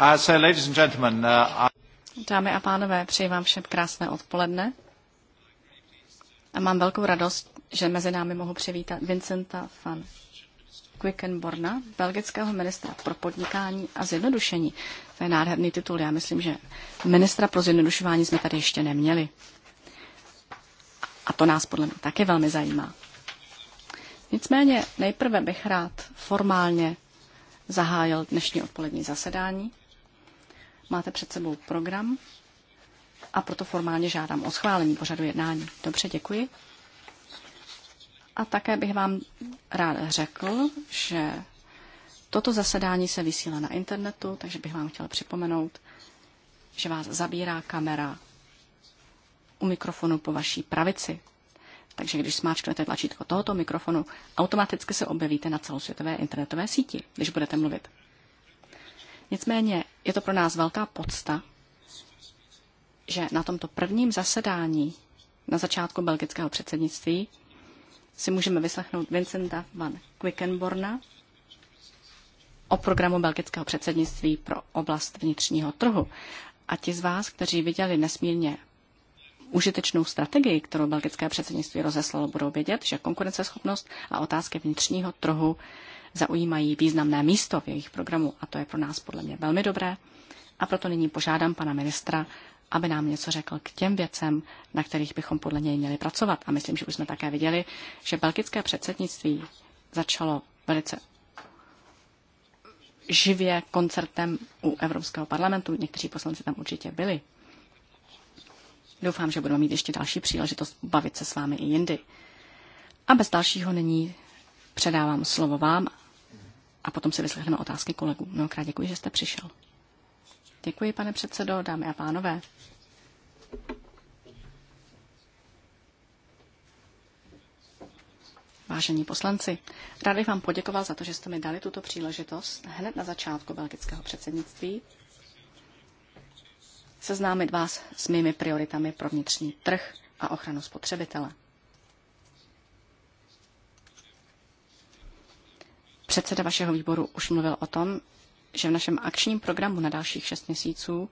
Uh, uh, Dámy a pánové, přeji vám všem krásné odpoledne. A mám velkou radost, že mezi námi mohu přivítat Vincenta van Quickenborna, belgického ministra pro podnikání a zjednodušení. To je nádherný titul. Já myslím, že ministra pro zjednodušování jsme tady ještě neměli. A to nás podle mě také velmi zajímá. Nicméně nejprve bych rád formálně zahájil dnešní odpolední zasedání. Máte před sebou program a proto formálně žádám o schválení pořadu jednání. Dobře, děkuji. A také bych vám rád řekl, že toto zasedání se vysílá na internetu, takže bych vám chtěl připomenout, že vás zabírá kamera u mikrofonu po vaší pravici. Takže když smáčknete tlačítko tohoto mikrofonu, automaticky se objevíte na celosvětové internetové síti, když budete mluvit. Nicméně je to pro nás velká podsta, že na tomto prvním zasedání na začátku belgického předsednictví si můžeme vyslechnout Vincenta van Quickenborna o programu belgického předsednictví pro oblast vnitřního trhu. A ti z vás, kteří viděli nesmírně užitečnou strategii, kterou belgické předsednictví rozeslalo, budou vědět, že konkurenceschopnost a otázky vnitřního trhu zaujímají významné místo v jejich programu a to je pro nás podle mě velmi dobré. A proto nyní požádám pana ministra, aby nám něco řekl k těm věcem, na kterých bychom podle něj měli pracovat. A myslím, že už jsme také viděli, že belgické předsednictví začalo velice živě koncertem u Evropského parlamentu. Někteří poslanci tam určitě byli. Doufám, že budeme mít ještě další příležitost bavit se s vámi i jindy. A bez dalšího nyní předávám slovo vám a potom si vyslechneme otázky kolegů. Mnohokrát děkuji, že jste přišel. Děkuji, pane předsedo, dámy a pánové. Vážení poslanci, rád bych vám poděkoval za to, že jste mi dali tuto příležitost hned na začátku belgického předsednictví seznámit vás s mými prioritami pro vnitřní trh a ochranu spotřebitele. Předseda vašeho výboru už mluvil o tom, že v našem akčním programu na dalších šest měsíců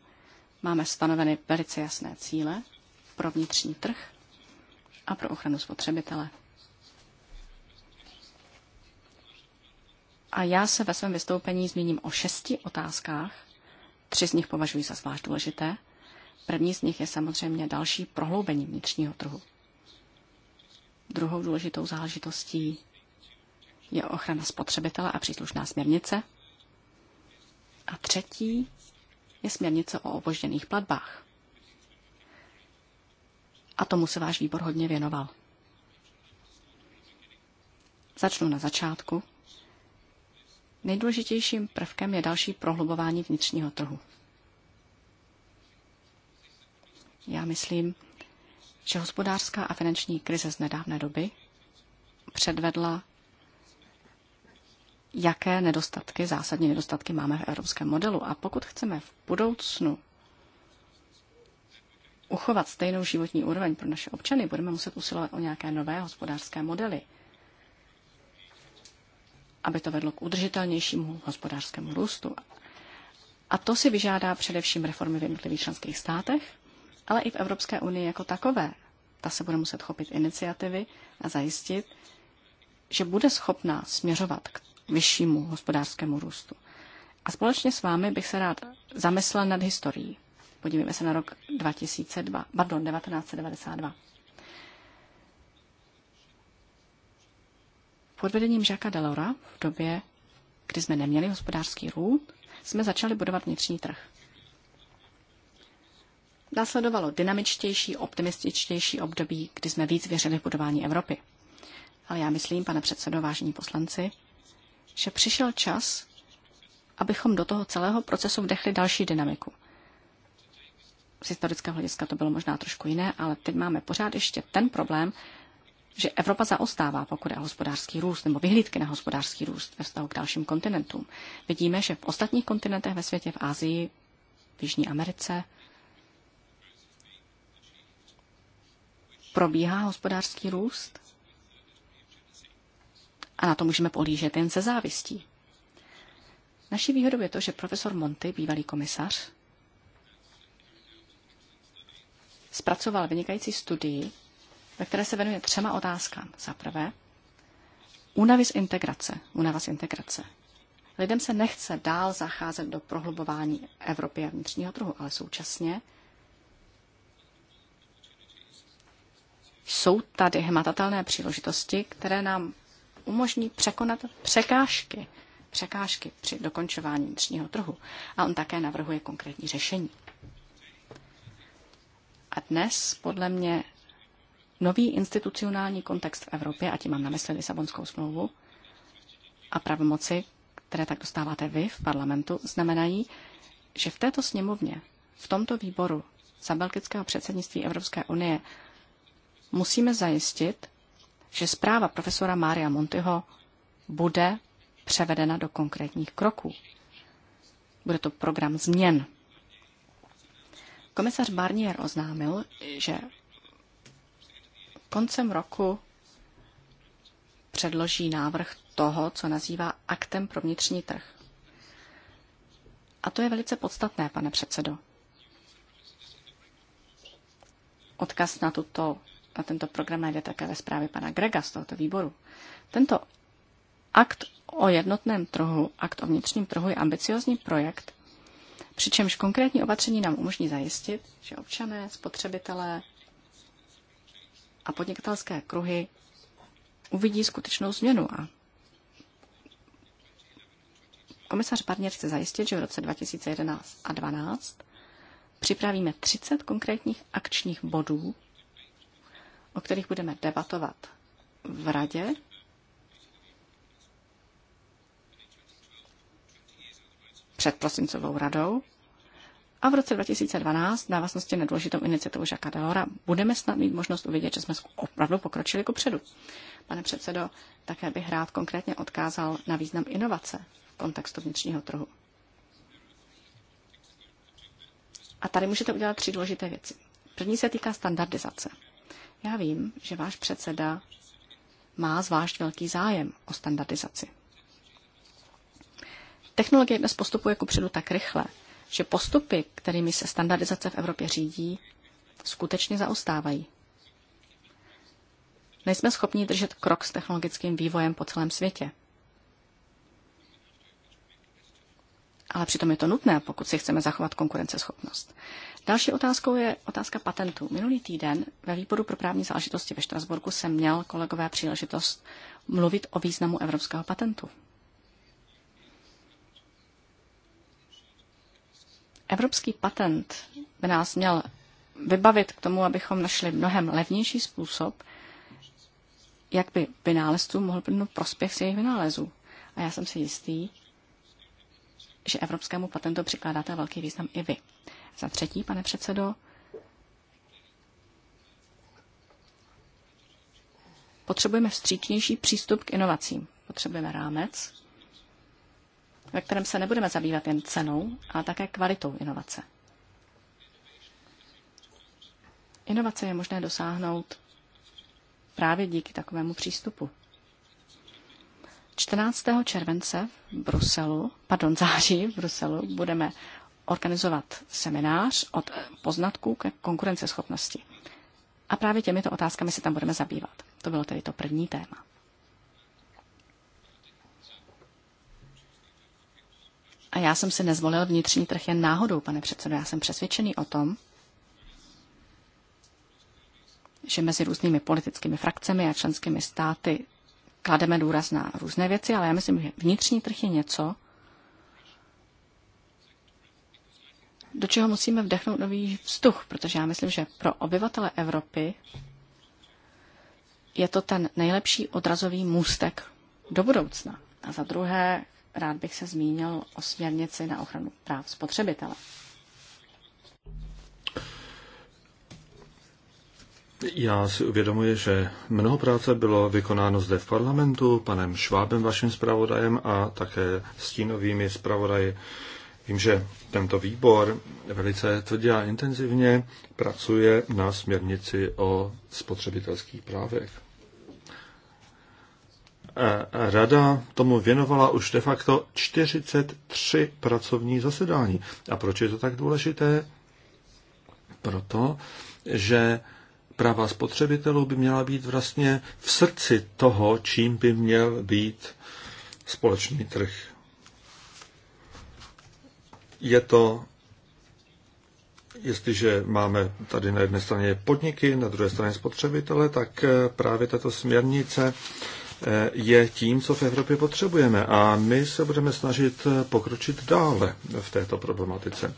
máme stanoveny velice jasné cíle pro vnitřní trh a pro ochranu spotřebitele. A já se ve svém vystoupení zmíním o šesti otázkách, Tři z nich považuji za zvlášť důležité. První z nich je samozřejmě další prohloubení vnitřního trhu. Druhou důležitou záležitostí je ochrana spotřebitele a příslušná směrnice. A třetí je směrnice o opožděných platbách. A tomu se váš výbor hodně věnoval. Začnu na začátku, Nejdůležitějším prvkem je další prohlubování vnitřního trhu. Já myslím, že hospodářská a finanční krize z nedávné doby předvedla, jaké nedostatky, zásadní nedostatky máme v evropském modelu. A pokud chceme v budoucnu uchovat stejnou životní úroveň pro naše občany, budeme muset usilovat o nějaké nové hospodářské modely – aby to vedlo k udržitelnějšímu hospodářskému růstu. A to si vyžádá především reformy v jednotlivých členských státech, ale i v Evropské unii jako takové. Ta se bude muset chopit iniciativy a zajistit, že bude schopná směřovat k vyššímu hospodářskému růstu. A společně s vámi bych se rád zamyslel nad historií. Podívejme se na rok 2002, pardon, 1992. Pod vedením Žaka Delora v době, kdy jsme neměli hospodářský růst, jsme začali budovat vnitřní trh. Následovalo dynamičtější, optimističtější období, kdy jsme víc věřili v budování Evropy. Ale já myslím, pane předsedo, vážení poslanci, že přišel čas, abychom do toho celého procesu vdechli další dynamiku. Z historického hlediska to bylo možná trošku jiné, ale teď máme pořád ještě ten problém, že Evropa zaostává, pokud je hospodářský růst nebo vyhlídky na hospodářský růst ve vztahu k dalším kontinentům. Vidíme, že v ostatních kontinentech ve světě, v Asii, v Jižní Americe, probíhá hospodářský růst a na to můžeme polížet jen se závistí. Naší výhodou je to, že profesor Monty, bývalý komisař, zpracoval vynikající studii, ve které se věnuje třema otázkám. Za prvé, únavy z integrace. Únava z integrace. Lidem se nechce dál zacházet do prohlubování Evropy a vnitřního trhu, ale současně jsou tady hmatatelné příležitosti, které nám umožní překonat překážky, překážky při dokončování vnitřního trhu. A on také navrhuje konkrétní řešení. A dnes podle mě nový institucionální kontext v Evropě, a tím mám na mysli Lisabonskou smlouvu, a pravomoci, které tak dostáváte vy v parlamentu, znamenají, že v této sněmovně, v tomto výboru za belgického předsednictví Evropské unie musíme zajistit, že zpráva profesora Mária Montyho bude převedena do konkrétních kroků. Bude to program změn. Komisař Barnier oznámil, že koncem roku předloží návrh toho, co nazývá aktem pro vnitřní trh. A to je velice podstatné, pane předsedo. Odkaz na, tuto, na tento program najde také ve zprávě pana Grega z tohoto výboru. Tento akt o jednotném trhu, akt o vnitřním trhu je ambiciozní projekt, přičemž konkrétní opatření nám umožní zajistit, že občané, spotřebitelé, a podnikatelské kruhy uvidí skutečnou změnu. A komisař Barnier chce zajistit, že v roce 2011 a 2012 připravíme 30 konkrétních akčních bodů, o kterých budeme debatovat v radě před prosincovou radou a v roce 2012 v návaznosti na důležitou iniciativu Žaka Delora budeme snad mít možnost uvidět, že jsme opravdu pokročili ku předu. Pane předsedo, také bych rád konkrétně odkázal na význam inovace v kontextu vnitřního trhu. A tady můžete udělat tři důležité věci. První se týká standardizace. Já vím, že váš předseda má zvlášť velký zájem o standardizaci. Technologie dnes postupuje předu tak rychle, že postupy, kterými se standardizace v Evropě řídí, skutečně zaostávají. Nejsme schopni držet krok s technologickým vývojem po celém světě. Ale přitom je to nutné, pokud si chceme zachovat konkurenceschopnost. Další otázkou je otázka patentů. Minulý týden ve výboru pro právní záležitosti ve Štrasburku jsem měl kolegové příležitost mluvit o významu evropského patentu. Evropský patent by nás měl vybavit k tomu, abychom našli mnohem levnější způsob, jak by vynálezcům mohl plnout prospěch z jejich vynálezů. A já jsem si jistý, že evropskému patentu přikládáte velký význam i vy. Za třetí, pane předsedo, potřebujeme vstřícnější přístup k inovacím. Potřebujeme rámec, ve kterém se nebudeme zabývat jen cenou, ale také kvalitou inovace. Inovace je možné dosáhnout právě díky takovému přístupu. 14. července v Bruselu, pardon, září v Bruselu budeme organizovat seminář od poznatků ke konkurenceschopnosti. A právě těmito otázkami se tam budeme zabývat. To bylo tedy to první téma. A já jsem si nezvolil vnitřní trh jen náhodou, pane předsedo. Já jsem přesvědčený o tom, že mezi různými politickými frakcemi a členskými státy klademe důraz na různé věci, ale já myslím, že vnitřní trh je něco, do čeho musíme vdechnout nový vzduch, protože já myslím, že pro obyvatele Evropy je to ten nejlepší odrazový můstek do budoucna. A za druhé rád bych se zmínil o směrnici na ochranu práv spotřebitele. Já si uvědomuji, že mnoho práce bylo vykonáno zde v parlamentu, panem Švábem, vaším zpravodajem a také stínovými zpravodaji. Vím, že tento výbor velice tvrdě a intenzivně pracuje na směrnici o spotřebitelských právech rada tomu věnovala už de facto 43 pracovní zasedání. A proč je to tak důležité? Proto, že práva spotřebitelů by měla být vlastně v srdci toho, čím by měl být společný trh. Je to, jestliže máme tady na jedné straně podniky, na druhé straně spotřebitele, tak eh, právě tato směrnice Eh, je tím, co v Evropě potřebujeme. A my se budeme snažit eh, pokročit dále v této problematice.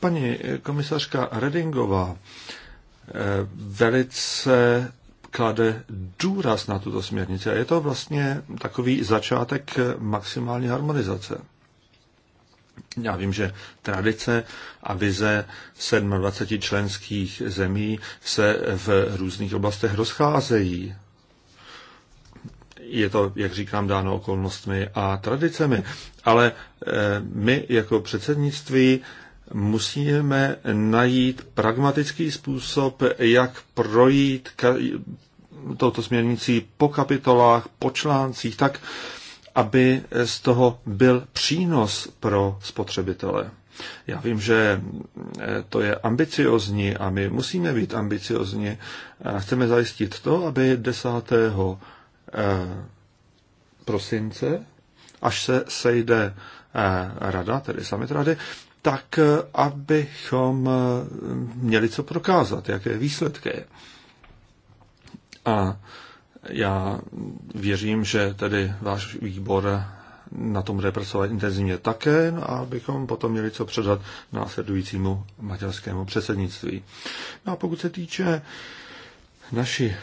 Paní eh, komisařka Redingová velice klade důraz na tuto směrnici a je to vlastně takový začátek maximální harmonizace. Já vím, že tradice a vize 27 členských zemí se v různých oblastech rozcházejí je to, jak říkám, dáno okolnostmi a tradicemi, ale eh, my jako předsednictví musíme najít pragmatický způsob, jak projít touto směrnicí po kapitolách, po článcích, tak, aby z toho byl přínos pro spotřebitele. Já vím, že eh, to je ambiciozní a my musíme být ambiciozní. Chceme zajistit to, aby 10. Eh, prosince, až se sejde eh, rada, tedy summit rady, tak eh, abychom měli co prokázat, jaké výsledky. A já věřím, že tedy váš výbor na tom bude pracovat intenzivně také, no, abychom potom měli co předat následujícímu maďarskému předsednictví. No a pokud se týče naší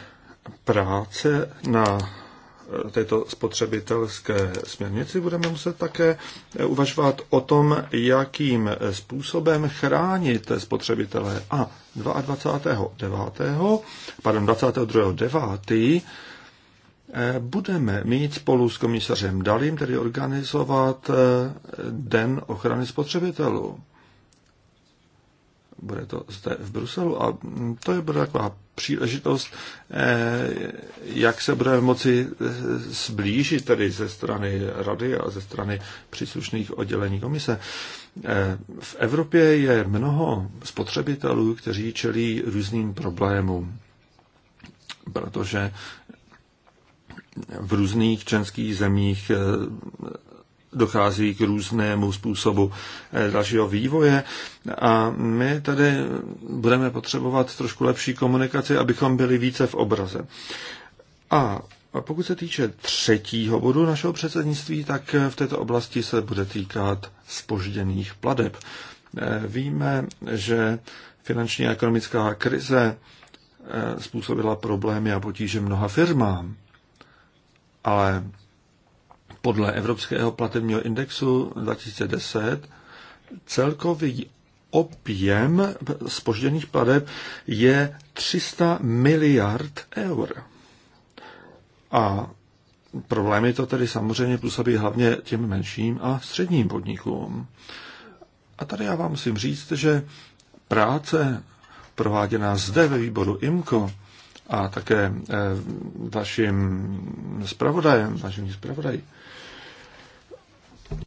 práce na eh, této spotřebitelské směrnici budeme muset také eh, uvažovat o tom, jakým eh, způsobem chránit spotřebitele. A 22.9. pardon, 22.9. budeme mít spolu s komisařem Dalím tedy organizovat Den ochrany spotřebitelů. Bude to zde v Bruselu a mm, to je bude taková příležitost, eh, jak se budeme moci eh, zblížit tedy ze strany rady a ze strany příslušných oddělení komise. Eh, v Evropě je mnoho spotřebitelů, kteří čelí různým problémům, protože v různých členských zemích dochází k různému způsobu eh, dalšího vývoje a my tady budeme potřebovat trošku lepší komunikaci, abychom byli více v obraze. A pokud se týče třetího bodu našeho předsednictví, tak eh, v této oblasti se bude týkat spožděných pladeb. Eh, víme, že finanční a ekonomická krize způsobila problémy a potíže mnoha firmám, ale podle Evropského platebního indexu 2010 celkový objem spožděných plateb je 300 miliard eur. A problémy to tedy samozřejmě působí hlavně těm menším a středním podnikům. A tady já vám musím říct, že práce prováděná zde ve výboru IMCO a také eh, vaším zpravodajem, vaším zpravodají,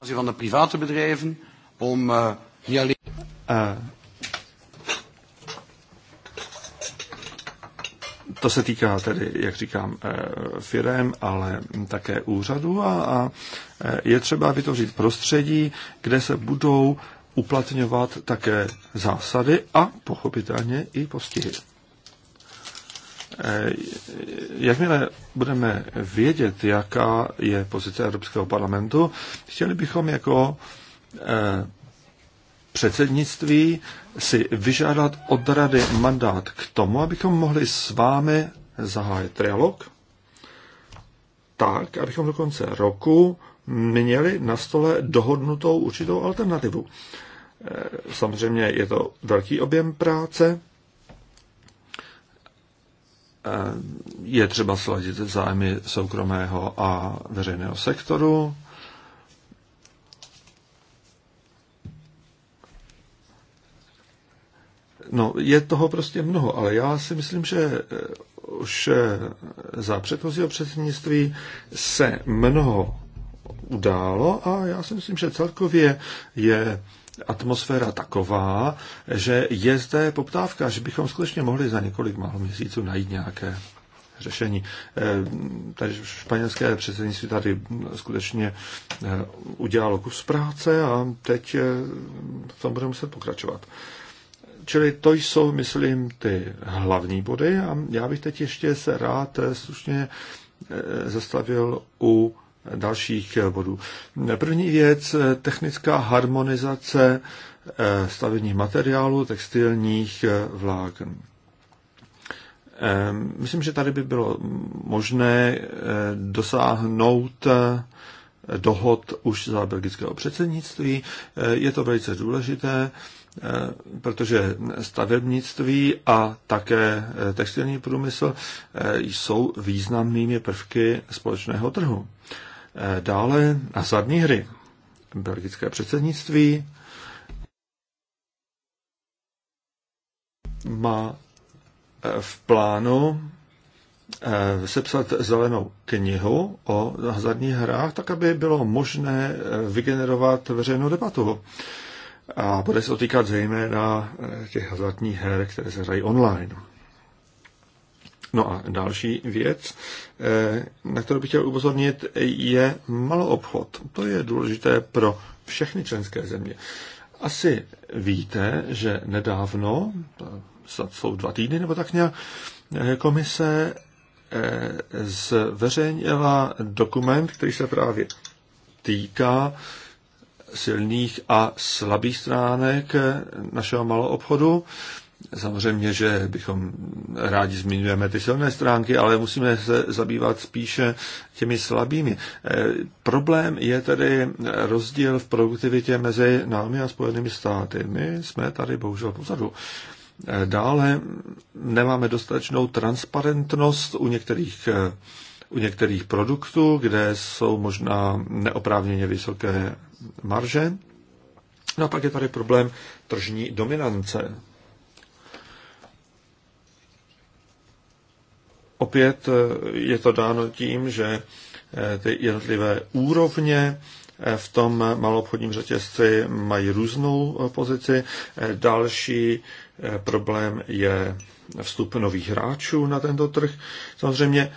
Van de private bedrijven om eh, niet alleen... Eh, to se týká tedy, jak říkám, eh, firem, ale také úřadu a, a je třeba vytvořit prostředí, kde se budou uplatňovat také zásady a pochopitelně i postihy. Eh, jakmile budeme vědět, jaká je pozice Evropského parlamentu, chtěli bychom jako eh, předsednictví si vyžádat od rady mandát k tomu, abychom mohli s vámi zahájit trialog, tak, abychom do konce roku měli na stole dohodnutou určitou alternativu. Eh, samozřejmě je to velký objem práce, Eh, je třeba sladit zájmy soukromého a veřejného sektoru. No, je toho prostě mnoho, ale já si myslím, že eh, už eh, za předchozího předsednictví se mnoho událo a já si myslím, že celkově je atmosféra taková, že je zde poptávka, že bychom skutečně mohli za několik málo měsíců najít nějaké řešení. Eh, Takže španělské předsednictví tady skutečně eh, udělalo kus práce a teď eh, v tom budeme muset pokračovat. Čili to jsou, myslím, ty hlavní body a já bych teď ještě se rád slušně zastavil u dalších eh, bodů. První věc, eh, technická harmonizace eh, stavebních materiálů, textilních vláken. Myslím, že tady by bylo možné dosáhnout dohod už za belgického předsednictví. Je to velice důležité, protože stavebnictví a také textilní průmysl jsou významnými prvky společného trhu. Eh, dále hazardní hry. Belgické předsednictví má eh, v plánu eh, sepsat zelenou knihu o hazardních hrách, tak aby bylo možné vygenerovat veřejnou debatu. A bude se to týkat zejména těch hazardních her, které se hrají online. No a další věc, eh, na kterou bych chtěl upozornit, je maloobchod. To je důležité pro všechny členské země. Asi víte, že nedávno, snad jsou dva týdny nebo tak nějak, eh, komise eh, zveřejnila dokument, který se právě týká silných a slabých stránek našeho maloobchodu. obchodu Samozřejmě, že bychom rádi zmiňujeme ty silné stránky, ale musíme se zabývat spíše těmi slabými. Eh, problém je tedy rozdíl v produktivitě mezi námi a Spojenými státy. My jsme tady bohužel pozadu. Eh, dále nemáme dostatečnou transparentnost u některých, eh, u některých produktů, kde jsou možná neoprávněně vysoké marže. No a pak je tady problém tržní dominance Opět eh, je to dáno tím, že eh, ty jednotlivé úrovně eh, v tom maloobchodním řetězci mají různou pozici. Další problém je vstup nových hráčů na tento trh. Samozřejmě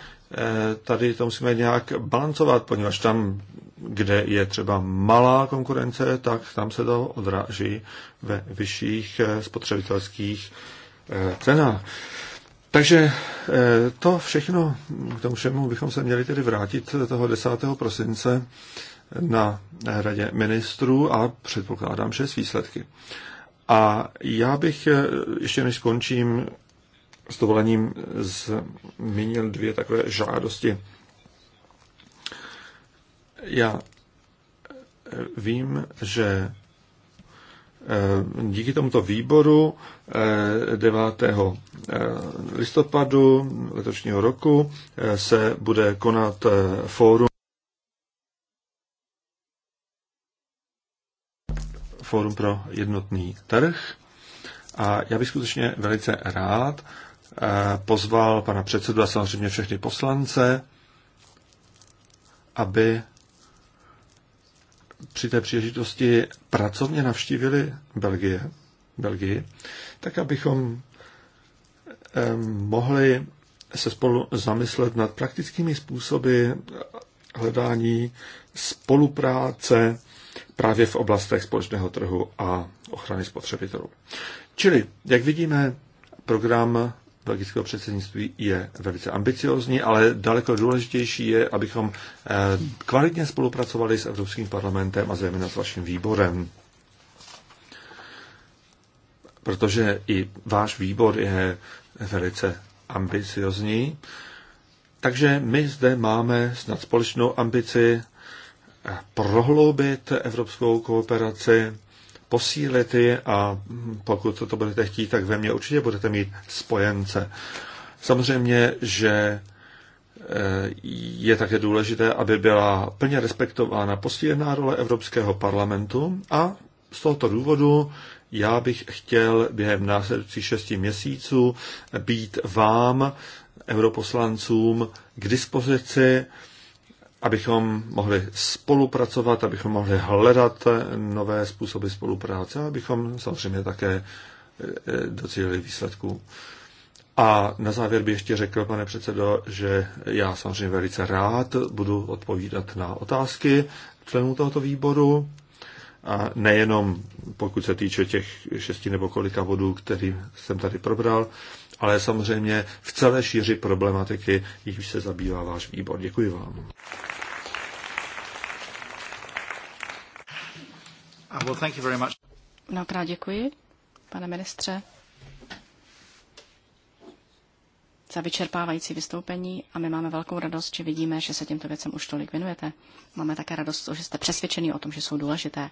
tady to musíme nějak balancovat, poněvadž tam, kde je třeba malá konkurence, tak tam se to odráží ve vyšších spotřebitelských cenách. Takže eh, to všechno, k tomu všemu bychom se měli tedy vrátit toho 10. prosince na radě ministrů a předpokládám, že s výsledky. A já bych, eh, ještě než skončím, s dovolením zmínil dvě takové žádosti. Já eh, vím, že Eh, díky tomuto výboru 9. Eh, eh, listopadu letošního roku se bude konat fórum Fórum pro jednotný trh. A já bych skutečně velice rád pozval pana předsedu a samozřejmě všechny poslance, aby při té příležitosti pracovně navštívili Belgie, Belgii, tak abychom mohli se spolu zamyslet nad praktickými způsoby hledání spolupráce právě v oblastech společného trhu a ochrany spotřebitelů. Čili, jak vidíme, program belgického předsednictví je velice ambiciozní, ale daleko důležitější je, abychom eh, kvalitně spolupracovali s Evropským parlamentem a zejména s vaším výborem. Protože i váš výbor je velice ambiciozní. Takže my zde máme snad společnou ambici eh, prohloubit evropskou kooperaci, posílit ji a pokud to budete chtít, tak ve mně určitě budete mít spojence. Samozřejmě, že eh, je také důležité, aby byla plně respektována posílená role Evropského parlamentu a z tohoto důvodu já bych chtěl během následujících šesti měsíců být vám, europoslancům, k dispozici abychom mohli spolupracovat, abychom mohli hledat nové způsoby spolupráce, abychom samozřejmě také e, e, docílili výsledků. A na závěr bych ještě řekl, pane předsedo, že já samozřejmě velice rád budu odpovídat na otázky členů tohoto výboru. A nejenom pokud se týče těch šesti nebo kolika bodů, který jsem tady probral, ale samozřejmě v celé šíři problematiky, již se zabývá váš výbor. Děkuji vám. Uh, Mnohokrát děkuji, pane ministře, za vyčerpávající vystoupení a my máme velkou radost, že vidíme, že se těmto věcem už tolik věnujete. Máme také radost, že jste přesvědčený o tom, že jsou důležité.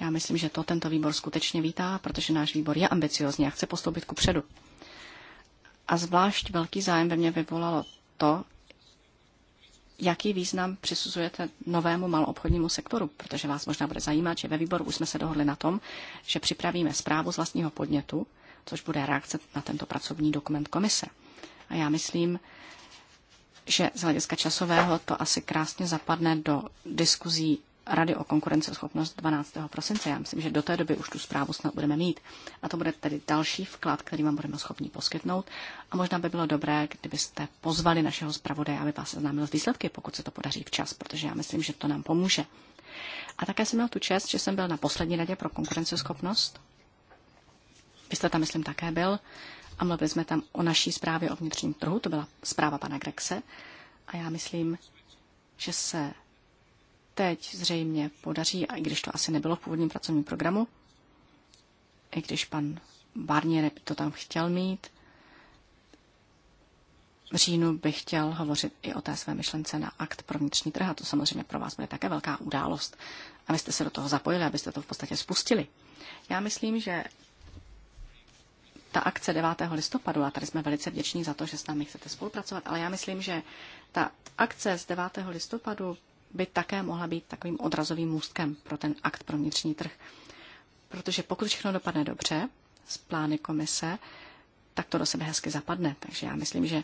Já myslím, že to tento výbor skutečně vítá, protože náš výbor je ambiciozní a chce postoupit ku předu. A zvlášť velký zájem ve mně vyvolalo to, jaký význam přisuzujete novému maloobchodnímu sektoru, protože vás možná bude zajímat, že ve výboru už jsme se dohodli na tom, že připravíme zprávu z vlastního podnětu, což bude reakce na tento pracovní dokument komise. A já myslím, že z hlediska časového to asi krásně zapadne do diskuzí Rady o konkurenceschopnost 12. prosince. Já myslím, že do té doby už tu zprávu snad budeme mít. A to bude tedy další vklad, který vám budeme schopni poskytnout. A možná by bylo dobré, kdybyste pozvali našeho zpravodaje, aby vás seznámil s výsledky, pokud se to podaří včas, protože já myslím, že to nám pomůže. A také jsem měl tu čest, že jsem byl na poslední radě pro konkurenceschopnost. Vy jste tam, myslím, také byl. A mluvili jsme tam o naší zprávě o vnitřním trhu, to byla zpráva pana Grexe. A já myslím, že se teď zřejmě podaří, a i když to asi nebylo v původním pracovním programu, i když pan Barnier to tam chtěl mít, v říjnu bych chtěl hovořit i o té své myšlence na akt pro vnitřní trh a to samozřejmě pro vás bude také velká událost. abyste se do toho zapojili, abyste to v podstatě spustili. Já myslím, že ta akce 9. listopadu, a tady jsme velice vděční za to, že s námi chcete spolupracovat, ale já myslím, že ta akce z 9. listopadu by také mohla být takovým odrazovým můstkem pro ten akt pro vnitřní trh. Protože pokud všechno dopadne dobře z plány komise, tak to do sebe hezky zapadne. Takže já myslím, že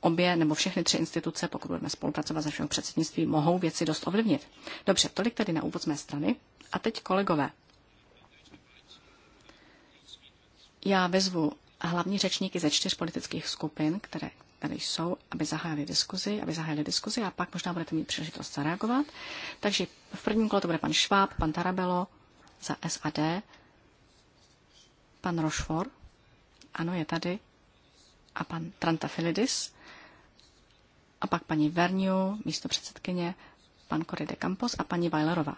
obě nebo všechny tři instituce, pokud budeme spolupracovat za naším předsednictví, mohou věci dost ovlivnit. Dobře, tolik tedy na úvod z mé strany. A teď kolegové. Já vezvu hlavní řečníky ze čtyř politických skupin, které tady jsou, aby zahájili diskuzi, aby zahájili diskuzi a pak možná budete mít příležitost zareagovat. Takže v prvním kole to bude pan Šváb, pan Tarabelo za SAD, pan Rošfor, ano, je tady, a pan Trantafilidis, a pak paní Verniu, místo předsedkyně, pan Koride Campos a paní Weilerová.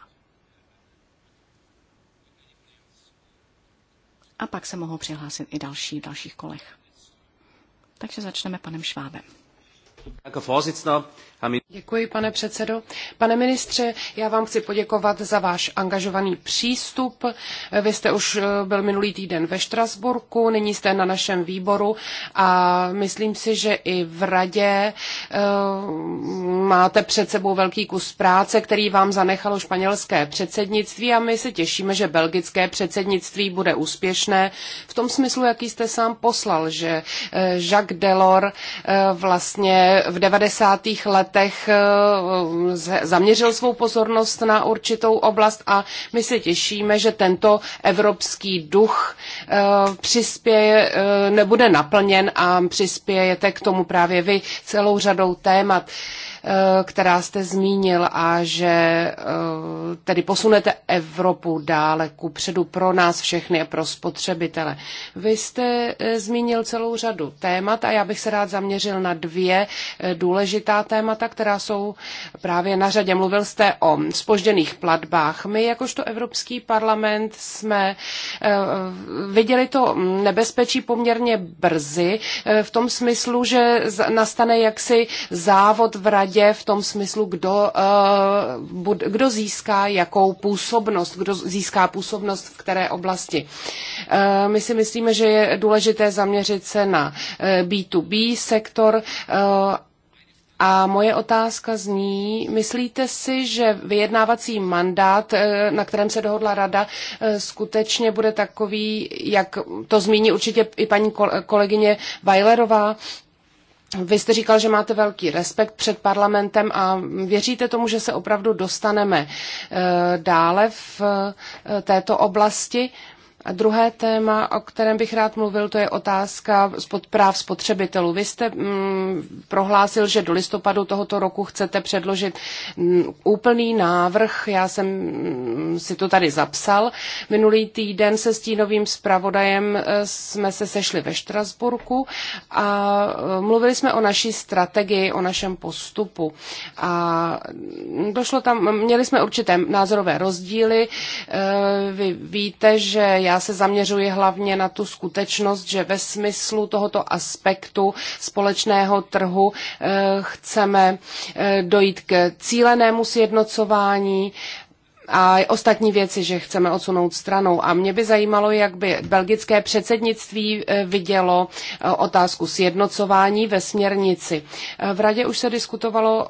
A pak se mohou přihlásit i další v dalších kolech. Takže začneme panem Švábem. Jako Děkuji, pane předsedající Pane ministře, já vám chci poděkovat za váš angažovaný přístup. Vy jste už eh, byl minulý týden ve Štrasburku, nyní jste na našem výboru a myslím si, že i v radě eh, máte před sebou velký kus práce, který vám zanechalo španělské předsednictví a my se těšíme, že belgické předsednictví bude úspěšné v tom smyslu, jaký jste sám poslal, že eh, Jacques Delors vlastně v 90. letech eh, zaměřil svou pozornost na určitou oblast a my se těšíme, že tento evropský duch eh, přispěje, eh, nebude naplněn a přispějete k tomu právě vy celou řadou témat. Eh, která jste zmínil a že eh, tedy posunete Evropu dále ku předu pro nás všechny a pro spotřebitele. Vy jste eh, zmínil celou řadu témat a já bych se rád zaměřil na dvě důležitá témata, která jsou právě na řadě. Mluvil jste o spožděných platbách. My jakožto Evropský parlament jsme viděli to nebezpečí poměrně brzy v tom smyslu, že nastane jaksi závod v radě dohodě v tom smyslu, kdo, eh, kdo získá jakou působnost, kdo získá působnost v které oblasti. Eh, my si myslíme, že je důležité zaměřit se na B2B eh, sektor a moje otázka zní, myslíte si, že vyjednávací mandát, na kterém se dohodla rada, skutečně bude takový, jak to zmíní určitě i paní kolegyně Vajlerová, vy jste říkal, že máte velký respekt před parlamentem a věříte tomu, že se opravdu dostaneme eh, dále v eh, této oblasti. A druhé téma, o kterém bych rád mluvil, to je otázka spod práv spotřebitelů. Vy jste mm, prohlásil, že do listopadu tohoto roku chcete předložit mm, úplný návrh. Já jsem mm, si to tady zapsal. Minulý týden se stínovým zpravodajem e, jsme se sešli ve Štrasburku a e, mluvili jsme o naší strategii, o našem postupu. A mm, došlo tam, měli jsme určité názorové rozdíly. E, vy víte, že já se zaměřuji hlavně na tu skutečnost, že ve smyslu tohoto aspektu společného trhu eh, chceme eh, dojít k cílenému sjednocování a ostatní věci, že chceme odsunout stranou. A mě by zajímalo, jak by belgické předsednictví e, vidělo e, otázku sjednocování ve směrnici. E, v radě už se diskutovalo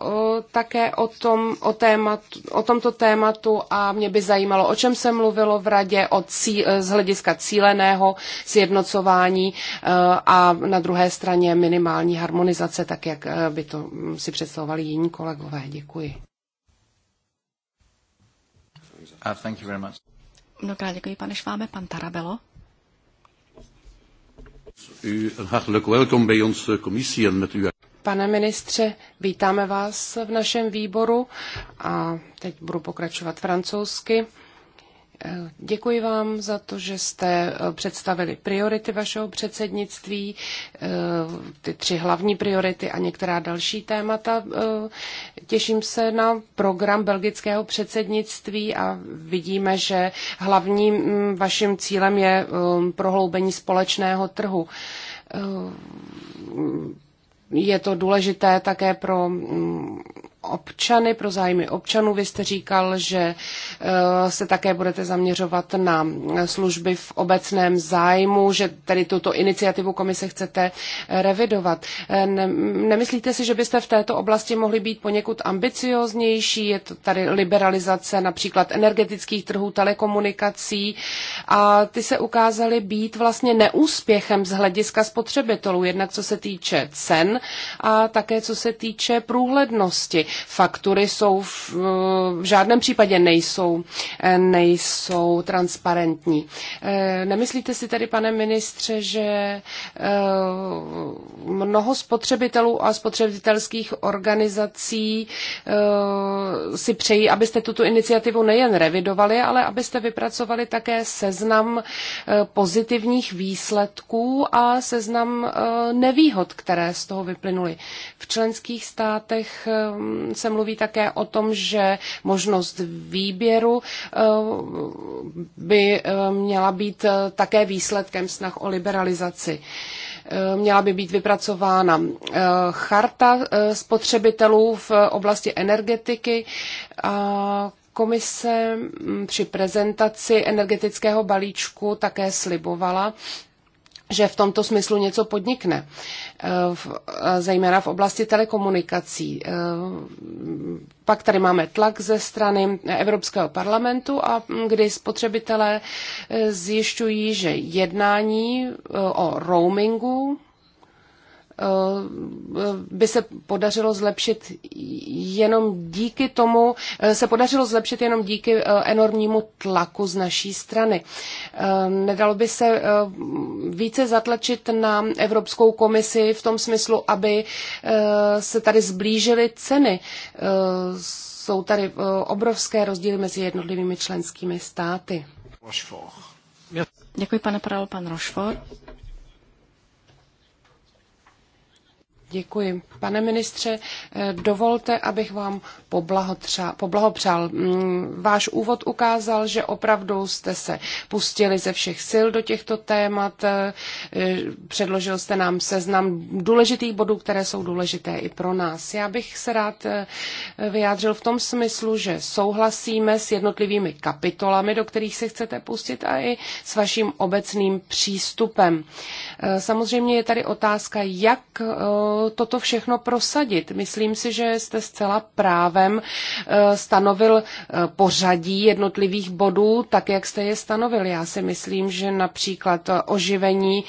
také o, tom, o, témat, o tomto tématu a mě by zajímalo, o čem se mluvilo v radě o cí, z hlediska cíleného sjednocování a na druhé straně minimální harmonizace, tak jak by to si představovali jiní kolegové. Děkuji. Uh, thank you very much. Mnohokrát děkuji, pane Švábe. Pan Tarabelo. Pane ministře, vítáme vás v našem výboru a teď budu pokračovat francouzsky. Děkuji vám za to, že jste eh, představili priority vašeho předsednictví, eh, ty tři hlavní priority a některá další témata. Eh, těším se na program belgického předsednictví a vidíme, že hlavním mm, vaším cílem je prohloubení společného trhu. Je to důležité také pro mm, občany, pro zájmy občanů. Vy jste říkal, že eh, se také budete zaměřovat na služby v obecném zájmu, že tedy tuto iniciativu komise chcete eh, revidovat. Eh, nemyslíte si, že byste v této oblasti mohli být poněkud ambicioznější? Je to tady liberalizace například energetických trhů, telekomunikací a ty se ukázaly být vlastně neúspěchem z hlediska spotřebitelů, jednak co se týče cen a také co se týče průhlednosti faktury jsou v, v žádném případě nejsou, eh, nejsou transparentní. Eh, nemyslíte si tedy, pane ministře, že eh, mnoho spotřebitelů a spotřebitelských organizací si přejí, abyste tuto iniciativu nejen revidovali, ale abyste vypracovali také seznam pozitivních výsledků a seznam nevýhod, které z toho vyplynuly. V členských státech se mluví také o tom, že možnost výběru eh, by eh, měla být eh, také výsledkem snah o liberalizaci měla by být vypracována charta spotřebitelů v oblasti energetiky. A komise hm, při prezentaci energetického balíčku také slibovala, že v tomto smyslu něco podnikne, eh, eh, zejména v oblasti telekomunikací. Eh, pak tady máme tlak ze strany Evropského parlamentu, a mm, kdy spotřebitelé zjišťují, že jednání o roamingu by se podařilo zlepšit jenom díky tomu, eh, se podařilo zlepšit jenom díky eh, enormnímu tlaku z naší strany. Eh, nedalo by se více zatlačit na Evropskou komisi v tom smyslu, aby se tady zblížily ceny. Jsou tady obrovské rozdíly mezi jednotlivými členskými státy. Děkuji, pane Prál, pan Rošford. Děkuji. Pane ministře, eh, dovolte, abych vám poblahopřál. Mm, váš úvod ukázal, že opravdu jste se pustili ze všech sil do těchto témat. Eh, eh, předložil jste nám seznam důležitých bodů, které jsou důležité i pro nás. Já bych se rád vyjádřil v tom smyslu, že souhlasíme s jednotlivými kapitolami, do kterých se chcete pustit a i s vaším obecným přístupem. Samozřejmě je tady otázka, jak toto všechno prosadit. Myslím si, že jste zcela právem eh, stanovil eh, pořadí jednotlivých bodů, tak jak jste je stanovil. Já si myslím, že například eh, oživení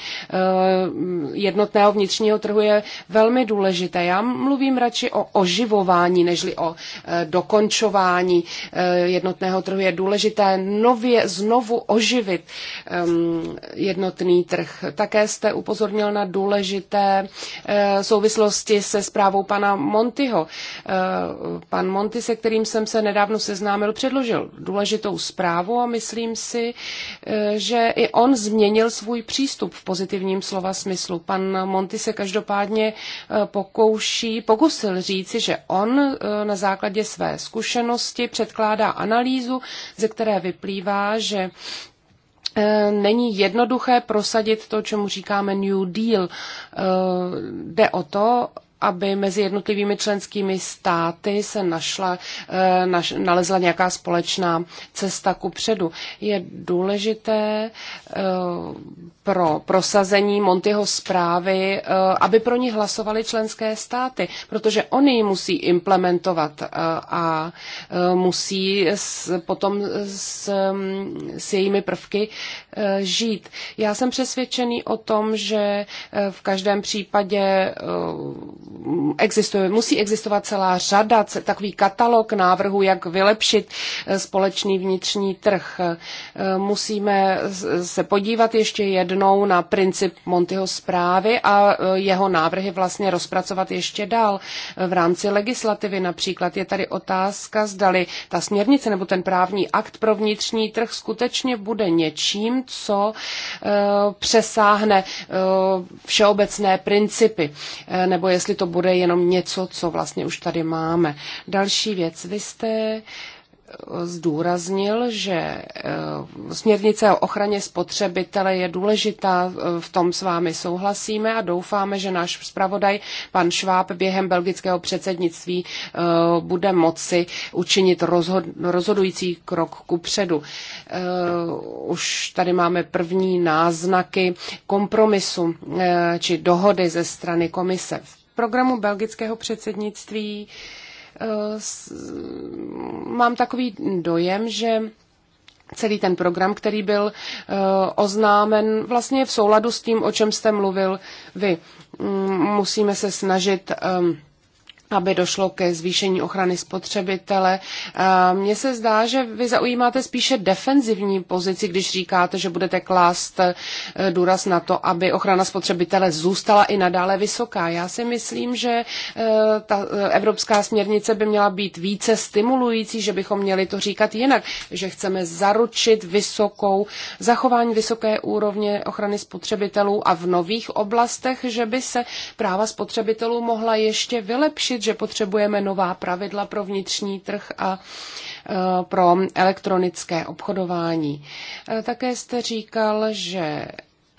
jednotného vnitřního trhu je velmi důležité. Já mluvím radši o oživování, nežli o dokončování jednotného trhu. Je důležité nově znovu oživit ehm, jednotný trh. Také jste upozornil na důležité jsou souvislosti se zprávou pana Montyho. Eh, pan Monty, se kterým jsem se nedávno seznámil, předložil důležitou zprávu a myslím si, eh, že i on změnil svůj přístup v pozitivním slova smyslu. Pan Monty se každopádně eh, pokouší, pokusil říci, že on na základě své zkušenosti předkládá analýzu, ze které vyplývá, že E, není jednoduché prosadit to, čemu říkáme New Deal. E, jde o to, aby mezi jednotlivými členskými státy se našla, eh, naš, nalezla nějaká společná cesta ku předu. Je důležité eh, pro prosazení Montyho zprávy, eh, aby pro ní hlasovali členské státy, protože oni ji musí implementovat a musí s, potom s, s jejími prvky Eh, žít. Já jsem přesvědčený o tom, že eh, v každém případě eh, existuje, musí existovat celá řada, takový katalog návrhů, jak vylepšit společný vnitřní trh. Musíme se podívat ještě jednou na princip Montyho zprávy a jeho návrhy vlastně rozpracovat ještě dál v rámci legislativy. Například je tady otázka, zdali ta směrnice nebo ten právní akt pro vnitřní trh skutečně bude něčím, co eh, přesáhne eh, všeobecné principy, eh, nebo jestli to bude jenom něco, co vlastně už tady máme. Další věc, vy jste zdůraznil, že eh, směrnice o ochraně spotřebitele je důležitá, eh, v tom s vámi souhlasíme a doufáme, že náš zpravodaj pan Šváb během belgického předsednictví eh, bude moci učinit rozhodující krok ku předu. Už tady máme první náznaky kompromisu či dohody ze strany komise. V programu belgického předsednictví Eh, mám takový dojem, že celý ten program, který byl eh, oznámen vlastně v souladu s tím, o čem jste mluvil vy. Mm, musíme se snažit ehm, aby došlo ke zvýšení ochrany spotřebitele. Mně se zdá, že vy zaujímáte spíše defenzivní pozici, když říkáte, že budete klást e, důraz na to, aby ochrana spotřebitele zůstala i nadále vysoká. Já si myslím, že e, ta e, evropská směrnice by měla být více stimulující, že bychom měli to říkat jinak, že chceme zaručit vysokou, zachování vysoké úrovně ochrany spotřebitelů a v nových oblastech, že by se práva spotřebitelů mohla ještě vylepšit pocit, že potřebujeme nová pravidla pro vnitřní trh a e, pro elektronické obchodování. E, také jste říkal, že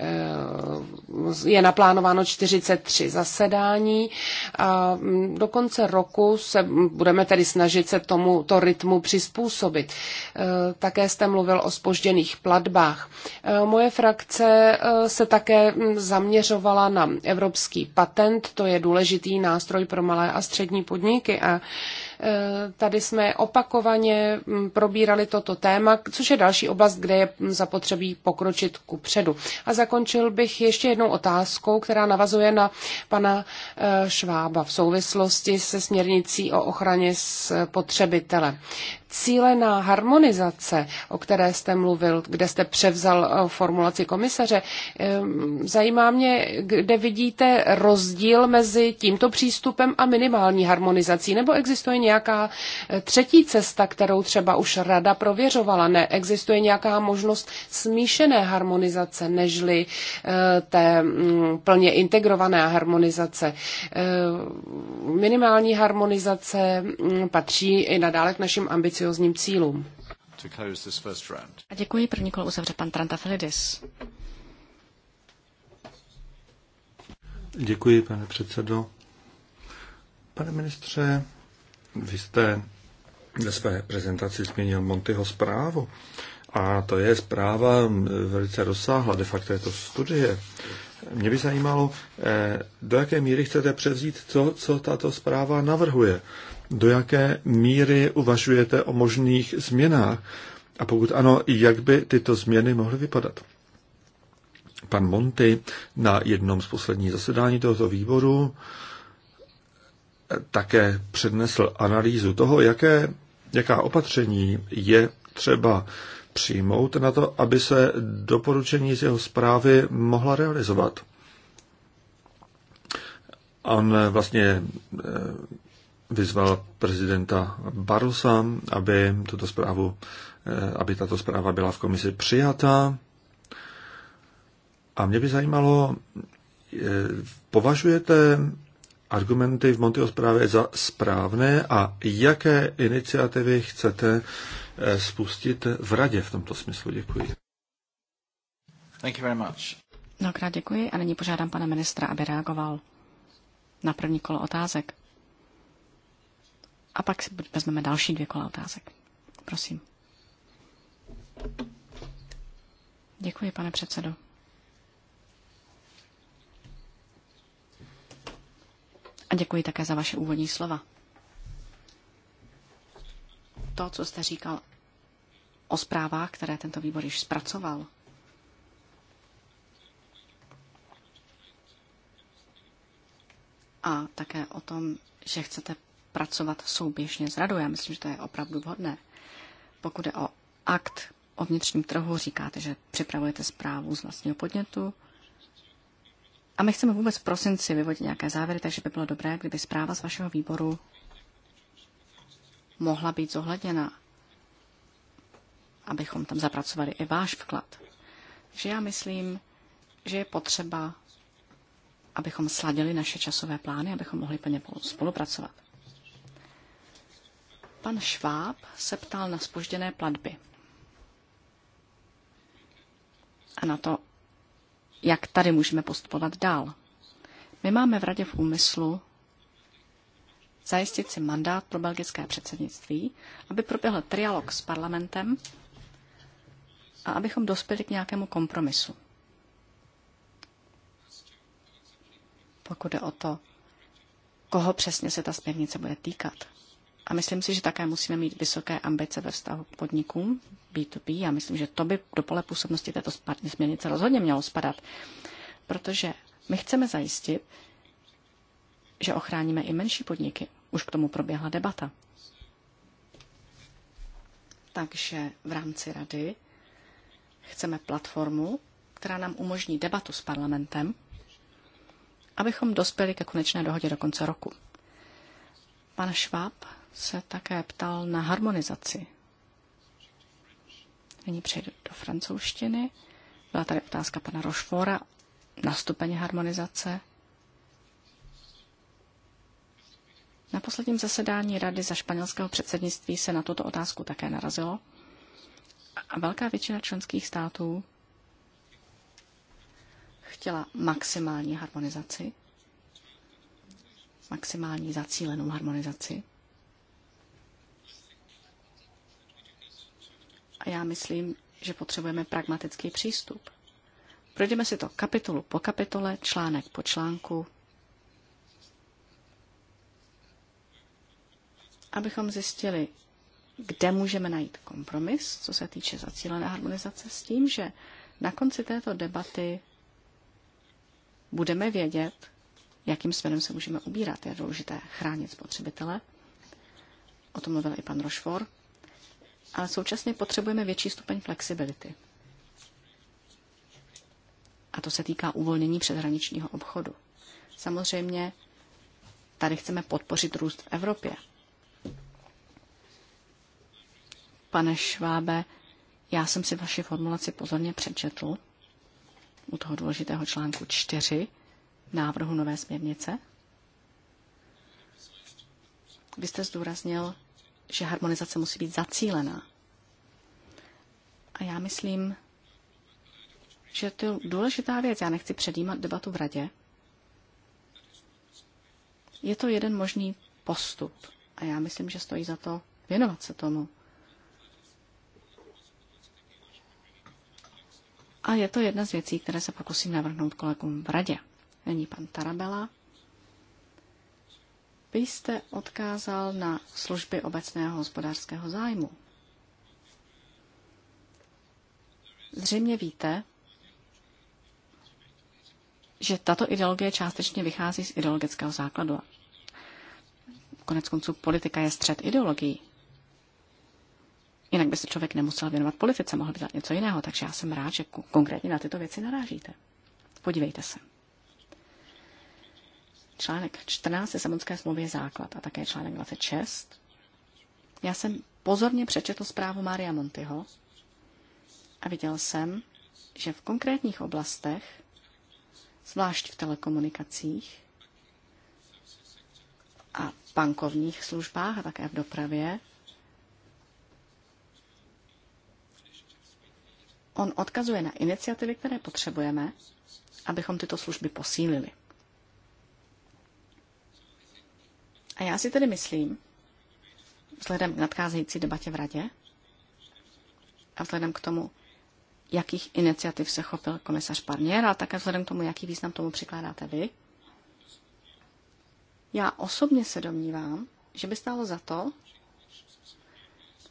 Eh, je naplánováno 43 zasedání a mm, do konce roku se budeme tedy snažit se tomu to rytmu přizpůsobit. Eh, také jste mluvil o spožděných platbách. Eh, moje frakce se také mm, zaměřovala na evropský patent, to je důležitý nástroj pro malé a střední podniky a Tady jsme opakovaně mm, probírali toto téma, což je další oblast, kde je zapotřebí pokročit ku předu. A zakončil bych ještě jednou otázkou, která navazuje na pana eh, Švába v souvislosti se směrnicí o ochraně spotřebitele. Eh, cílená harmonizace, o které jste mluvil, kde jste převzal eh, formulaci komisaře, eh, zajímá mě, kde vidíte rozdíl mezi tímto přístupem a minimální harmonizací, nebo existuje nějaká eh, třetí cesta, kterou třeba už rada prověřovala, neexistuje nějaká možnost smíšené harmonizace, nežli té mm, plně integrované harmonizace. Minimální harmonizace mm, patří i nadále k našim ambicím ambiciozním cílům. A děkuji. První kolo uzavře pan Trantafilidis. Děkuji, pane předsedo. Pane ministře, vy jste ve své prezentaci změnil Montyho zprávu. A to je zpráva velice rozsáhla, de facto je to studie. Mě by zajímalo, eh, do jaké míry chcete převzít to, co tato zpráva navrhuje do jaké míry uvažujete o možných změnách a pokud ano, jak by tyto změny mohly vypadat. Pan Monty na jednom z posledních zasedání tohoto výboru také přednesl analýzu toho, jaké, jaká opatření je třeba přijmout na to, aby se doporučení z jeho zprávy mohla realizovat. On vlastně eh, vyzval prezidenta Barosa, aby, tuto zprávu, eh, aby tato zpráva byla v komisi přijata. A mě by zajímalo, eh, považujete argumenty v Montyho zprávě za správné a jaké iniciativy chcete eh, spustit v radě v tomto smyslu? Děkuji. Thank you very much. Mnohokrát děkuji a nyní požádám pana ministra, aby reagoval na první kolo otázek. A pak si vezmeme další dvě kola otázek. Prosím. Děkuji, pane předsedo. A děkuji také za vaše úvodní slova. To, co jste říkal o zprávách, které tento výbor již zpracoval, a také o tom, že chcete pracovat souběžně s radou. Já myslím, že to je opravdu vhodné. Pokud je o akt o vnitřním trhu, říkáte, že připravujete zprávu z vlastního podnětu. A my chceme vůbec v prosinci vyvodit nějaké závěry, takže by bylo dobré, kdyby zpráva z vašeho výboru mohla být zohledněna, abychom tam zapracovali i váš vklad. Takže já myslím, že je potřeba, abychom sladili naše časové plány, abychom mohli plně spolupracovat. Pan Šváb se ptal na spožděné platby a na to, jak tady můžeme postupovat dál. My máme v Radě v úmyslu zajistit si mandát pro belgické předsednictví, aby proběhl trialog s parlamentem a abychom dospěli k nějakému kompromisu. Pokud je o to, koho přesně se ta směrnice bude týkat. A myslím si, že také musíme mít vysoké ambice ve vztahu k podnikům B2B. Já myslím, že to by do pole působnosti této směrnice rozhodně mělo spadat, protože my chceme zajistit, že ochráníme i menší podniky. Už k tomu proběhla debata. Takže v rámci rady chceme platformu, která nám umožní debatu s parlamentem, abychom dospěli ke konečné dohodě do konce roku. Pan Schwab se také ptal na harmonizaci. Nyní přejdu do francouzštiny. Byla tady otázka pana Rošfora na stupeň harmonizace. Na posledním zasedání Rady za španělského předsednictví se na tuto otázku také narazilo a velká většina členských států chtěla maximální harmonizaci, maximální zacílenou harmonizaci. já myslím, že potřebujeme pragmatický přístup. Projdeme si to kapitolu po kapitole, článek po článku, abychom zjistili, kde můžeme najít kompromis, co se týče zacílené harmonizace, s tím, že na konci této debaty budeme vědět, jakým směrem se můžeme ubírat. Je důležité chránit spotřebitele. O tom mluvil i pan Rošfor ale současně potřebujeme větší stupeň flexibility. A to se týká uvolnění přeshraničního obchodu. Samozřejmě tady chceme podpořit růst v Evropě. Pane Švábe, já jsem si vaši formulaci pozorně přečetl u toho důležitého článku 4 návrhu nové směrnice. Vy jste zdůraznil, že harmonizace musí být zacílená. A já myslím, že to je důležitá věc. Já nechci předjímat debatu v radě. Je to jeden možný postup a já myslím, že stojí za to věnovat se tomu. A je to jedna z věcí, které se pokusím navrhnout kolegům v radě. Není pan Tarabela. Vy jste odkázal na služby obecného hospodářského zájmu. Zřejmě víte, že tato ideologie částečně vychází z ideologického základu. Konec konců politika je střed ideologií. Jinak by se člověk nemusel věnovat politice, mohl by dělat něco jiného, takže já jsem rád, že konkrétně na tyto věci narážíte. Podívejte se. Článek 14 Lisabonské smlouvy je základ a také článek 26. Já jsem pozorně přečetl zprávu Maria Montyho a viděl jsem, že v konkrétních oblastech, zvlášť v telekomunikacích a bankovních službách a také v dopravě, On odkazuje na iniciativy, které potřebujeme, abychom tyto služby posílili. A já si tedy myslím, vzhledem k nadcházející debatě v radě a vzhledem k tomu, jakých iniciativ se chopil komisař Parnier, ale také vzhledem k tomu, jaký význam tomu přikládáte vy, já osobně se domnívám, že by stálo za to,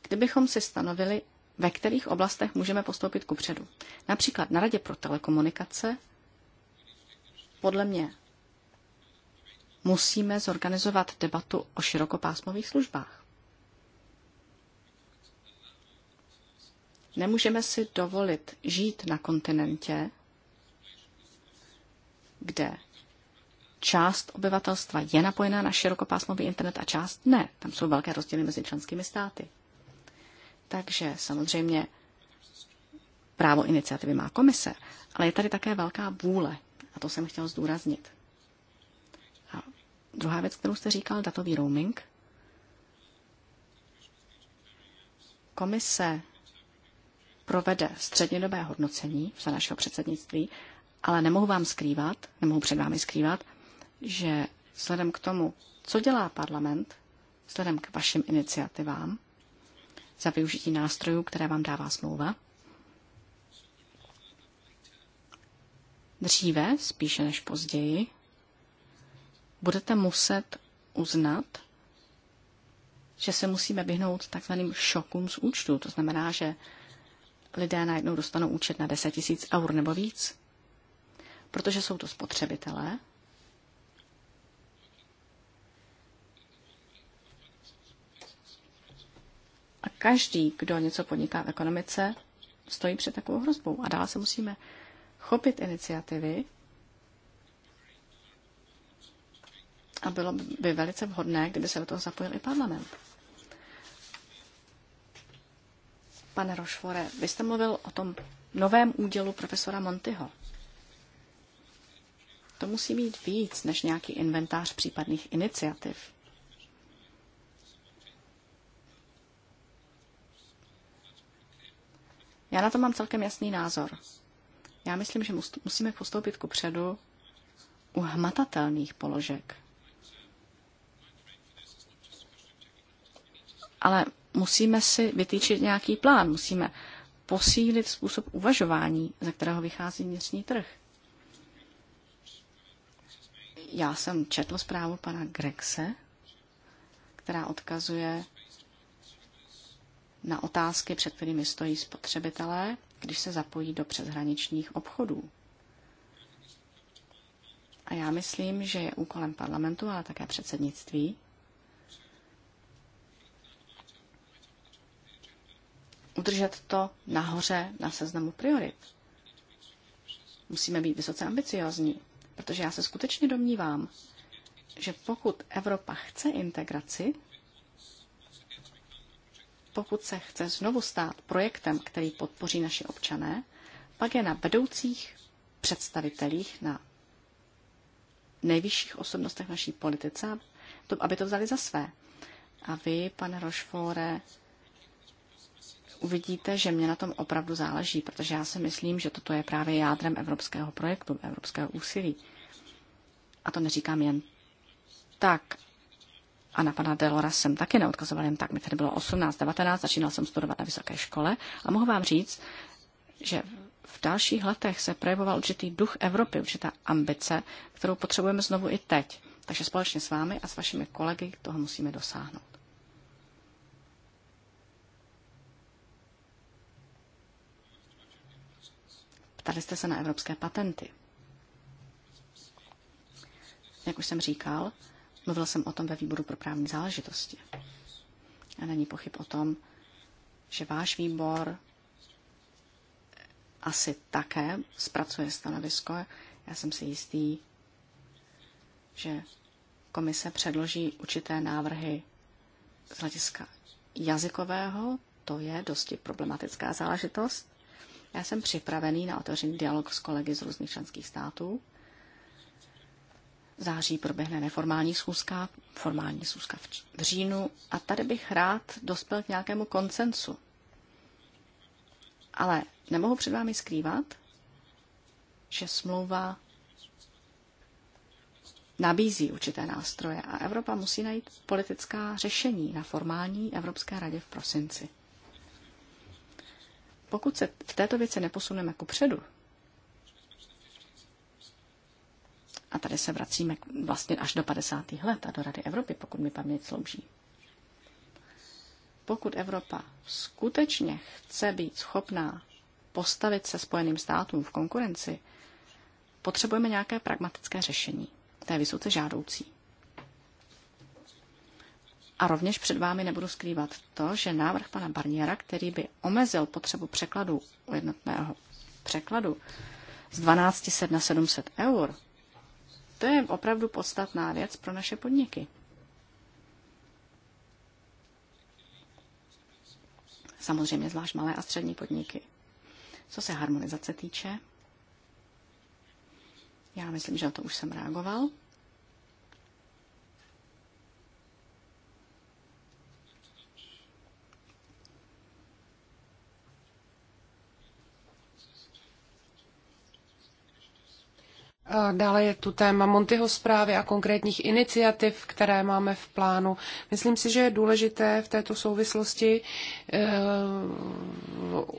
kdybychom si stanovili, ve kterých oblastech můžeme postoupit ku předu. Například na Radě pro telekomunikace podle mě musíme zorganizovat debatu o širokopásmových službách. Nemůžeme si dovolit žít na kontinentě, kde část obyvatelstva je napojená na širokopásmový internet a část ne. Tam jsou velké rozdíly mezi členskými státy. Takže samozřejmě právo iniciativy má komise, ale je tady také velká vůle. A to jsem chtěl zdůraznit. Druhá věc, kterou jste říkal, datový roaming. Komise provede střednědobé hodnocení za našeho předsednictví, ale nemohu vám skrývat, nemohu před vámi skrývat, že vzhledem k tomu, co dělá parlament, vzhledem k vašim iniciativám, za využití nástrojů, které vám dává smlouva, dříve, spíše než později, budete muset uznat, že se musíme vyhnout takzvaným šokům z účtu. To znamená, že lidé najednou dostanou účet na 10 tisíc eur nebo víc, protože jsou to spotřebitelé. A každý, kdo něco podniká v ekonomice, stojí před takovou hrozbou. A dále se musíme chopit iniciativy, A bylo by velice vhodné, kdyby se do toho zapojil i parlament. Pane Rošvore, vy jste mluvil o tom novém údělu profesora Montyho. To musí být víc než nějaký inventář případných iniciativ. Já na to mám celkem jasný názor. Já myslím, že musíme postoupit ku předu u hmatatelných položek. ale musíme si vytýčit nějaký plán, musíme posílit způsob uvažování, ze kterého vychází vnitřní trh. Já jsem četl zprávu pana Grexe, která odkazuje na otázky, před kterými stojí spotřebitelé, když se zapojí do přeshraničních obchodů. A já myslím, že je úkolem parlamentu, ale také předsednictví, udržet to nahoře na seznamu priorit. Musíme být vysoce ambiciozní, protože já se skutečně domnívám, že pokud Evropa chce integraci, pokud se chce znovu stát projektem, který podpoří naši občané, pak je na vedoucích představitelích, na nejvyšších osobnostech naší politice, aby to vzali za své. A vy, pane Rošfore, uvidíte, že mě na tom opravdu záleží, protože já si myslím, že toto je právě jádrem evropského projektu, evropského úsilí. A to neříkám jen tak. A na pana Delora jsem taky neodkazoval jen tak. Mi tady bylo 18, 19, začínal jsem studovat na vysoké škole a mohu vám říct, že v dalších letech se projevoval určitý duch Evropy, určitá ambice, kterou potřebujeme znovu i teď. Takže společně s vámi a s vašimi kolegy toho musíme dosáhnout. Ptali jste se na evropské patenty. Jak už jsem říkal, mluvil jsem o tom ve výboru pro právní záležitosti. A není pochyb o tom, že váš výbor asi také zpracuje stanovisko. Já jsem si jistý, že komise předloží určité návrhy z hlediska jazykového, to je dosti problematická záležitost. Já jsem připravený na otevřený dialog s kolegy z různých členských států. V září proběhne neformální schůzka, formální schůzka v říjnu a tady bych rád dospěl k nějakému koncensu. Ale nemohu před vámi skrývat, že smlouva nabízí určité nástroje a Evropa musí najít politická řešení na formální Evropské radě v prosinci. Pokud se v této věci neposuneme ku předu, a tady se vracíme vlastně až do 50. let a do Rady Evropy, pokud mi paměť slouží. Pokud Evropa skutečně chce být schopná postavit se Spojeným státům v konkurenci, potřebujeme nějaké pragmatické řešení. To je vysoce žádoucí. A rovněž před vámi nebudu skrývat to, že návrh pana Barniera, který by omezil potřebu překladu u jednotného překladu z 12 na 700 eur, to je opravdu podstatná věc pro naše podniky. Samozřejmě zvlášť malé a střední podniky. Co se harmonizace týče, já myslím, že na to už jsem reagoval. Dále je tu téma Montyho zprávy a konkrétních iniciativ, které máme v plánu. Myslím si, že je důležité v této souvislosti eh,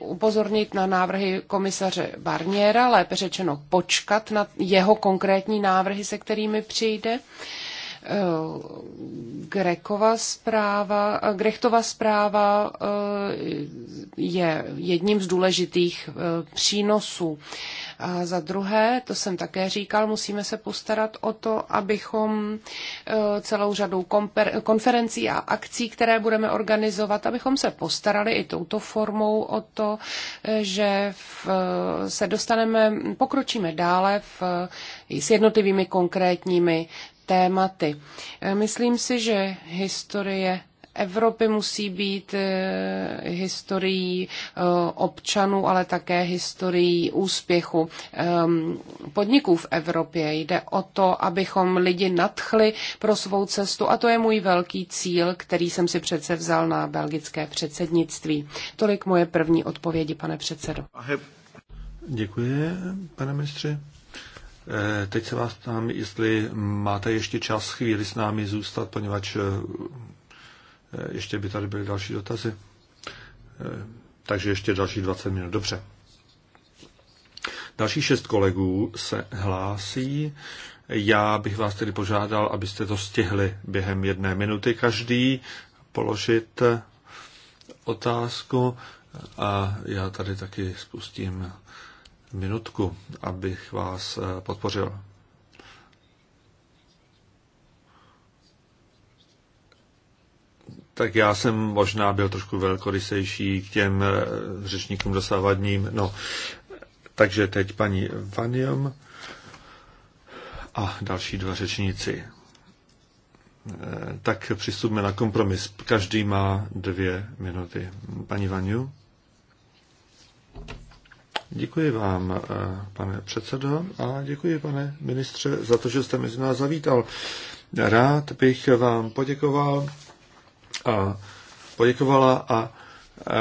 upozornit na návrhy komisaře Barniera, lépe řečeno počkat na jeho konkrétní návrhy, se kterými přijde. Eh, Grekova zpráva, eh, Grechtova zpráva je jedním z důležitých přínosů a za druhé, to jsem také říkal, musíme se postarat o to, abychom e, celou řadou konferencí a akcí, které budeme organizovat, abychom se postarali i touto formou o to, e, že v, e, se dostaneme, pokročíme dále v, s jednotlivými konkrétními tématy. Myslím si, že historie Evropy musí být eh, historií eh, občanů, ale také historií úspěchu ehm, podniků v Evropě. Jde o to, abychom lidi nadchli pro svou cestu a to je můj velký cíl, který jsem si přece vzal na belgické předsednictví. Tolik moje první odpovědi, pane předsedo. Děkuji, pane ministře. Eh, teď se vás ptám, jestli máte ještě čas chvíli s námi zůstat, poněvadž Eh, ještě by tady byly další dotazy. Eh, takže ještě další 20 minut. Dobře. Další šest kolegů se hlásí. Já bych vás tedy požádal, abyste to stihli během jedné minuty každý položit eh, otázku a já tady taky spustím minutku, abych vás podpořil. tak já jsem možná byl trošku velkorysejší k těm eh, řečníkům dosávadním. No, takže teď paní Vanium a další dva řečníci. Eh, tak přistupme na kompromis. Každý má dvě minuty. Paní Vaniu. Děkuji vám, eh, pane předsedo, a děkuji, pane ministře, za to, že jste mezi nás zavítal. Rád bych vám poděkoval a poděkovala a eh,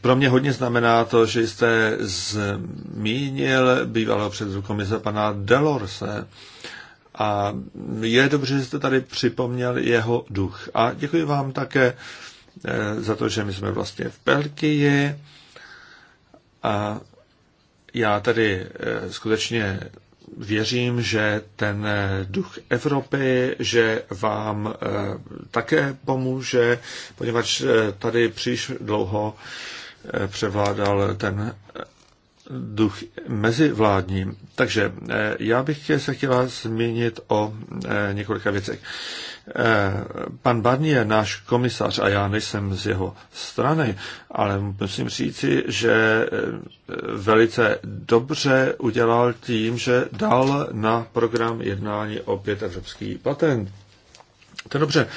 pro mě hodně znamená to, že jste zmínil bývalého předsedu komise pana Delorse. A je dobře, že jste tady připomněl jeho duch. A děkuji vám také eh, za to, že my jsme vlastně v Belgii. A já tady eh, skutečně věřím, že ten duch Evropy, že vám eh, také pomůže, poněvadž eh, tady příliš dlouho eh, převládal ten duch mezivládním. Takže eh, já bych se chtěla zmínit o eh, několika věcech. Eh, pan Barnier, náš komisař, a já nejsem z jeho strany, ale musím říci, že velice dobře udělal tím, že dal na program jednání opět evropský patent. To je dobře,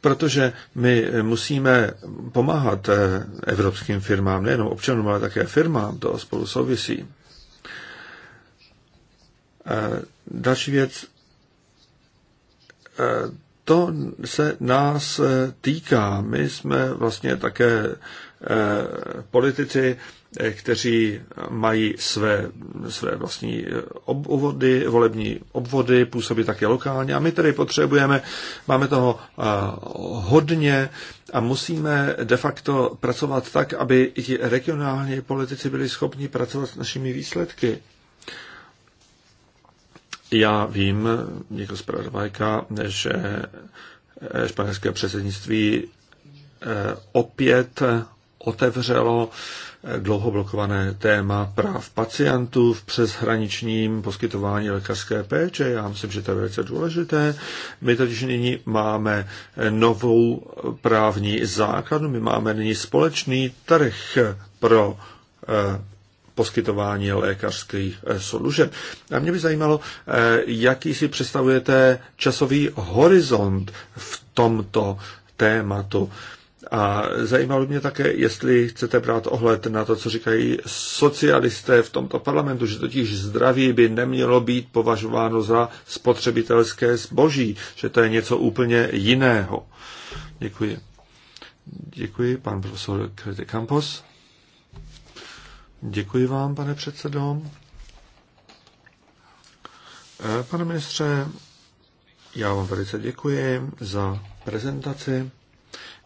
protože my musíme pomáhat eh, evropským firmám, nejenom občanům, ale také firmám, to spolu souvisí. Eh, další věc, eh, to se nás týká. My jsme vlastně také Eh, politici, eh, kteří mají své, své vlastní eh, obvody, volební obvody, působí také lokálně. A my tedy potřebujeme, máme toho hodně a musíme de facto pracovat tak, aby i regionální politici byli schopni pracovat s našimi výsledky. Já vím, z jako zpravodajka, že španělské předsednictví opět otevřelo eh, dlouho blokované téma práv pacientů v přeshraničním poskytování lékařské péče. Já myslím, že to je velice důležité. My totiž nyní máme eh, novou eh, právní základnu, my máme nyní společný trh pro poskytování lékařských služeb. A mě by zajímalo, jaký si představujete časový horizont v tomto tématu a zajímalo mě také, jestli chcete brát ohled na to, co říkají socialisté v tomto parlamentu, že totiž zdraví by nemělo být považováno za spotřebitelské zboží, že to je něco úplně jiného. Děkuji. Děkuji, pan profesor Krete Campos. Děkuji vám, pane předsedo. E, pane ministře, já vám velice děkuji za prezentaci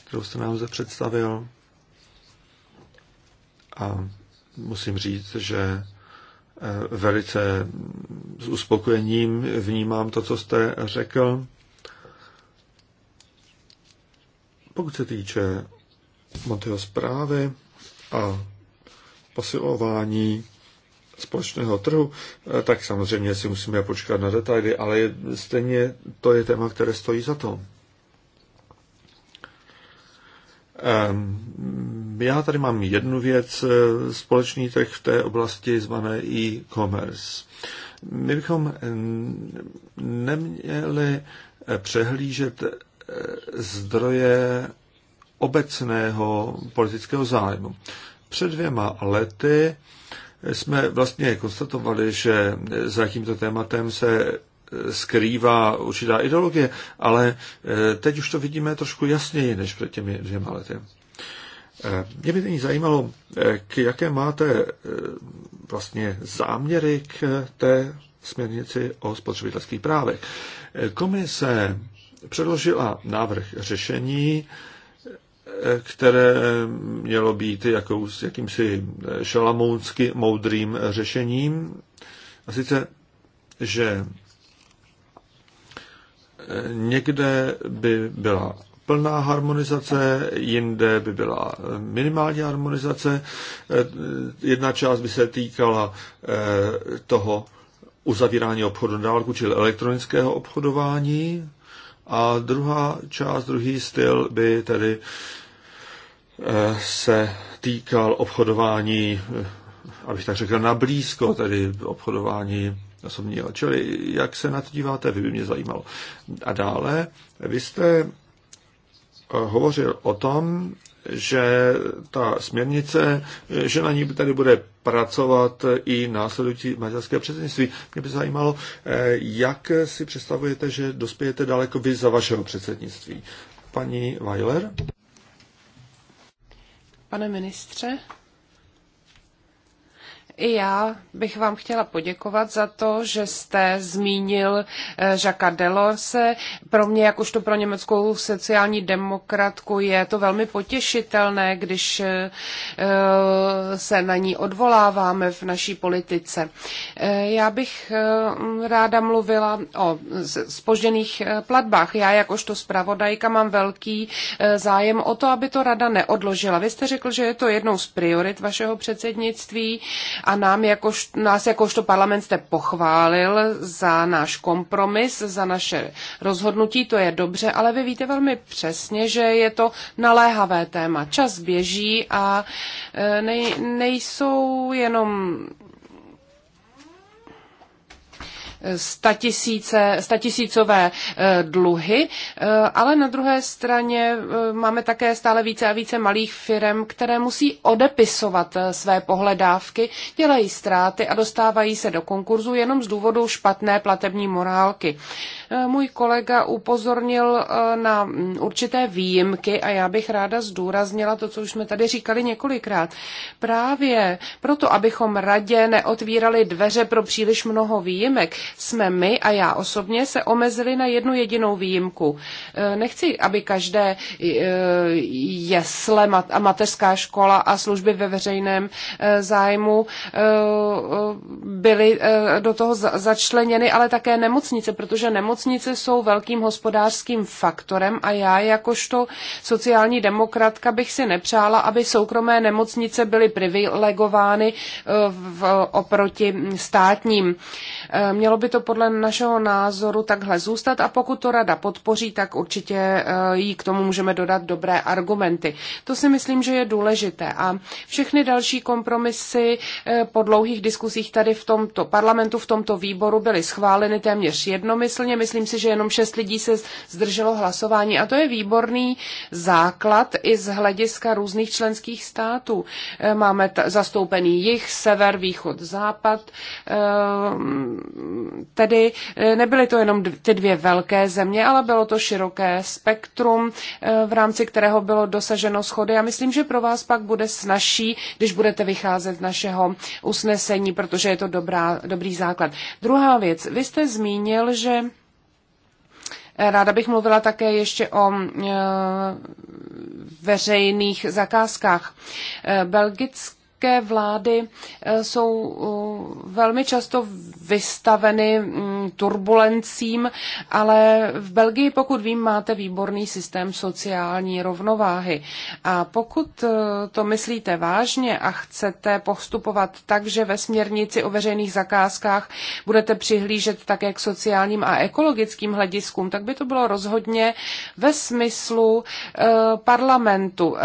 kterou jste nám zde představil. A musím říct, že eh, velice s uspokojením vnímám to, co jste řekl. Pokud se týče Monteho zprávy a posilování společného trhu, eh, tak samozřejmě si musíme počkat na detaily, ale stejně to je téma, které stojí za to. Ehm, já tady mám jednu věc, eh, společný trh v té oblasti zvané e-commerce. My bychom ehm, neměli eh, přehlížet eh, zdroje obecného politického zájmu. Před dvěma lety jsme vlastně konstatovali, že za tímto tématem se skrývá určitá ideologie, ale eh, teď už to vidíme trošku jasněji než před těmi dvěma lety. Eh, mě by nyní zajímalo, eh, k jaké máte vlastně záměry k té směrnici o spotřebitelských právech. Komise předložila návrh řešení, které mělo být jakou, jakýmsi šalamounsky moudrým řešením. A sice, že někde by byla plná harmonizace, jinde by byla minimální harmonizace. Jedna část by se týkala eh, toho uzavírání obchodu na dálku, čili elektronického obchodování, a druhá část, druhý styl by tedy eh, se týkal obchodování, eh, abych tak řekl, na blízko, tedy obchodování osobního. Čili jak se na to díváte, vy by mě zajímalo. A dále, vy jste eh, hovořil o tom, že ta směrnice, eh, že na ní tady bude pracovat i následující maďarské předsednictví. Mě by zajímalo, eh, jak si představujete, že dospějete daleko vy za vašeho předsednictví. Paní Weiler? Pane ministře, i já bych vám chtěla poděkovat za to, že jste zmínil Žaka eh, Delorse. Pro mě, jak už to pro německou sociální demokratku, je to velmi potěšitelné, když eh, eh, se na ní odvoláváme v naší politice. Já bych ráda mluvila o spožděných platbách. Já jakožto zpravodajka mám velký zájem o to, aby to rada neodložila. Vy jste řekl, že je to jednou z priorit vašeho předsednictví a nám jakož, nás jakožto parlament jste pochválil za náš kompromis, za naše rozhodnutí, to je dobře, ale vy víte velmi přesně, že je to naléhavé téma. Čas běží a e, nej, nejsou jenom statisíce, statisícové eh, dluhy, eh, ale na druhé straně eh, máme také stále více a více malých firm, které musí odepisovat své pohledávky, dělají ztráty a dostávají se do konkurzu jenom z důvodu špatné platební morálky. Můj kolega upozornil na určité výjimky a já bych ráda zdůraznila to, co už jsme tady říkali několikrát. Právě proto, abychom radě neotvírali dveře pro příliš mnoho výjimek, jsme my a já osobně se omezili na jednu jedinou výjimku. E, nechci, aby každé e, jesle a mateřská škola a služby ve veřejném e, zájmu byly do toho začleněny, ale také nemocnice, protože nemocnice jsou velkým hospodářským faktorem a já jakožto sociální demokratka bych si nepřála, aby soukromé nemocnice byly privilegovány v, oproti státním. Eh, mělo by to podle našeho názoru takhle zůstat a pokud to rada podpoří, tak určitě eh, jí k tomu můžeme dodat dobré argumenty. To si myslím, že je důležité. A všechny další kompromisy eh, po dlouhých diskusích tady v tomto parlamentu, v tomto výboru byly schváleny téměř jednomyslně. Myslím si, že jenom šest lidí se zdrželo hlasování a to je výborný základ i z hlediska různých členských států. Máme t- zastoupený jich, sever, východ, západ tedy eh, nebyly to jenom ty dvě velké země, ale bylo to široké spektrum, eh, v rámci kterého bylo dosaženo schody. A myslím, že pro vás pak bude snažší, když budete vycházet z našeho usnesení, protože je to dobrá, dobrý základ. Druhá věc. Vy jste zmínil, že eh, Ráda bych mluvila také ještě o veřejných zakázkách. Belgické turecké vlády eh, jsou eh, velmi často vystaveny mm, turbulencím, ale v Belgii, pokud vím, máte výborný systém sociální rovnováhy. A pokud eh, to myslíte vážně a chcete postupovat tak, že ve směrnici o veřejných zakázkách budete přihlížet také k sociálním a ekologickým hlediskům, tak by to bylo rozhodně ve smyslu parlamentu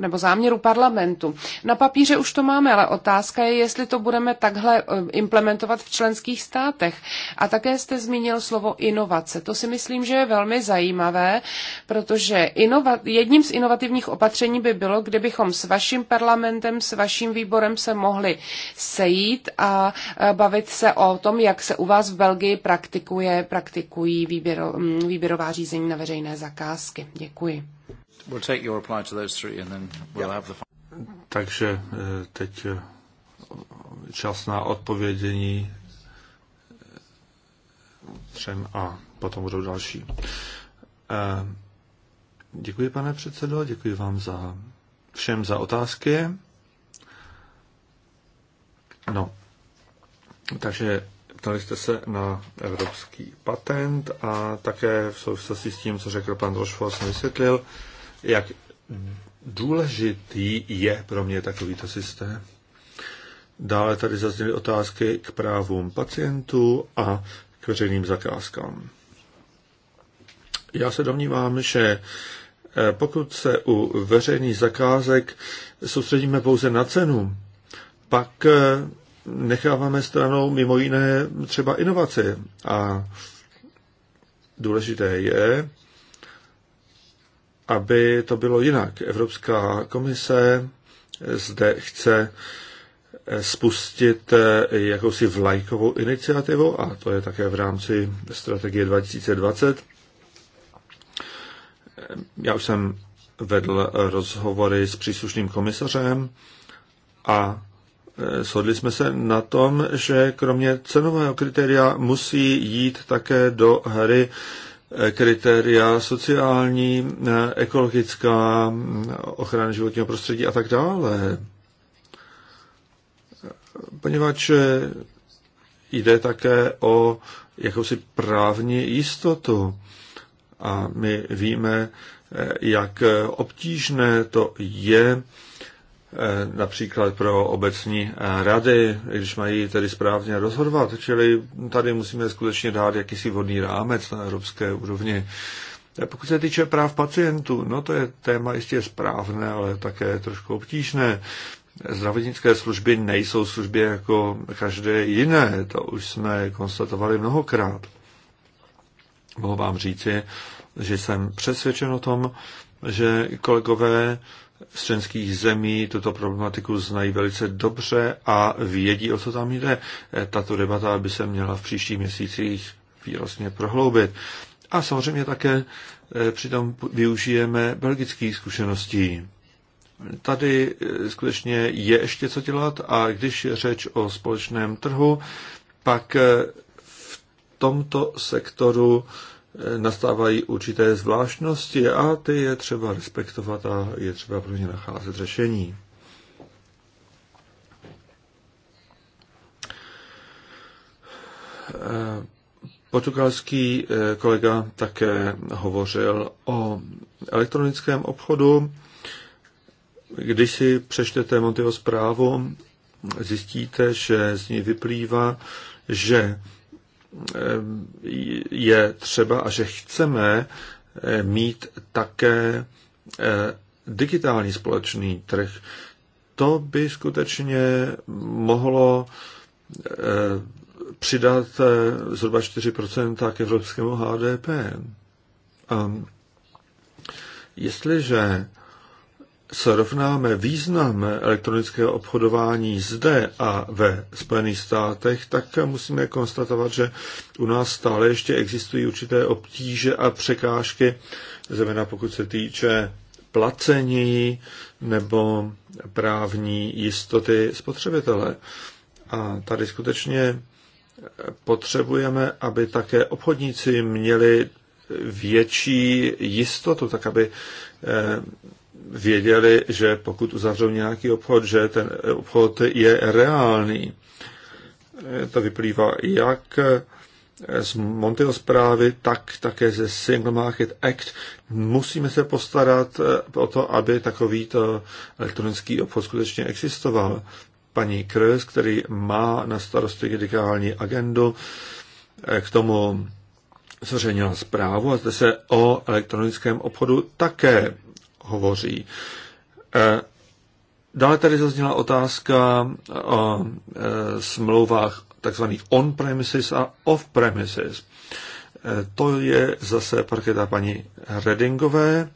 nebo záměru parlamentu. Na papíře už to máme, ale otázka je, jestli to budeme takhle eh, implementovat v členských státech. A také jste zmínil slovo inovace. To si myslím, že je velmi zajímavé, protože inova- jedním z inovativních opatření by bylo, kdybychom s vaším parlamentem, s vaším výborem se mohli sejít a bavit se o tom, jak se u vás v Belgii praktikuje, praktikují výběro, mm, výběrová řízení na veřejné zakázky. Děkuji. We'll take your reply to those three and then we'll yeah. have the takže e, teď e, čas na odpovědění e, třem a potom budou další. Děkuji, pane předsedo, děkuji vám za všem za otázky. No, takže ptali jste se na evropský patent a také v souvislosti s tím, co řekl pan Rošfors, vysvětlil, jak důležitý je pro mě takovýto systém. Dále tady zazněly otázky k právům pacientů a k veřejným zakázkám. Já se domnívám, že eh, pokud se u veřejných zakázek soustředíme pouze na cenu, pak eh, necháváme stranou mimo jiné třeba inovace. A důležité je, aby to bylo jinak. Evropská komise zde chce eh, spustit eh, jakousi vlajkovou iniciativu, a to je také v rámci strategie 2020. Eh, já už jsem vedl rozhovory s příslušným komisařem a shodli jsme se na tom, že kromě cenového kritéria musí jít také do hry Eh, kritéria sociální, eh, ekologická, eh, ochrana životního prostředí a tak dále. Poněvadž jde také o jakousi právní jistotu. A my víme, jak obtížné to je Eh, například pro obecní eh, rady, když mají tedy správně rozhodovat. Čili tady musíme skutečně dát jakýsi vodní rámec na evropské úrovni. Eh, pokud se týče práv pacientů, no to je téma jistě správné, ale také trošku obtížné. Zdravotnické služby nejsou služby jako každé jiné, to už jsme konstatovali mnohokrát. Mohu vám říci, že jsem přesvědčen o tom, že kolegové z členských zemí tuto problematiku znají velice dobře a vědí, o co tam jde. E, tato debata by se měla v příštích měsících výrazně prohloubit. A samozřejmě také e, přitom využijeme belgických zkušeností. Tady e, skutečně je ještě co dělat a když je řeč o společném trhu, pak v tomto sektoru Eh, nastávají určité zvláštnosti a ty je třeba respektovat a je třeba pro ně nacházet řešení. Eh, portugalský eh, kolega také hovořil o elektronickém obchodu. Když si přečtete Montyho zprávu, zjistíte, že z ní vyplývá, že Eh, je třeba a že chceme eh, mít také eh, digitální společný trh, to by skutečně mohlo přidat zhruba 4% k evropskému HDP. A jestliže srovnáme význam elektronického obchodování zde a ve Spojených státech, tak musíme konstatovat, že u nás stále ještě existují určité obtíže a překážky, zejména pokud se týče placení nebo právní jistoty spotřebitele. A tady skutečně potřebujeme, aby také obchodníci měli větší jistotu, tak aby eh, věděli, že pokud uzavřou nějaký obchod, že ten obchod je reálný. To vyplývá jak z Montyho zprávy, tak také ze Single Market Act. Musíme se postarat o to, aby takovýto elektronický obchod skutečně existoval. Paní Kres, který má na starosti digitální agendu, k tomu zveřejnila zprávu a zde se o elektronickém obchodu také hovoří. E, dále tady zazněla otázka o e, smlouvách tzv. on-premises a off-premises. E, to je zase parketa paní Redingové.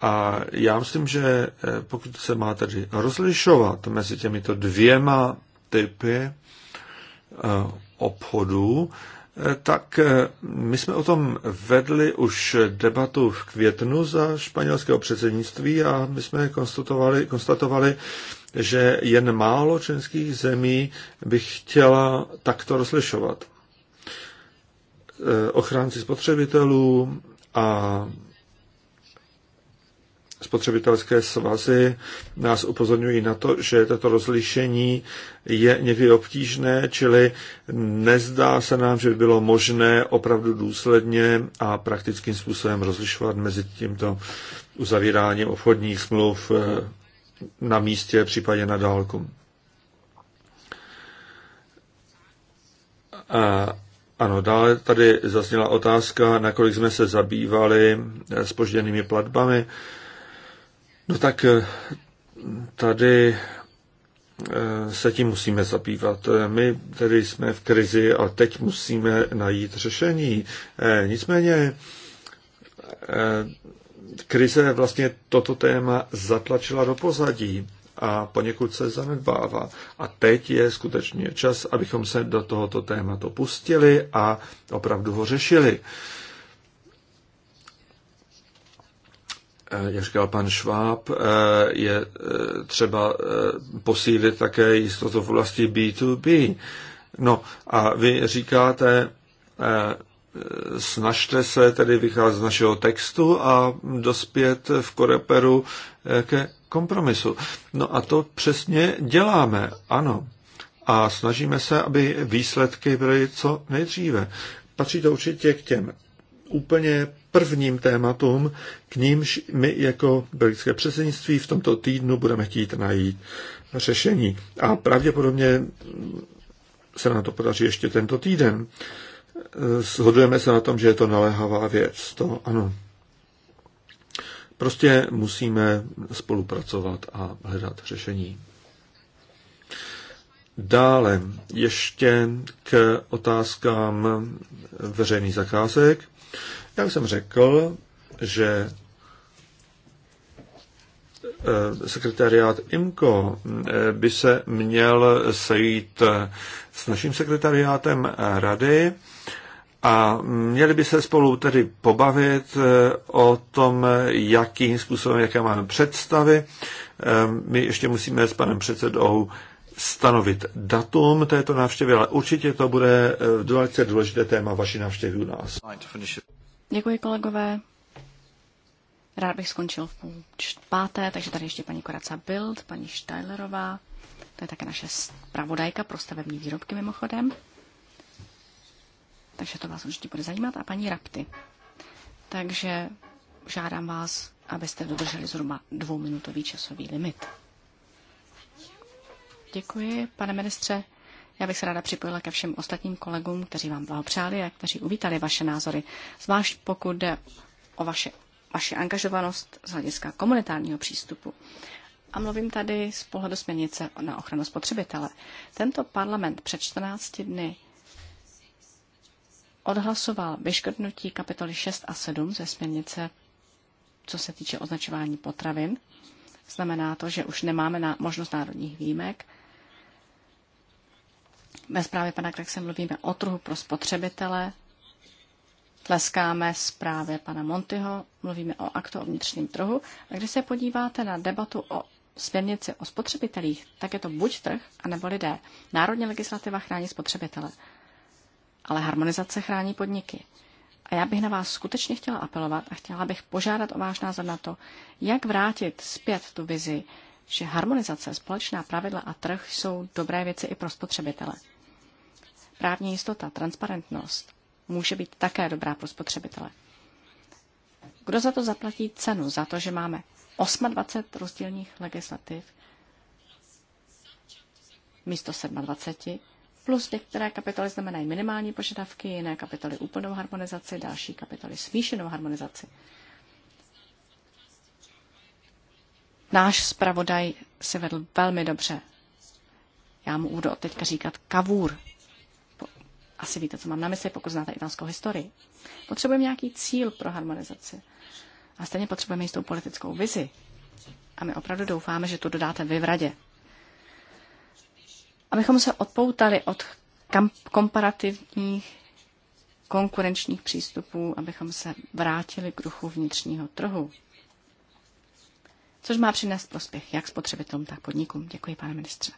A já myslím, že pokud se má tedy rozlišovat mezi těmito dvěma typy obchodů, Eh, tak eh, my jsme o tom vedli už debatu v květnu za španělského předsednictví a my jsme konstatovali, konstatovali že jen málo členských zemí by chtěla takto rozlišovat. Eh, ochránci spotřebitelů a spotřebitelské svazy nás upozorňují na to, že toto rozlišení je někdy obtížné, čili nezdá se nám, že by bylo možné opravdu důsledně a praktickým způsobem rozlišovat mezi tímto uzavíráním obchodních smluv eh, na místě, případně na dálku. A ano, dále tady zazněla otázka, nakolik jsme se zabývali spožděnými eh, platbami. No tak eh, tady eh, se tím musíme zabývat. Eh, my tedy jsme v krizi a teď musíme najít řešení. Nicméně krize vlastně toto téma zatlačila do pozadí a poněkud se zanedbává. A teď je skutečně čas, abychom se do tohoto tématu pustili a opravdu ho řešili. Eh, jak říkal pan Šváb, eh, je eh, třeba posílit také jistotu v oblasti B2B. No a vy říkáte, snažte se tedy vycházet z našeho textu a dospět v koreperu ke kompromisu. No a to přesně děláme, ano. A snažíme se, aby výsledky byly co nejdříve. Patří to určitě k těm úplně prvním tématům, k nímž my jako belgické předsednictví v tomto týdnu budeme chtít najít řešení. A pravděpodobně se nám to podaří ještě tento týden. Shodujeme se na tom, že je to naléhavá věc, to ano. Prostě musíme spolupracovat a hledat řešení. Dále ještě k otázkám veřejných zakázek. Já jsem řekl, že eh, sekretariát IMCO eh, by se měl sejít eh, s naším sekretariátem rady a měli by se spolu tedy pobavit o tom, jakým způsobem, jaké máme představy. My ještě musíme s panem předsedou stanovit datum této návštěvy, ale určitě to bude velice důležité téma vaší návštěvy u nás. Děkuji, kolegové. Rád bych skončil v půl páté, takže tady ještě paní Koraca Bild, paní Štajlerová, to je také naše pravodajka pro stavební výrobky mimochodem. Takže to vás určitě bude zajímat. A paní Rapty. Takže žádám vás, abyste dodrželi zhruba dvouminutový časový limit. Děkuji, pane ministře. Já bych se ráda připojila ke všem ostatním kolegům, kteří vám blahopřáli a kteří uvítali vaše názory, zvlášť pokud jde o vaše, vaši angažovanost z hlediska komunitárního přístupu. A mluvím tady z pohledu směrnice na ochranu spotřebitele. Tento parlament před 14 dny odhlasoval vyškrtnutí kapitoly 6 a 7 ze směrnice, co se týče označování potravin. Znamená to, že už nemáme na možnost národních výjimek ve zprávě pana Krexe mluvíme o trhu pro spotřebitele, tleskáme zprávě pana Montyho, mluvíme o aktu o vnitřním trhu. A když se podíváte na debatu o směrnici o spotřebitelích, tak je to buď trh, anebo lidé. Národní legislativa chrání spotřebitele, ale harmonizace chrání podniky. A já bych na vás skutečně chtěla apelovat a chtěla bych požádat o váš názor na to, jak vrátit zpět tu vizi, že harmonizace, společná pravidla a trh jsou dobré věci i pro spotřebitele. Právní jistota, transparentnost může být také dobrá pro spotřebitele. Kdo za to zaplatí cenu? Za to, že máme 28 rozdílných legislativ místo 27, plus některé kapitoly znamenají minimální požadavky, jiné kapitoly úplnou harmonizaci, další kapitoly smíšenou harmonizaci. Náš zpravodaj se vedl velmi dobře. Já mu budu od teďka říkat kavůr. Asi víte, co mám na mysli, pokud znáte italskou historii. Potřebujeme nějaký cíl pro harmonizaci. A stejně potřebujeme jistou politickou vizi. A my opravdu doufáme, že to dodáte vy v radě. Abychom se odpoutali od komparativních konkurenčních přístupů, abychom se vrátili k duchu vnitřního trhu což má přinést prospěch jak spotřebitelům, tak podnikům. Děkuji, pane ministře.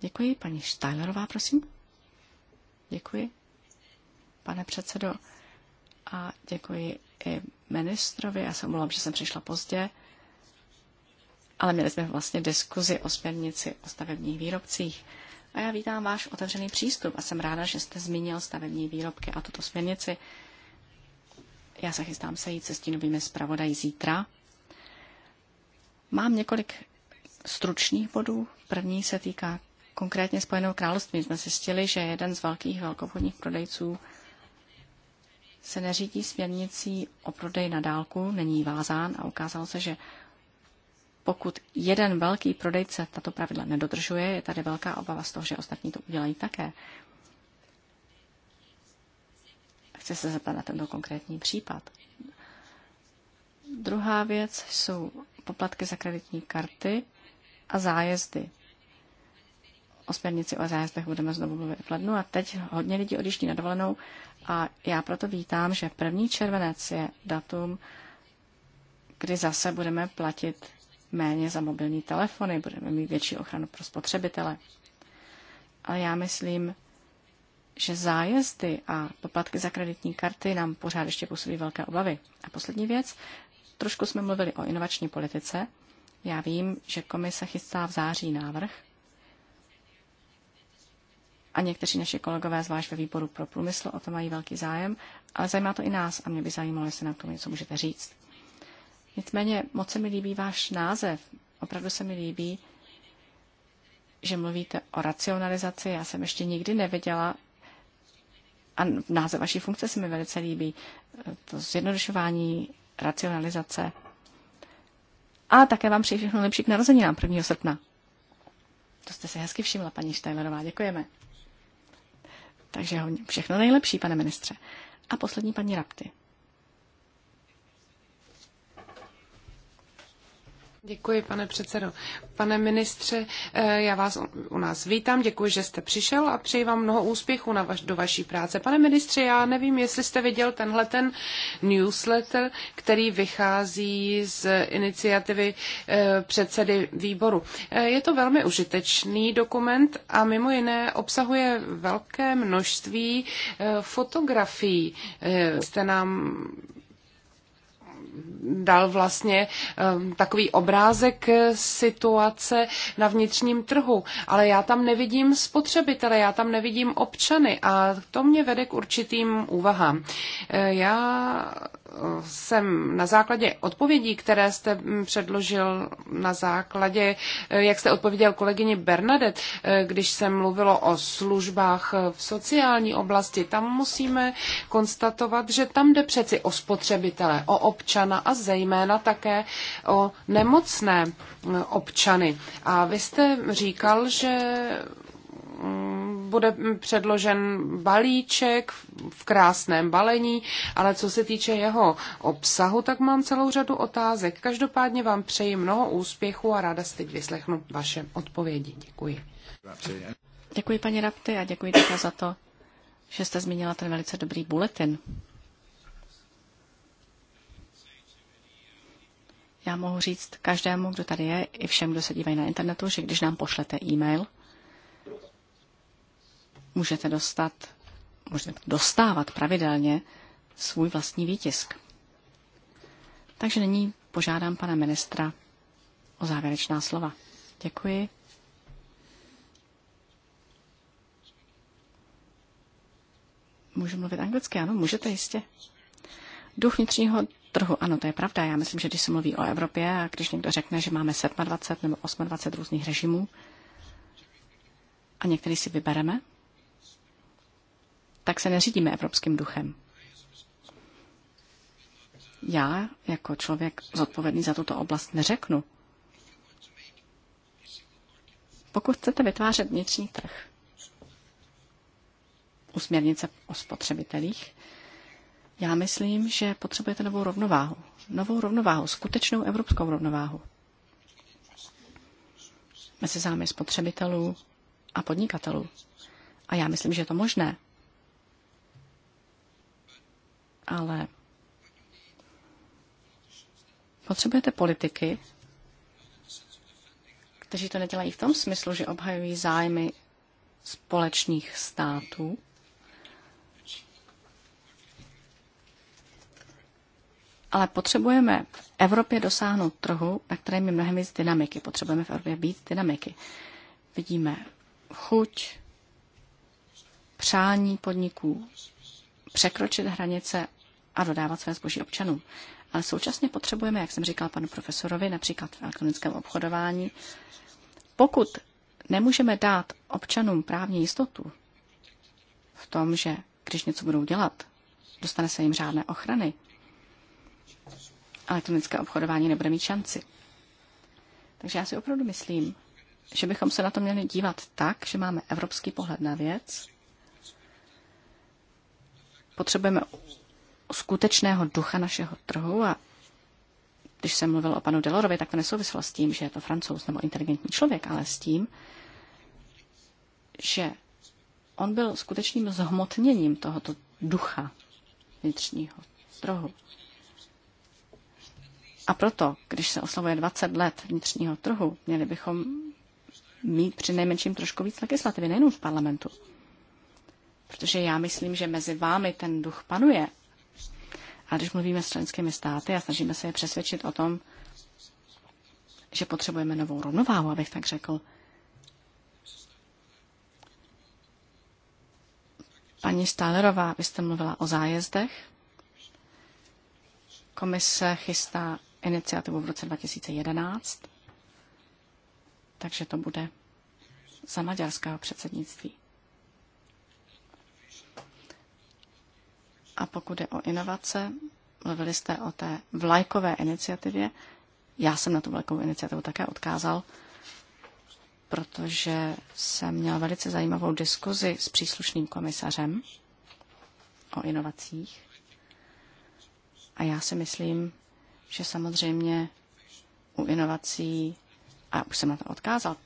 Děkuji, paní Štajlerová, prosím. Děkuji, pane předsedo. A děkuji i ministrovi. Já se omlouvám, že jsem přišla pozdě, ale měli jsme vlastně diskuzi o směrnici o stavebních výrobcích. A já vítám váš otevřený přístup a jsem ráda, že jste zmínil stavební výrobky a tuto směrnici, já se chystám sejít se stínovými zpravodají zítra. Mám několik stručných bodů. První se týká konkrétně Spojeného království. Jsme zjistili, že jeden z velkých velkovodních prodejců se neřídí směrnicí o prodej na dálku, není vázán a ukázalo se, že pokud jeden velký prodejce tato pravidla nedodržuje, je tady velká obava z toho, že ostatní to udělají také. Chci se zeptat na tento konkrétní případ. Druhá věc jsou poplatky za kreditní karty a zájezdy. O směrnici o zájezdech budeme znovu mluvit v lednu a teď hodně lidí odjíždí na dovolenou a já proto vítám, že první červenec je datum, kdy zase budeme platit méně za mobilní telefony, budeme mít větší ochranu pro spotřebitele. Ale já myslím, že zájezdy a poplatky za kreditní karty nám pořád ještě působí velké obavy. A poslední věc, trošku jsme mluvili o inovační politice. Já vím, že komise chystá v září návrh a někteří naši kolegové, zvlášť ve výboru pro průmysl, o to mají velký zájem, ale zajímá to i nás a mě by zajímalo, jestli nám k tomu něco můžete říct. Nicméně moc se mi líbí váš název. Opravdu se mi líbí, že mluvíte o racionalizaci. Já jsem ještě nikdy neviděla, a název vaší funkce se mi velice líbí, to zjednodušování, racionalizace. A také vám přeji všechno nejlepší k narozeninám 1. srpna. To jste se hezky všimla, paní Štajlerová, děkujeme. Takže všechno nejlepší, pane ministře. A poslední paní Rapty. Děkuji, pane předsedo. Pane ministře, eh, já vás u nás vítám, děkuji, že jste přišel a přeji vám mnoho úspěchů na vaš, do vaší práce. Pane ministře, já nevím, jestli jste viděl tenhle ten newsletter, který vychází z iniciativy eh, předsedy výboru. Eh, je to velmi užitečný dokument a mimo jiné obsahuje velké množství fotografií. Jste nám dal vlastně ehm, takový obrázek eh, situace na vnitřním trhu, ale já tam nevidím spotřebitele, já tam nevidím občany a to mě vede k určitým úvahám. Eh, já jsem na základě odpovědí, které jste mm, předložil na základě, eh, jak jste odpověděl kolegyni Bernadet, eh, když se mluvilo o službách eh, v sociální oblasti, tam musíme konstatovat, že tam jde přeci o spotřebitele, o občana a zejména také o nemocné občany. A vy jste říkal, že bude předložen balíček v krásném balení, ale co se týče jeho obsahu, tak mám celou řadu otázek. Každopádně vám přeji mnoho úspěchu a ráda si teď vyslechnu vaše odpovědi. Děkuji. Děkuji paní Rapty a děkuji také za to, že jste zmínila ten velice dobrý bulletin. Já mohu říct každému, kdo tady je, i všem, kdo se dívají na internetu, že když nám pošlete e-mail, můžete dostat, můžete dostávat pravidelně svůj vlastní výtisk. Takže nyní požádám pana ministra o závěrečná slova. Děkuji. Můžu mluvit anglicky? Ano, můžete jistě. Duch vnitřního trhu, ano, to je pravda. Já myslím, že když se mluví o Evropě a když někdo řekne, že máme 27 nebo 28 různých režimů a některý si vybereme, tak se neřídíme evropským duchem. Já, jako člověk zodpovědný za tuto oblast, neřeknu. Pokud chcete vytvářet vnitřní trh u směrnice o spotřebitelích, já myslím, že potřebujete novou rovnováhu. Novou rovnováhu, skutečnou evropskou rovnováhu. Mezi zámi spotřebitelů a podnikatelů. A já myslím, že je to možné ale potřebujete politiky, kteří to nedělají v tom smyslu, že obhajují zájmy společných států, Ale potřebujeme v Evropě dosáhnout trhu, na kterém je mnohem víc dynamiky. Potřebujeme v Evropě být dynamiky. Vidíme chuť, přání podniků, překročit hranice a dodávat své zboží občanům. Ale současně potřebujeme, jak jsem říkal panu profesorovi, například v elektronickém obchodování, pokud nemůžeme dát občanům právní jistotu v tom, že když něco budou dělat, dostane se jim řádné ochrany, elektronické obchodování nebude mít šanci. Takže já si opravdu myslím, že bychom se na to měli dívat tak, že máme evropský pohled na věc, Potřebujeme skutečného ducha našeho trhu a když jsem mluvil o panu Delorovi, tak to nesouviselo s tím, že je to francouz nebo inteligentní člověk, ale s tím, že on byl skutečným zhmotněním tohoto ducha vnitřního trhu. A proto, když se oslavuje 20 let vnitřního trhu, měli bychom mít při nejmenším trošku víc legislativy, nejenom v parlamentu, protože já myslím, že mezi vámi ten duch panuje. A když mluvíme s členskými státy a snažíme se je přesvědčit o tom, že potřebujeme novou rovnováhu, abych tak řekl. Paní Stálerová, vy jste mluvila o zájezdech. Komise chystá iniciativu v roce 2011, takže to bude za maďarského předsednictví. A pokud je o inovace, mluvili jste o té vlajkové iniciativě. Já jsem na tu vlajkovou iniciativu také odkázal, protože jsem měl velice zajímavou diskuzi s příslušným komisařem o inovacích. A já si myslím, že samozřejmě u inovací, a už jsem na to odkázal,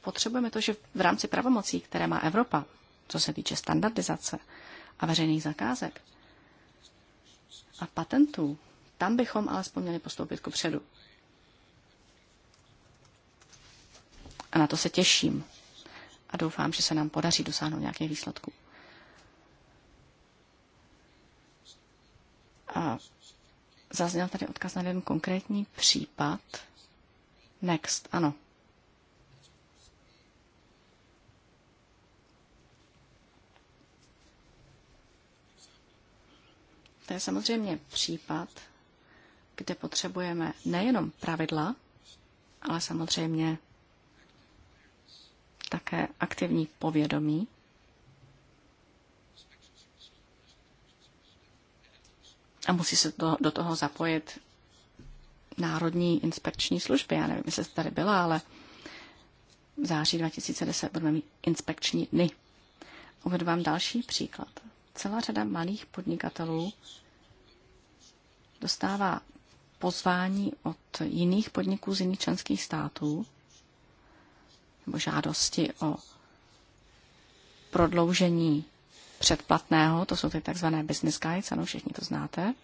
potřebujeme to, že v rámci pravomocí, které má Evropa, co se týče standardizace a veřejných zakázek a patentů, tam bychom alespoň měli postoupit ku předu. A na to se těším. A doufám, že se nám podaří dosáhnout nějakých výsledků. A zazněl tady odkaz na jeden konkrétní případ. Next, ano. To je samozřejmě případ, kde potřebujeme nejenom pravidla, ale samozřejmě také aktivní povědomí. A musí se to, do toho zapojit Národní inspekční služby. Já nevím, jestli jste tady byla, ale v září 2010 budeme mít inspekční dny. Uvedu vám další příklad celá řada malých podnikatelů dostává pozvání od jiných podniků z jiných členských států nebo žádosti o prodloužení předplatného, to jsou ty takzvané business guides, ano, všichni to znáte.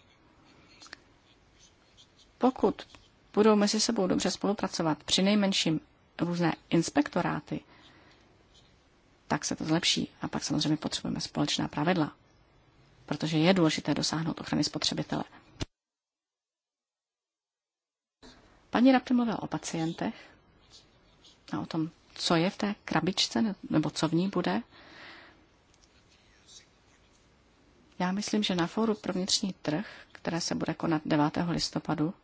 Pokud budou mezi sebou dobře spolupracovat, při nejmenším různé inspektoráty, tak se to zlepší. A pak samozřejmě potřebujeme společná pravidla, protože je důležité dosáhnout ochrany spotřebitele. Paní Rapty mluvila o pacientech a o tom, co je v té krabičce nebo co v ní bude. Já myslím, že na fóru pro vnitřní trh, které se bude konat 9. listopadu,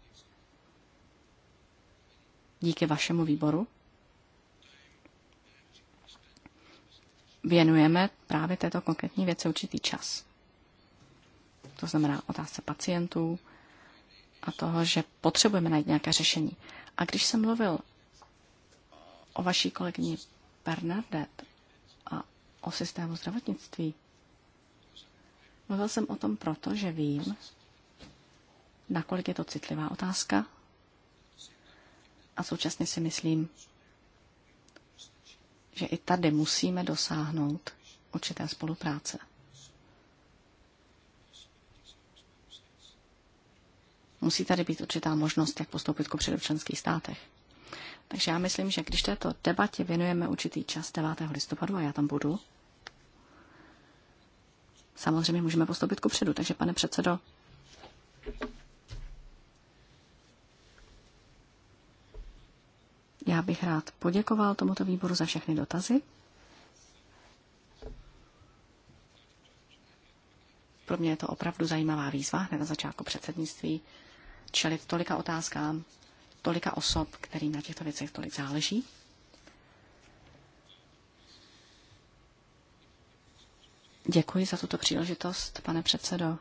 díky vašemu výboru, věnujeme právě této konkrétní věci určitý čas. To znamená otázce pacientů a toho, že potřebujeme najít nějaké řešení. A když jsem mluvil o vaší kolegyni Bernadette a o systému zdravotnictví, mluvil jsem o tom proto, že vím, nakolik je to citlivá otázka a současně si myslím, že i tady musíme dosáhnout určité spolupráce. Musí tady být určitá možnost, jak postoupit ku v členských státech. Takže já myslím, že když této debatě věnujeme určitý čas 9. listopadu a já tam budu, samozřejmě můžeme postoupit ku předu. Takže pane předsedo, Já bych rád poděkoval tomuto výboru za všechny dotazy. Pro mě je to opravdu zajímavá výzva hned na začátku předsednictví čelit tolika otázkám, tolika osob, kterým na těchto věcech tolik záleží. Děkuji za tuto příležitost, pane předsedo,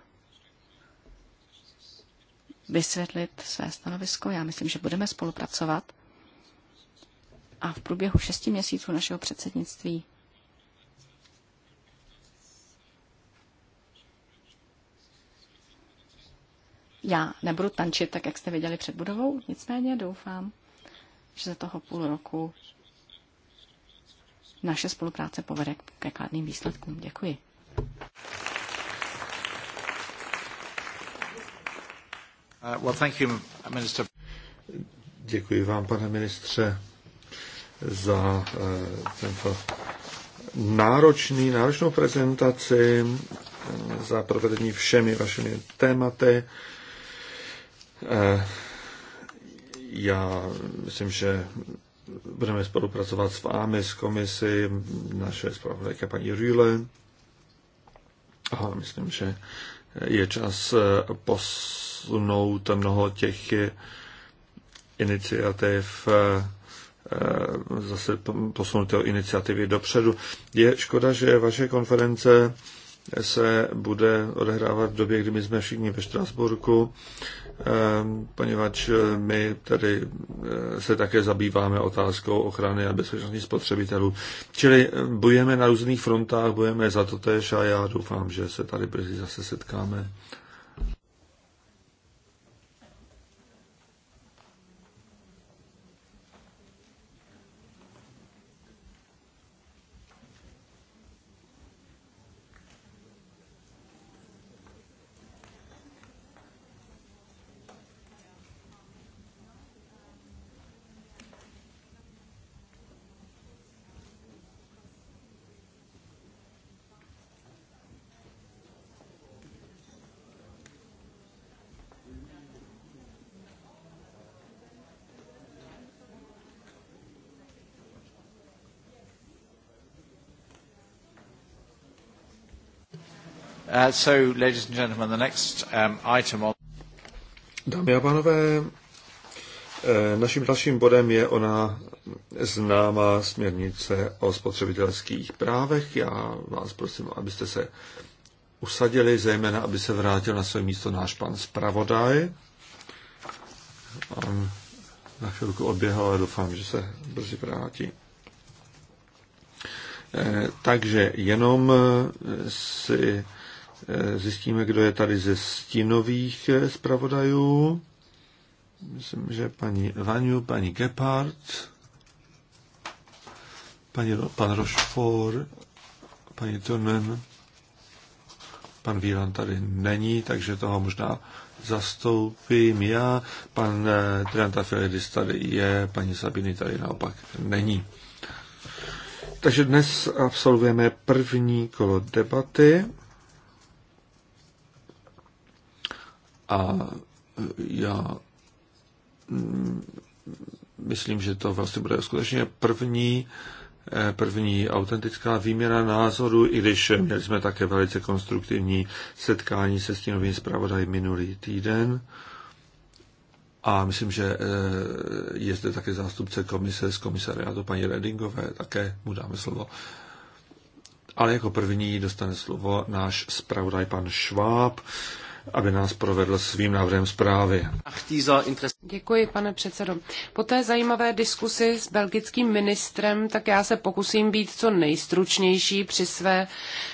vysvětlit své stanovisko. Já myslím, že budeme spolupracovat a v průběhu šesti měsíců našeho předsednictví Já nebudu tančit tak, jak jste viděli před budovou, nicméně doufám, že za toho půl roku naše spolupráce povede ke kladným výsledkům. Děkuji. Uh, well, thank you, minister. Děkuji vám, pane ministře za eh, tento náročný, náročnou prezentaci, eh, za provedení všemi vašimi tématy. Eh, já myslím, že budeme spolupracovat s vámi, s komisi, naše zpravodajka paní Rýle, A myslím, že je čas posunout mnoho těch iniciativ Eh, zase posunuté iniciativy dopředu. Je škoda, že vaše konference se bude odehrávat v době, kdy my jsme všichni ve Štrasburku, eh, poněvadž my tady eh, se také zabýváme otázkou ochrany a bezpečnosti spotřebitelů. Čili bojujeme na různých frontách, bojujeme za to tež a já doufám, že se tady brzy zase setkáme Uh, ladies and gentlemen, the next um, item on... Dámy a pánové, eh, naším dalším bodem je ona známá směrnice o spotřebitelských právech. Já vás prosím, abyste se usadili, zejména aby se vrátil na své místo náš pan zpravodaj. On na chvilku odběhl, ale doufám, že se brzy vrátí. Eh, takže jenom eh, si Eh, zjistíme, kdo je tady ze stínových eh, zpravodajů. Myslím, že paní Vaniu, paní Gepard, paní, pan Rochefort, paní Tonen, pan Víran tady není, takže toho možná zastoupím já. Pan eh, Trenta Filidis tady je, paní Sabiny tady naopak není. Takže dnes absolvujeme první kolo debaty A e, já mm, myslím, že to vlastně bude skutečně první, e, první autentická výměna názorů, i když měli jsme také velice konstruktivní setkání se stínovým zpravodajem minulý týden. A myslím, že e, je zde také zástupce komise z komisariátu paní Redingové, také mu dáme slovo. Ale jako první dostane slovo náš zpravodaj pan Šváb, aby nás provedl svým návrhem zprávy. Děkuji, pane předsedo. Po té zajímavé diskusi s belgickým ministrem, tak já se pokusím být co nejstručnější při své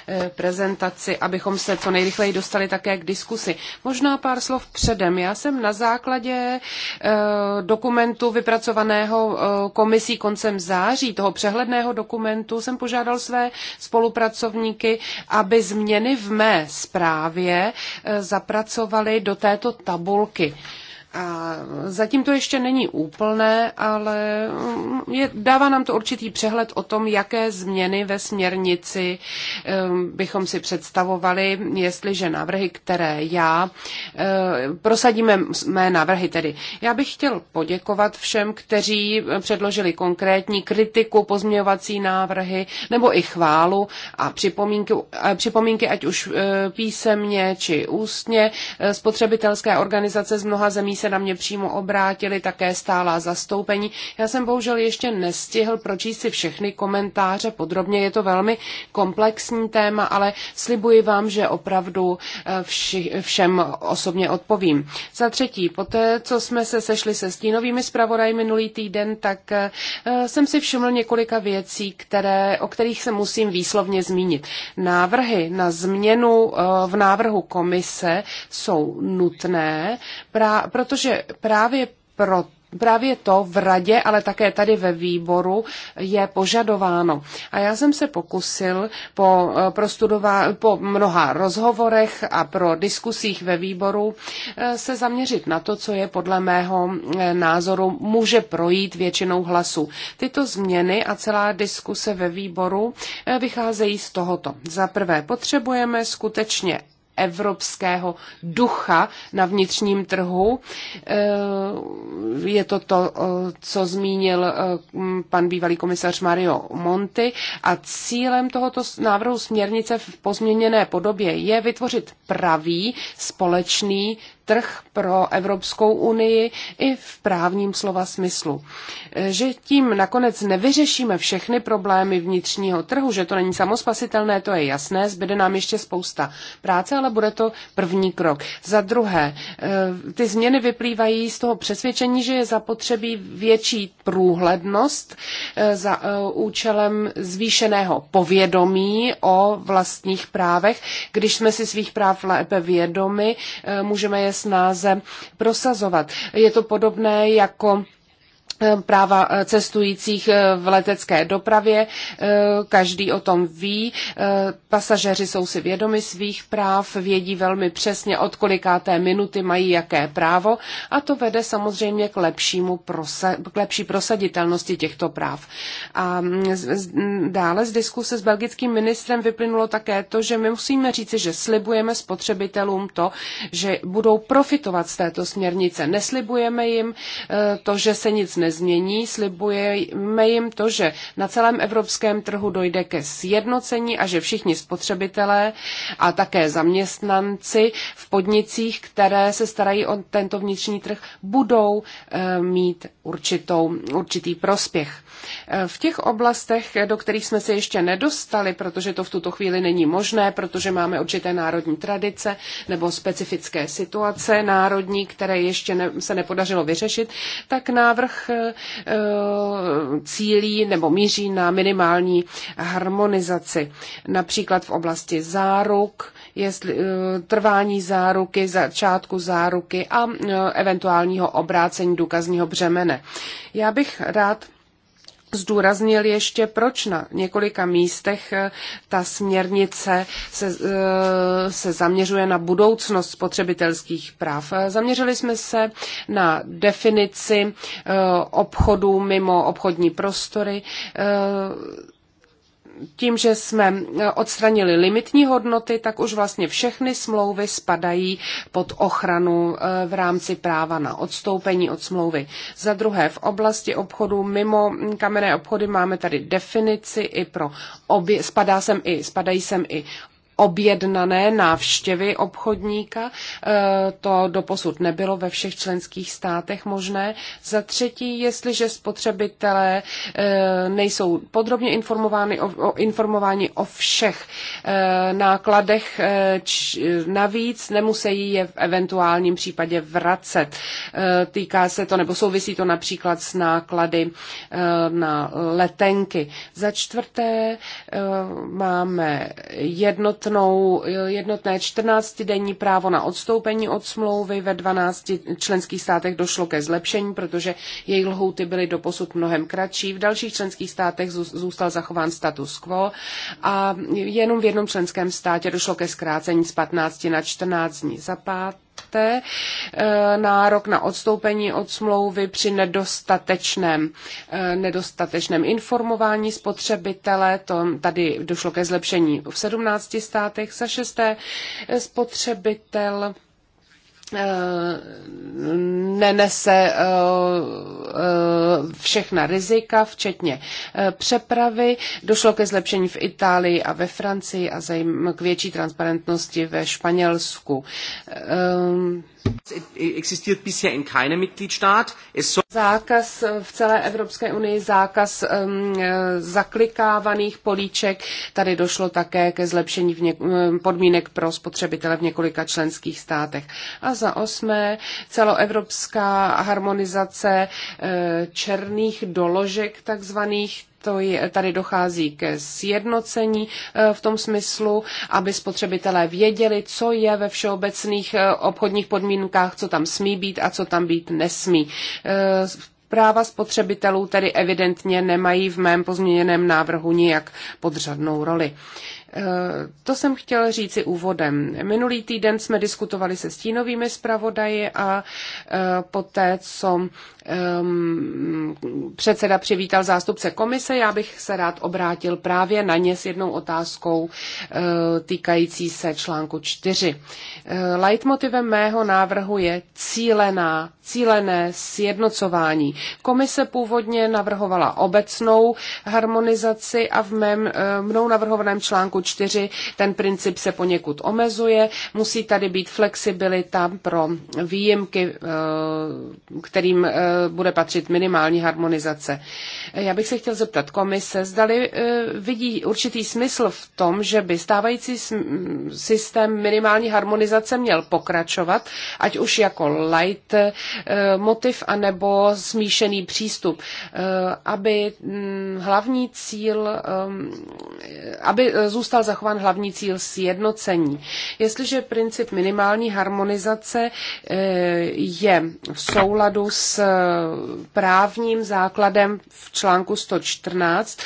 eh, prezentaci, abychom se co nejrychleji dostali také k diskusi. Možná pár slov předem. Já jsem na základě eh, dokumentu vypracovaného eh, komisí koncem září, toho přehledného dokumentu, jsem požádal své spolupracovníky, aby změny v mé zprávě za zapracovali do této tabulky. A zatím to ještě není úplné, ale je, dává nám to určitý přehled o tom, jaké změny ve směrnici um, bychom si představovali, jestliže návrhy, které já uh, prosadíme mé návrhy tedy. Já bych chtěl poděkovat všem, kteří předložili konkrétní kritiku, pozměňovací návrhy nebo i chválu a připomínky, eh, připomínky ať už eh, písemně či ústně. Eh, spotřebitelské organizace z mnoha zemí se na mě přímo obrátili, také stála zastoupení. Já jsem bohužel ještě nestihl pročíst si všechny komentáře podrobně, je to velmi komplexní téma, ale slibuji vám, že opravdu eh, vši, všem osobně odpovím. Za třetí, poté, co jsme se sešli se stínovými zpravodaji minulý týden, tak eh, jsem si všiml několika věcí, které, o kterých se musím výslovně zmínit. Návrhy na změnu eh, v návrhu komise jsou nutné, pra, pro, protože právě pro Právě to v radě, ale také tady ve výboru je požadováno. A já jsem se pokusil po, eh, prostudová, po mnoha rozhovorech a pro diskusích ve výboru eh, se zaměřit na to, co je podle mého eh, názoru může projít většinou hlasu. Tyto změny a celá diskuse ve výboru vycházejí z tohoto. Za prvé, potřebujeme skutečně evropského ducha na vnitřním trhu. Eh, je to to, eh, co zmínil eh, pan bývalý komisař Mario Monti a cílem tohoto návrhu směrnice v pozměněné podobě je vytvořit pravý společný trh pro Evropskou unii i v právním slova smyslu. Eh, že tím nakonec nevyřešíme všechny problémy vnitřního trhu, že to není samospasitelné, to je jasné, zbyde nám ještě spousta práce, ale bude to první krok. Za druhé, eh, ty změny vyplývají z toho přesvědčení, že je zapotřebí větší průhlednost eh, za účelem zvýšeného povědomí o vlastních právech. Když jsme si svých práv lépe vědomi, můžeme je snáze prosazovat. Je to podobné jako práva cestujících eh, v letecké dopravě. Eh, každý o tom ví. Eh, pasažeři jsou si vědomi svých práv, vědí velmi přesně, od kolikáté minuty mají jaké právo a to vede samozřejmě k, lepšímu prosa- k lepší prosaditelnosti těchto práv. A mm, dále z diskuse s belgickým ministrem vyplynulo také to, že my musíme říci, že slibujeme spotřebitelům to, že budou profitovat z této směrnice. Neslibujeme jim to, že se nic ne nezmění, slibujeme jim to, že na celém evropském trhu dojde ke sjednocení a že všichni spotřebitelé a také zaměstnanci v podnicích, které se starají o tento vnitřní trh, budou eh, mít určitou, určitý prospěch. Eh, v těch oblastech, eh, do kterých jsme se ještě nedostali, protože to v tuto chvíli není možné, protože máme určité národní tradice nebo specifické situace národní, které ještě ne, se nepodařilo vyřešit, tak návrh eh, cílí nebo míří na minimální harmonizaci. Například v oblasti záruk, jestli, trvání záruky, začátku záruky a eventuálního obrácení důkazního břemene. Já bych rád zdůraznil ještě, proč na několika místech eh, ta směrnice se, eh, se zaměřuje na budoucnost spotřebitelských práv. Eh, zaměřili jsme se na definici obchodů mimo obchodní prostory, tím, že jsme odstranili limitní hodnoty, tak už vlastně všechny smlouvy spadají pod ochranu eh, v rámci práva na odstoupení od smlouvy. Za druhé, v oblasti obchodu mimo kamenné obchody máme tady definici i pro obě, spadá sem i, spadají sem i objednané návštěvy obchodníka. E, to doposud nebylo ve všech členských státech možné. Za třetí, jestliže spotřebitelé e, nejsou podrobně informováni o, informováni o všech e, nákladech, navíc nemusí je v eventuálním případě vracet. Týká se to, nebo souvisí to například s náklady na letenky. Za čtvrté máme jednotlivé jednotnou, eh, jednotné 14-denní právo na odstoupení od smlouvy. Ve 12 členských státech došlo ke zlepšení, protože její lhouty byly doposud mnohem kratší. V dalších členských státech zůstal zachován status quo a jenom v jednom členském státě došlo ke zkrácení z 15 na 14 dní. Za pát akte eh, nárok na odstoupení od smlouvy při nedostatečném, eh, nedostatečném informování spotřebitele. To tady došlo ke zlepšení v 17 státech. Za šesté eh, spotřebitel Eh, nenese eh, eh, všechna rizika, včetně přepravy. Došlo ke zlepšení v Itálii a ve Francii a k větší transparentnosti ve Španělsku. Ehm, Existiert bisher in keinem Mitgliedstaat. Zákaz v celé Evropské unii, zákaz um, zaklikávaných políček. Tady došlo také ke zlepšení v něk- podmínek pro spotřebitele v několika členských státech. A za osmé, celoevropská harmonizace uh, černých doložek takzvaných to je, tady dochází ke sjednocení eh, v tom smyslu, aby spotřebitelé věděli, co je ve všeobecných eh, obchodních podmínkách, co tam smí být a co tam být nesmí. Eh, práva spotřebitelů tedy evidentně nemají v mém pozměněném návrhu nijak podřadnou roli. Eh, to jsem chtěl říci úvodem. Minulý týden jsme diskutovali se stínovými zpravodaji a eh, poté, co ehm, předseda přivítal zástupce komise, já bych se rád obrátil právě na ně s jednou otázkou eh, týkající se článku 4. Leitmotivem mého návrhu je cílená, cílené sjednocování. Komise původně navrhovala obecnou harmonizaci a v mém, mnou navrhovaném článku článku 4 ten princip se poněkud omezuje. Musí tady být flexibilita pro výjimky, eh, kterým eh, bude patřit minimální harmonizace. Já bych se chtěl zeptat komise, zdali eh, vidí určitý smysl v tom, že by stávající systém minimální harmonizace měl pokračovat, ať už jako light motiv anebo smíšený přístup, aby hm, hlavní cíl, aby zůstal zůstal zachován hlavní cíl sjednocení. Jestliže princip minimální harmonizace eh, je v souladu s eh, právním základem v článku 114,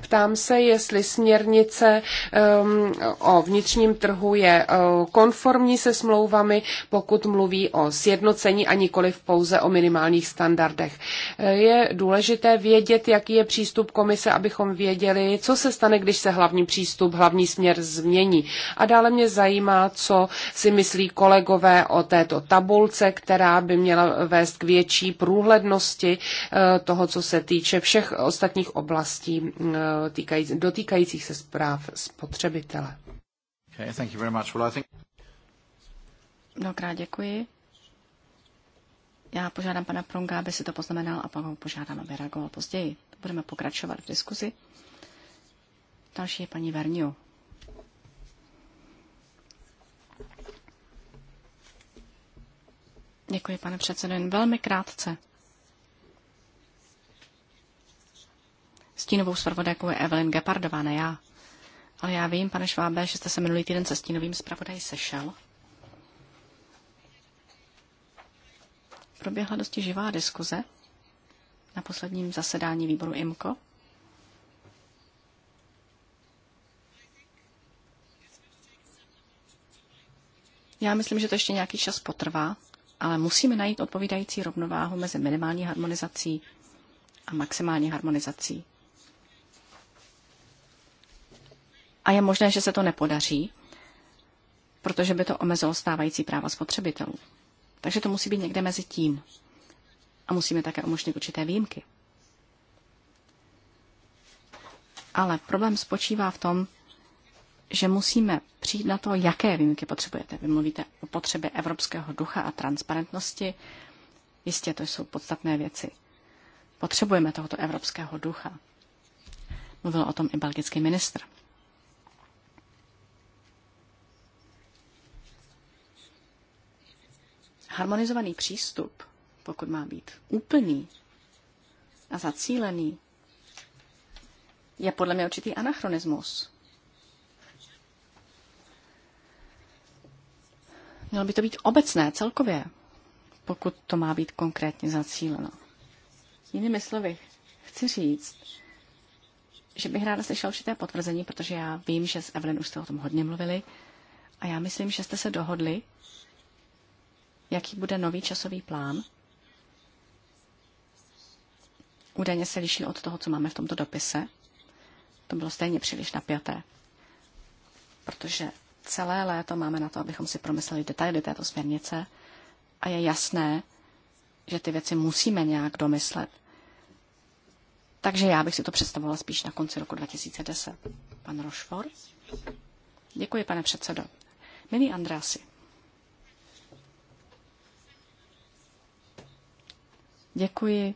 ptám se, jestli směrnice ehm, o vnitřním trhu je eh, konformní se smlouvami, pokud mluví o sjednocení a nikoliv pouze o minimálních standardech. Je důležité vědět, jaký je přístup komise, abychom věděli, co se stane, když se hlavní přístup hlavní hlavní směr změní. A dále mě zajímá, co si myslí kolegové o této tabulce, která by měla vést k větší průhlednosti eh, toho, co se týče všech ostatních oblastí eh, dotýkajících se zpráv spotřebitele. Okay, thank you very much. Well, I think... děkuji. Já požádám pana Prunga, aby si to poznamenal a pak ho požádám, aby reagoval později. Budeme pokračovat v diskuzi. Další je paní Verniu. Děkuji, pane předsedo, jen velmi krátce. Stínovou zpravodajkou je Evelyn Gepardová, ne já. Ale já vím, pane Švábe, že jste se minulý týden se stínovým zpravodají sešel. Proběhla dosti živá diskuze na posledním zasedání výboru IMCO. Já myslím, že to ještě nějaký čas potrvá, ale musíme najít odpovídající rovnováhu mezi minimální harmonizací a maximální harmonizací. A je možné, že se to nepodaří, protože by to omezilo stávající práva spotřebitelů. Takže to musí být někde mezi tím. A musíme také umožnit určité výjimky. Ale problém spočívá v tom, že musíme přijít na to, jaké výjimky potřebujete. Vy mluvíte o potřebě evropského ducha a transparentnosti. Jistě, to jsou podstatné věci. Potřebujeme tohoto evropského ducha. Mluvil o tom i belgický ministr. Harmonizovaný přístup, pokud má být úplný a zacílený, je podle mě určitý anachronismus Mělo by to být obecné, celkově, pokud to má být konkrétně zacíleno. Jinými slovy, chci říct, že bych ráda slyšel určité potvrzení, protože já vím, že s Evelyn už jste o tom hodně mluvili a já myslím, že jste se dohodli, jaký bude nový časový plán. Údajně se liší od toho, co máme v tomto dopise. To bylo stejně příliš napjaté, protože celé léto máme na to, abychom si promysleli detaily této směrnice a je jasné, že ty věci musíme nějak domyslet. Takže já bych si to představovala spíš na konci roku 2010. Pan Rošfor? Děkuji, pane předsedo. Milý Andrási, děkuji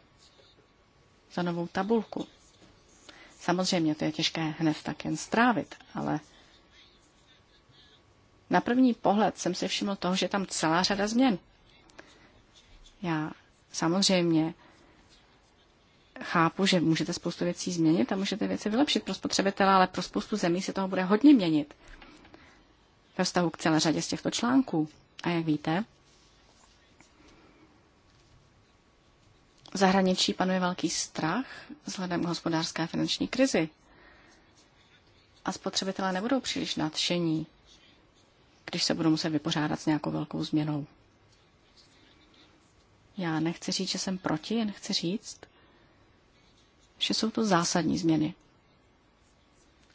za novou tabulku. Samozřejmě to je těžké hned tak jen strávit, ale na první pohled jsem si všiml toho, že tam celá řada změn. Já samozřejmě chápu, že můžete spoustu věcí změnit a můžete věci vylepšit pro spotřebitele, ale pro spoustu zemí se toho bude hodně měnit ve vztahu k celé řadě z těchto článků. A jak víte, v zahraničí panuje velký strach vzhledem k hospodářské a finanční krizi. A spotřebitelé nebudou příliš nadšení když se budou muset vypořádat s nějakou velkou změnou. Já nechci říct, že jsem proti, jen chci říct, že jsou to zásadní změny.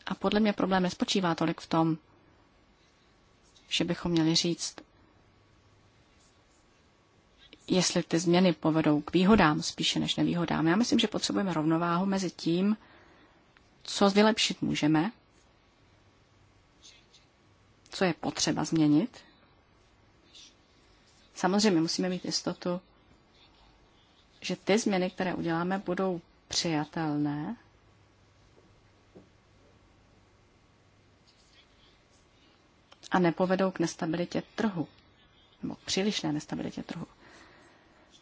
A podle mě problém nespočívá tolik v tom, že bychom měli říct, jestli ty změny povedou k výhodám spíše než nevýhodám. Já myslím, že potřebujeme rovnováhu mezi tím, co vylepšit můžeme co je potřeba změnit. Samozřejmě musíme mít jistotu, že ty změny, které uděláme, budou přijatelné. A nepovedou k nestabilitě trhu, nebo k přílišné nestabilitě trhu.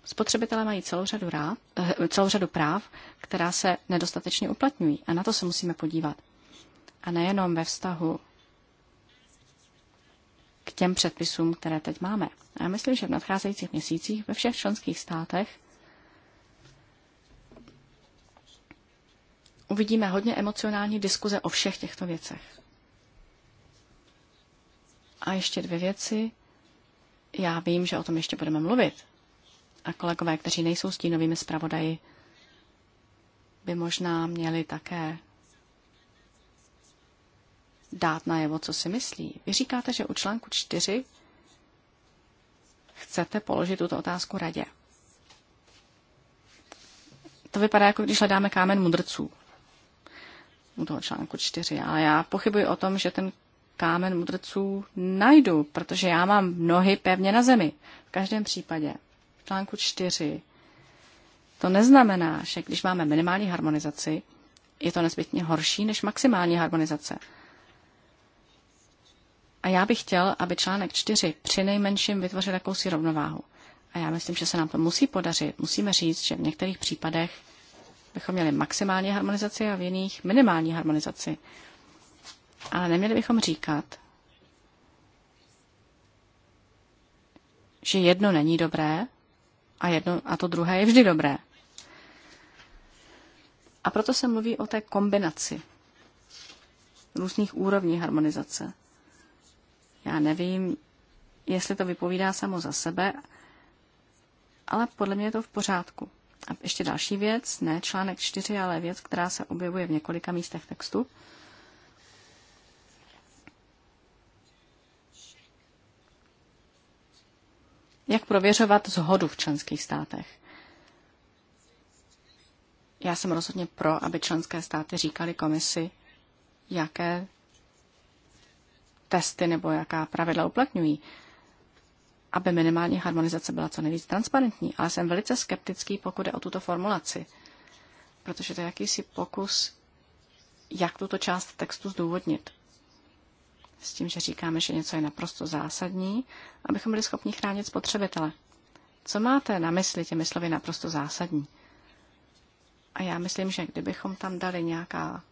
Spotřebitelé mají celou řadu, rád, eh, celou řadu práv, která se nedostatečně uplatňují. A na to se musíme podívat. A nejenom ve vztahu těm předpisům, které teď máme. A já myslím, že v nadcházejících měsících ve všech členských státech uvidíme hodně emocionální diskuze o všech těchto věcech. A ještě dvě věci. Já vím, že o tom ještě budeme mluvit. A kolegové, kteří nejsou stínovými zpravodaji, by možná měli také dát najevo, co si myslí. Vy říkáte, že u článku 4 chcete položit tuto otázku radě. To vypadá, jako když hledáme kámen mudrců u toho článku 4, ale já pochybuji o tom, že ten kámen mudrců najdu, protože já mám nohy pevně na zemi. V každém případě v článku 4 to neznamená, že když máme minimální harmonizaci, je to nezbytně horší než maximální harmonizace. A já bych chtěl, aby článek 4 při nejmenším vytvořil jakousi rovnováhu. A já myslím, že se nám to musí podařit. Musíme říct, že v některých případech bychom měli maximální harmonizaci a v jiných minimální harmonizaci. Ale neměli bychom říkat, že jedno není dobré a, jedno, a to druhé je vždy dobré. A proto se mluví o té kombinaci různých úrovní harmonizace. Já nevím, jestli to vypovídá samo za sebe, ale podle mě je to v pořádku. A ještě další věc, ne článek 4, ale věc, která se objevuje v několika místech textu. Jak prověřovat zhodu v členských státech? Já jsem rozhodně pro, aby členské státy říkali komisi, jaké testy nebo jaká pravidla uplatňují, aby minimální harmonizace byla co nejvíc transparentní. Ale jsem velice skeptický, pokud je o tuto formulaci, protože to je jakýsi pokus, jak tuto část textu zdůvodnit. S tím, že říkáme, že něco je naprosto zásadní, abychom byli schopni chránit spotřebitele. Co máte na mysli těmi slovy naprosto zásadní? A já myslím, že kdybychom tam dali nějaká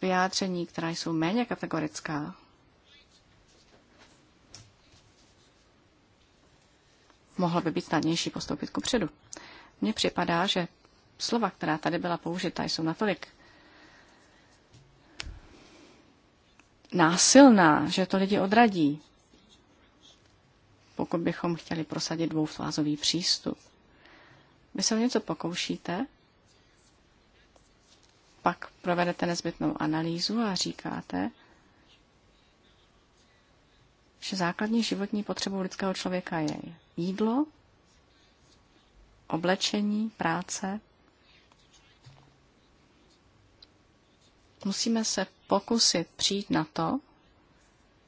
vyjádření, která jsou méně kategorická, mohlo by být snadnější postoupit ku předu. Mně připadá, že slova, která tady byla použita, jsou natolik násilná, že to lidi odradí, pokud bychom chtěli prosadit dvoufázový přístup. Vy se o něco pokoušíte, pak provedete nezbytnou analýzu a říkáte, že základní životní potřebou lidského člověka je jídlo, oblečení, práce. Musíme se pokusit přijít na to,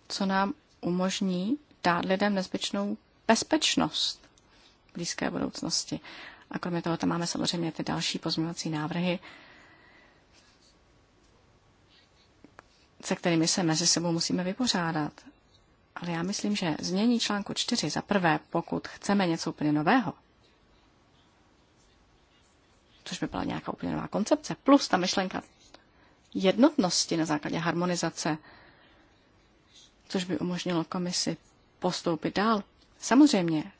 co nám umožní dát lidem nezbytnou bezpečnost v blízké budoucnosti. A kromě toho tam máme samozřejmě ty další pozměňovací návrhy, se kterými se mezi sebou musíme vypořádat. Ale já myslím, že změní článku 4 za prvé, pokud chceme něco úplně nového, což by byla nějaká úplně nová koncepce, plus ta myšlenka jednotnosti na základě harmonizace, což by umožnilo komisi postoupit dál. Samozřejmě,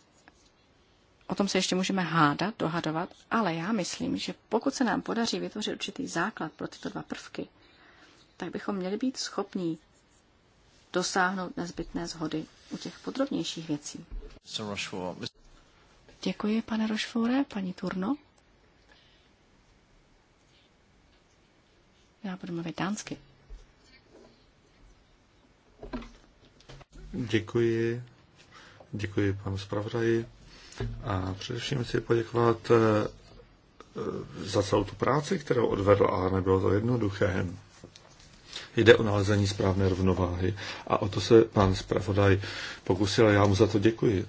o tom se ještě můžeme hádat, dohadovat, ale já myslím, že pokud se nám podaří vytvořit určitý základ pro tyto dva prvky, tak bychom měli být schopní dosáhnout nezbytné zhody u těch podrobnějších věcí. Děkuji, pane Rošfore, paní Turno. Já budu mluvit dánsky. Děkuji. Děkuji panu zpravodaji. A především chci poděkovat eh, za celou tu práci, kterou odvedl, a nebylo to jednoduché. Jde o nalezení správné rovnováhy. A o to se pan zpravodaj pokusil a já mu za to děkuji.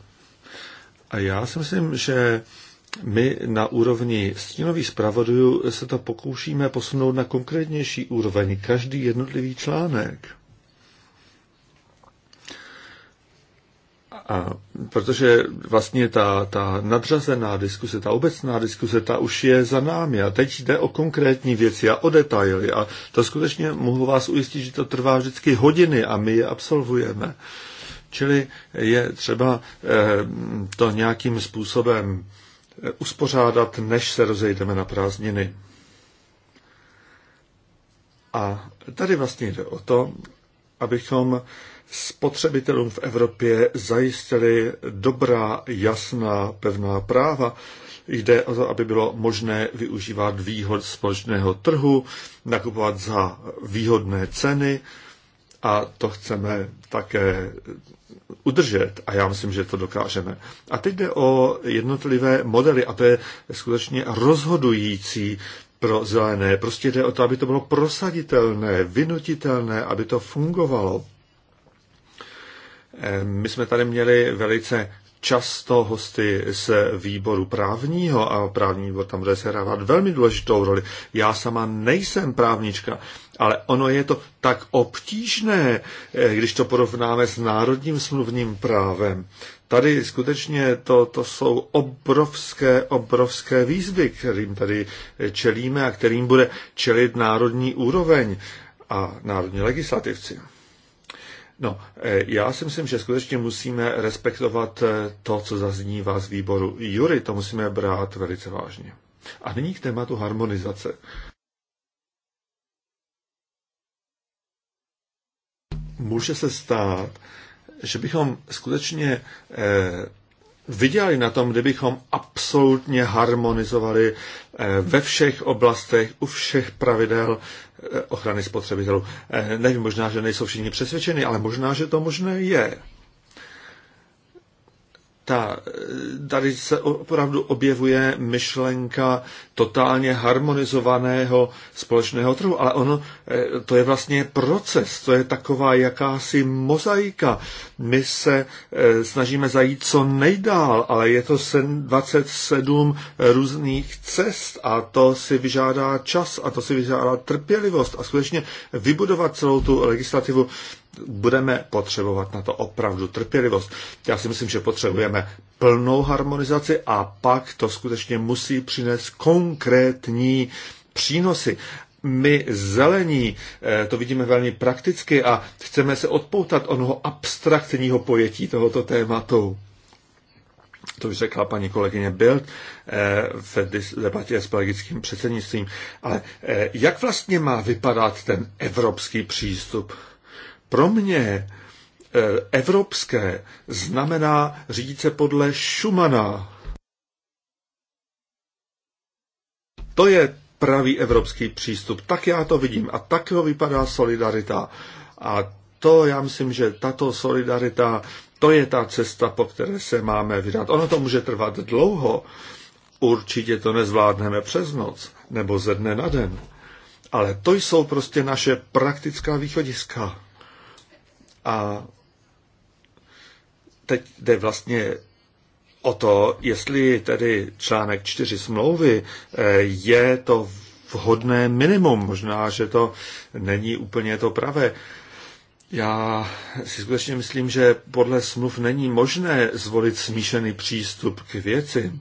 A já si myslím, že my na úrovni stínových zpravodajů se to pokoušíme posunout na konkrétnější úroveň, každý jednotlivý článek. A protože vlastně ta, ta nadřazená diskuse, ta obecná diskuse, ta už je za námi a teď jde o konkrétní věci a o detaily a to skutečně mohu vás ujistit, že to trvá vždycky hodiny a my je absolvujeme. Čili je třeba eh, to nějakým způsobem eh, uspořádat, než se rozejdeme na prázdniny. A tady vlastně jde o to, abychom eh, spotřebitelům v Evropě zajistili dobrá, jasná, pevná práva. Jde o to, aby bylo možné využívat výhod společného trhu, nakupovat za výhodné ceny a to chceme také udržet a já myslím, že to dokážeme. A teď jde o jednotlivé modely a to je skutečně rozhodující pro zelené. Prostě jde o to, aby to bylo prosaditelné, vynutitelné, aby to fungovalo. Eh, my jsme tady měli velice často hosty z výboru právního a právní výbor tam bude hrávat velmi důležitou roli. Já sama nejsem právnička, ale ono je to tak obtížné, eh, když to porovnáme s národním smluvním právem. Tady skutečně to, to jsou obrovské, obrovské výzvy, kterým tady eh, čelíme a kterým bude čelit národní úroveň a národní legislativci. No, eh, já si myslím, že skutečně musíme respektovat eh, to, co zaznívá z výboru. Jury to musíme brát velice vážně. A nyní k tématu harmonizace. Může se stát, že bychom skutečně eh, vydělali na tom, kdybychom absolutně harmonizovali eh, ve všech oblastech, u všech pravidel eh, ochrany spotřebitelů. Eh, nevím, možná, že nejsou všichni přesvědčeni, ale možná, že to možné je ta, tady se opravdu objevuje myšlenka totálně harmonizovaného společného trhu, ale ono, eh, to je vlastně proces, to je taková jakási mozaika. My se eh, snažíme zajít co nejdál, ale je to 27 různých cest a to si vyžádá čas a to si vyžádá trpělivost a skutečně vybudovat celou tu legislativu budeme potřebovat na to opravdu trpělivost. Já si myslím, že potřebujeme plnou harmonizaci a pak to skutečně musí přinést konkrétní přínosy. My zelení eh, to vidíme velmi prakticky a chceme se odpoutat onoho abstraktního pojetí tohoto tématu. To už řekla paní kolegyně Bild eh, v debatě s belgickým předsednictvím. Ale eh, jak vlastně má vypadat ten evropský přístup? pro mě eh, evropské znamená řídit se podle Šumana. To je pravý evropský přístup. Tak já to vidím. A tak ho vypadá solidarita. A to já myslím, že tato solidarita, to je ta cesta, po které se máme vydat. Ono to může trvat dlouho. Určitě to nezvládneme přes noc nebo ze dne na den. Ale to jsou prostě naše praktická východiska. A teď jde vlastně o to, jestli tedy článek 4 smlouvy eh, je to vhodné minimum. Možná, že to není úplně to pravé. Já si skutečně myslím, že podle smluv není možné zvolit smíšený přístup k věci.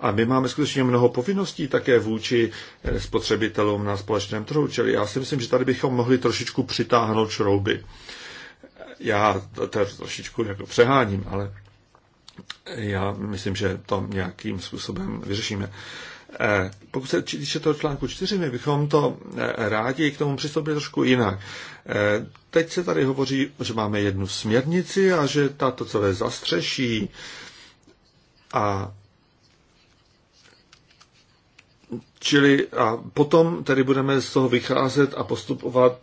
A my máme skutečně mnoho povinností také vůči eh, spotřebitelům na společném trhu. Čili já si myslím, že tady bychom mohli trošičku přitáhnout šrouby. Já to, to trošičku jako přeháním, ale já myslím, že to nějakým způsobem vyřešíme. Eh, pokud se týče toho článku 4, my bychom to eh, rádi k tomu přistoupili trošku jinak. Eh, teď se tady hovoří, že máme jednu směrnici a že ta to celé zastřeší a Čili a potom tedy budeme z toho vycházet a postupovat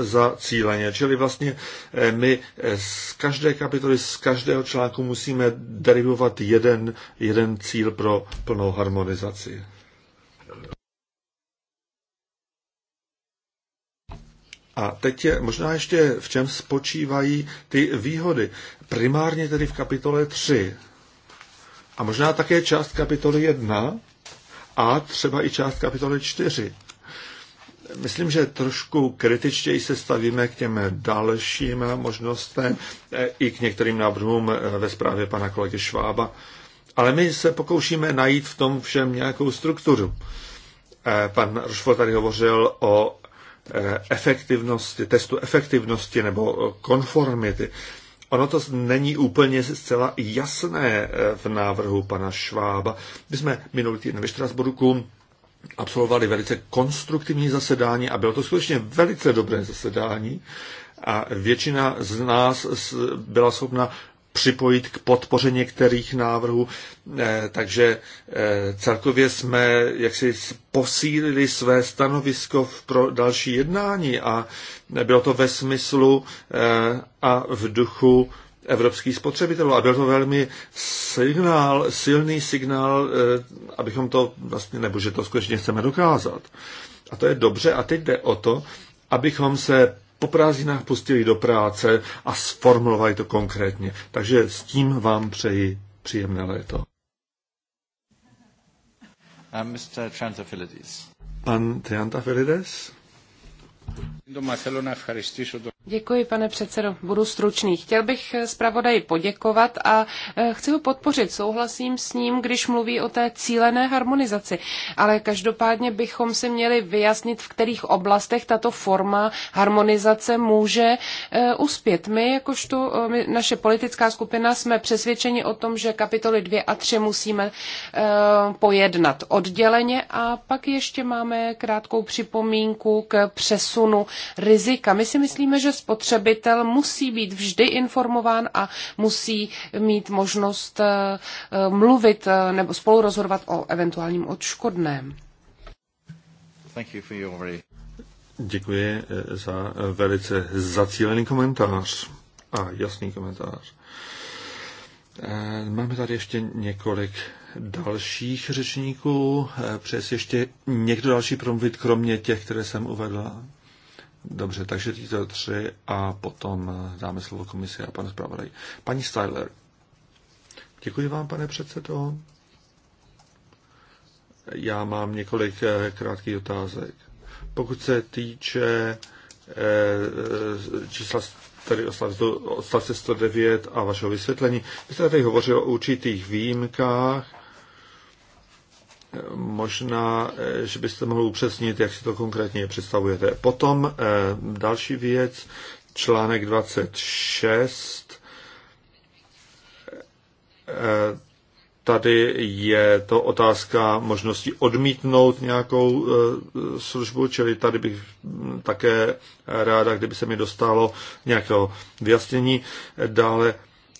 za cíleně. Čili vlastně eh, my eh, z každé kapitoly, z každého článku musíme derivovat jeden, jeden cíl pro plnou harmonizaci. A teď je možná ještě v čem spočívají ty výhody. Primárně tedy v kapitole 3. A možná také část kapitoly 1, a třeba i část kapitoly 4. Myslím, že trošku kritičtěji se stavíme k těm dalším možnostem e, i k některým návrhům e, ve zprávě pana kolegy Švába. Ale my se pokoušíme najít v tom všem nějakou strukturu. E, pan Rošfor tady hovořil o efektivnosti, testu efektivnosti nebo konformity. Ono to není úplně zcela jasné eh, v návrhu pana Švába. My jsme minulý týden ve Štrasburku absolvovali velice konstruktivní zasedání a bylo to skutečně velice dobré zasedání a většina z nás byla schopna připojit k podpoře některých návrhů. Eh, takže eh, celkově jsme jaksi posílili své stanovisko pro další jednání a bylo to ve smyslu eh, a v duchu evropských spotřebitelů. A byl to velmi signál, silný signál, abychom to vlastně, nebo že to skutečně chceme dokázat. A to je dobře. A teď jde o to, abychom se po prázdninách pustili do práce a sformulovali to konkrétně. Takže s tím vám přeji příjemné léto. Uh, Pan Triantafilides. Do Marcelona Děkuji, pane předsedo. Budu stručný. Chtěl bych zpravodaji poděkovat a e, chci ho podpořit. Souhlasím s ním, když mluví o té cílené harmonizaci. Ale každopádně bychom si měli vyjasnit, v kterých oblastech tato forma harmonizace může e, uspět. My, jakožto e, naše politická skupina, jsme přesvědčeni o tom, že kapitoly 2 a 3 musíme pojednat odděleně a pak ještě máme krátkou připomínku k přesunu rizika. My si myslíme, že spotřebitel musí být vždy informován a musí mít možnost eh, eh, mluvit eh, nebo spolu rozhodovat o eventuálním odškodném. Děkuji za velice zacílený komentář a jasný komentář. Máme tady ještě několik dalších řečníků. Přes ještě někdo další promluvit, kromě těch, které jsem uvedla? Dobře, takže tyto tři a potom eh, dáme slovo komisi a pane zpravodaj. Paní Styler. Děkuji vám, pane předsedo. Já mám několik eh, krátkých otázek. Pokud se týče eh, čísla tady odstavce 109 a vašeho vysvětlení, vy jste tady hovořil o určitých výjimkách, Možná, eh, že byste mohli upřesnit, jak si to konkrétně představujete. Potom eh, další věc, článek 26. Eh, tady je to otázka možnosti odmítnout nějakou službu, čili tady bych hm, také ráda, kdyby se mi dostalo nějakého vyjasnění. Dále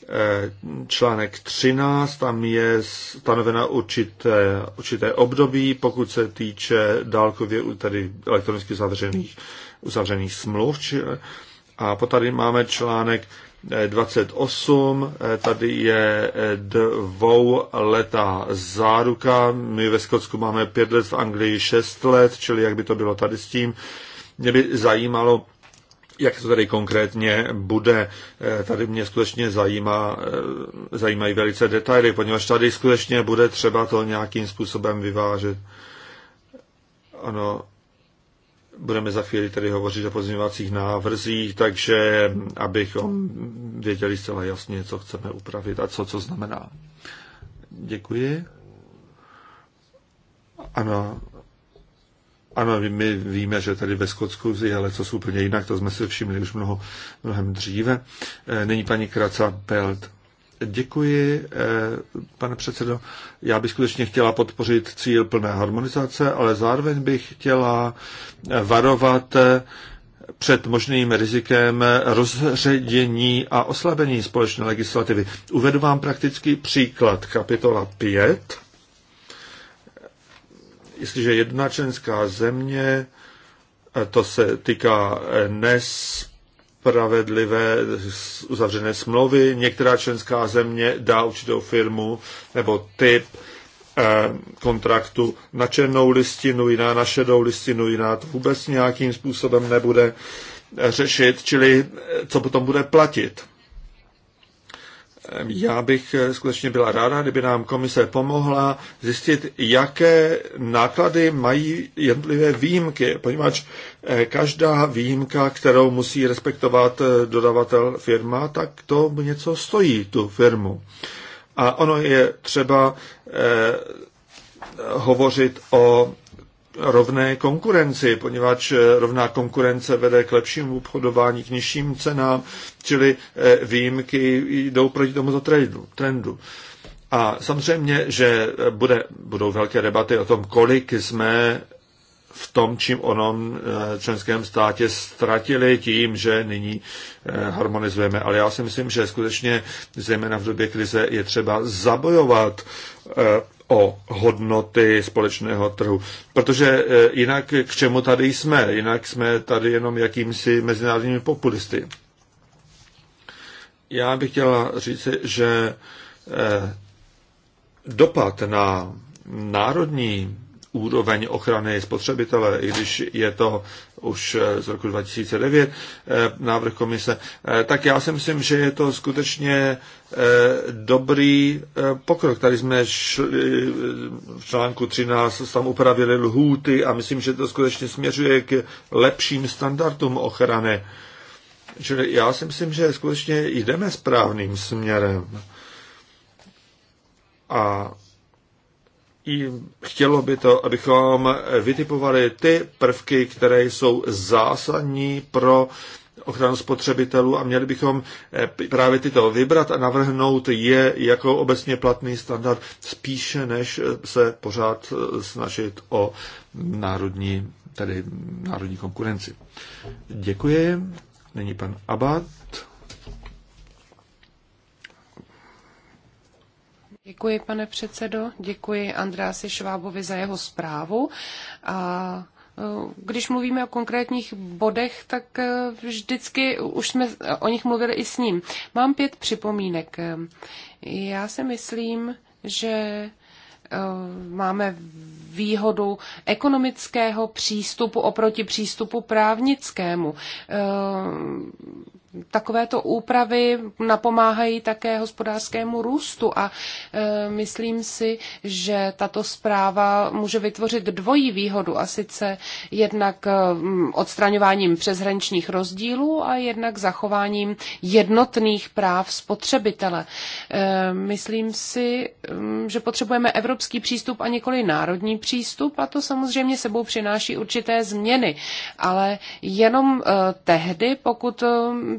Eh, článek 13, tam je stanovena určité, určité období, pokud se týče dálkově tady elektronicky zavřených, uzavřených smluv. a potom tady máme článek 28, eh, eh, tady je dvouletá záruka, my ve Skotsku máme pět let, v Anglii šest let, čili jak by to bylo tady s tím. Mě by zajímalo, jak to tady konkrétně bude. Eh, tady mě skutečně zajímá, eh, zajímají velice detaily, poněvadž tady skutečně bude třeba to nějakým způsobem vyvážet. Ano, budeme za chvíli tedy hovořit o pozměňovacích návrzích, takže abychom věděli zcela jasně, co chceme upravit a co co znamená. Děkuji. Ano, ano, my víme, že tady ve Skotsku ale co jsou úplně jinak, to jsme si všimli už mnoho, mnohem dříve. E, Není paní Kraca Pelt. Děkuji, e, pane předsedo. Já bych skutečně chtěla podpořit cíl plné harmonizace, ale zároveň bych chtěla varovat e, před možným rizikem rozředění a oslabení společné legislativy. Uvedu vám praktický příklad. Kapitola 5 jestliže jedna členská země, to se týká eh, nespravedlivé uzavřené smlouvy, některá členská země dá určitou firmu nebo typ eh, kontraktu na černou listinu, jiná na šedou listinu, jiná to vůbec nějakým způsobem nebude řešit, čili eh, co potom bude platit já bych eh, skutečně byla ráda, kdyby nám komise pomohla zjistit, jaké náklady mají jednotlivé výjimky, poněvadž eh, každá výjimka, kterou musí respektovat eh, dodavatel firma, tak to něco stojí tu firmu. A ono je třeba hovořit o rovné konkurenci, poněvadž eh, rovná konkurence vede k lepšímu obchodování, k nižším cenám, čili eh, výjimky jdou proti tomuto trendu. A samozřejmě, že eh, bude, budou velké debaty o tom, kolik jsme v tom, čím onom členském státě ztratili tím, že nyní harmonizujeme. Ale já si myslím, že skutečně zejména v době krize je třeba zabojovat o hodnoty společného trhu. Protože e, jinak k čemu tady jsme? Jinak jsme tady jenom jakýmsi mezinárodními populisty. Já bych chtěla říct, že e, dopad na národní úroveň ochrany spotřebitele, i když je to už eh, z roku 2009 eh, návrh komise, eh, tak já si myslím, že je to skutečně dobrý pokrok. Tady jsme šli v článku 13, tam upravili lhůty a myslím, že to skutečně směřuje k lepším standardům ochrany. Čili já si myslím, že skutečně jdeme správným směrem. A i chtělo by to, abychom vytipovali ty prvky, které jsou zásadní pro ochranu spotřebitelů a měli bychom eh, právě tyto vybrat a navrhnout je jako obecně platný standard spíše, než eh, se pořád eh, snažit o národní, tedy národní konkurenci. Děkuji. Nyní pan Abad. Děkuji, pane předsedo, děkuji Andrási Švábovi za jeho zprávu. A e, když mluvíme o konkrétních bodech, tak e, vždycky už jsme o nich mluvili i s ním. Mám pět připomínek. Já si myslím, že e, máme výhodu ekonomického přístupu oproti přístupu právnickému. Takovéto úpravy napomáhají také hospodářskému růstu a e, myslím si, že tato zpráva může vytvořit dvojí výhodu a sice jednak e, odstraňováním přeshraničních rozdílů a jednak zachováním jednotných práv spotřebitele. E, myslím si, že potřebujeme evropský přístup a nikoli národní přístup a to samozřejmě sebou přináší určité změny, ale jenom e, tehdy, pokud e,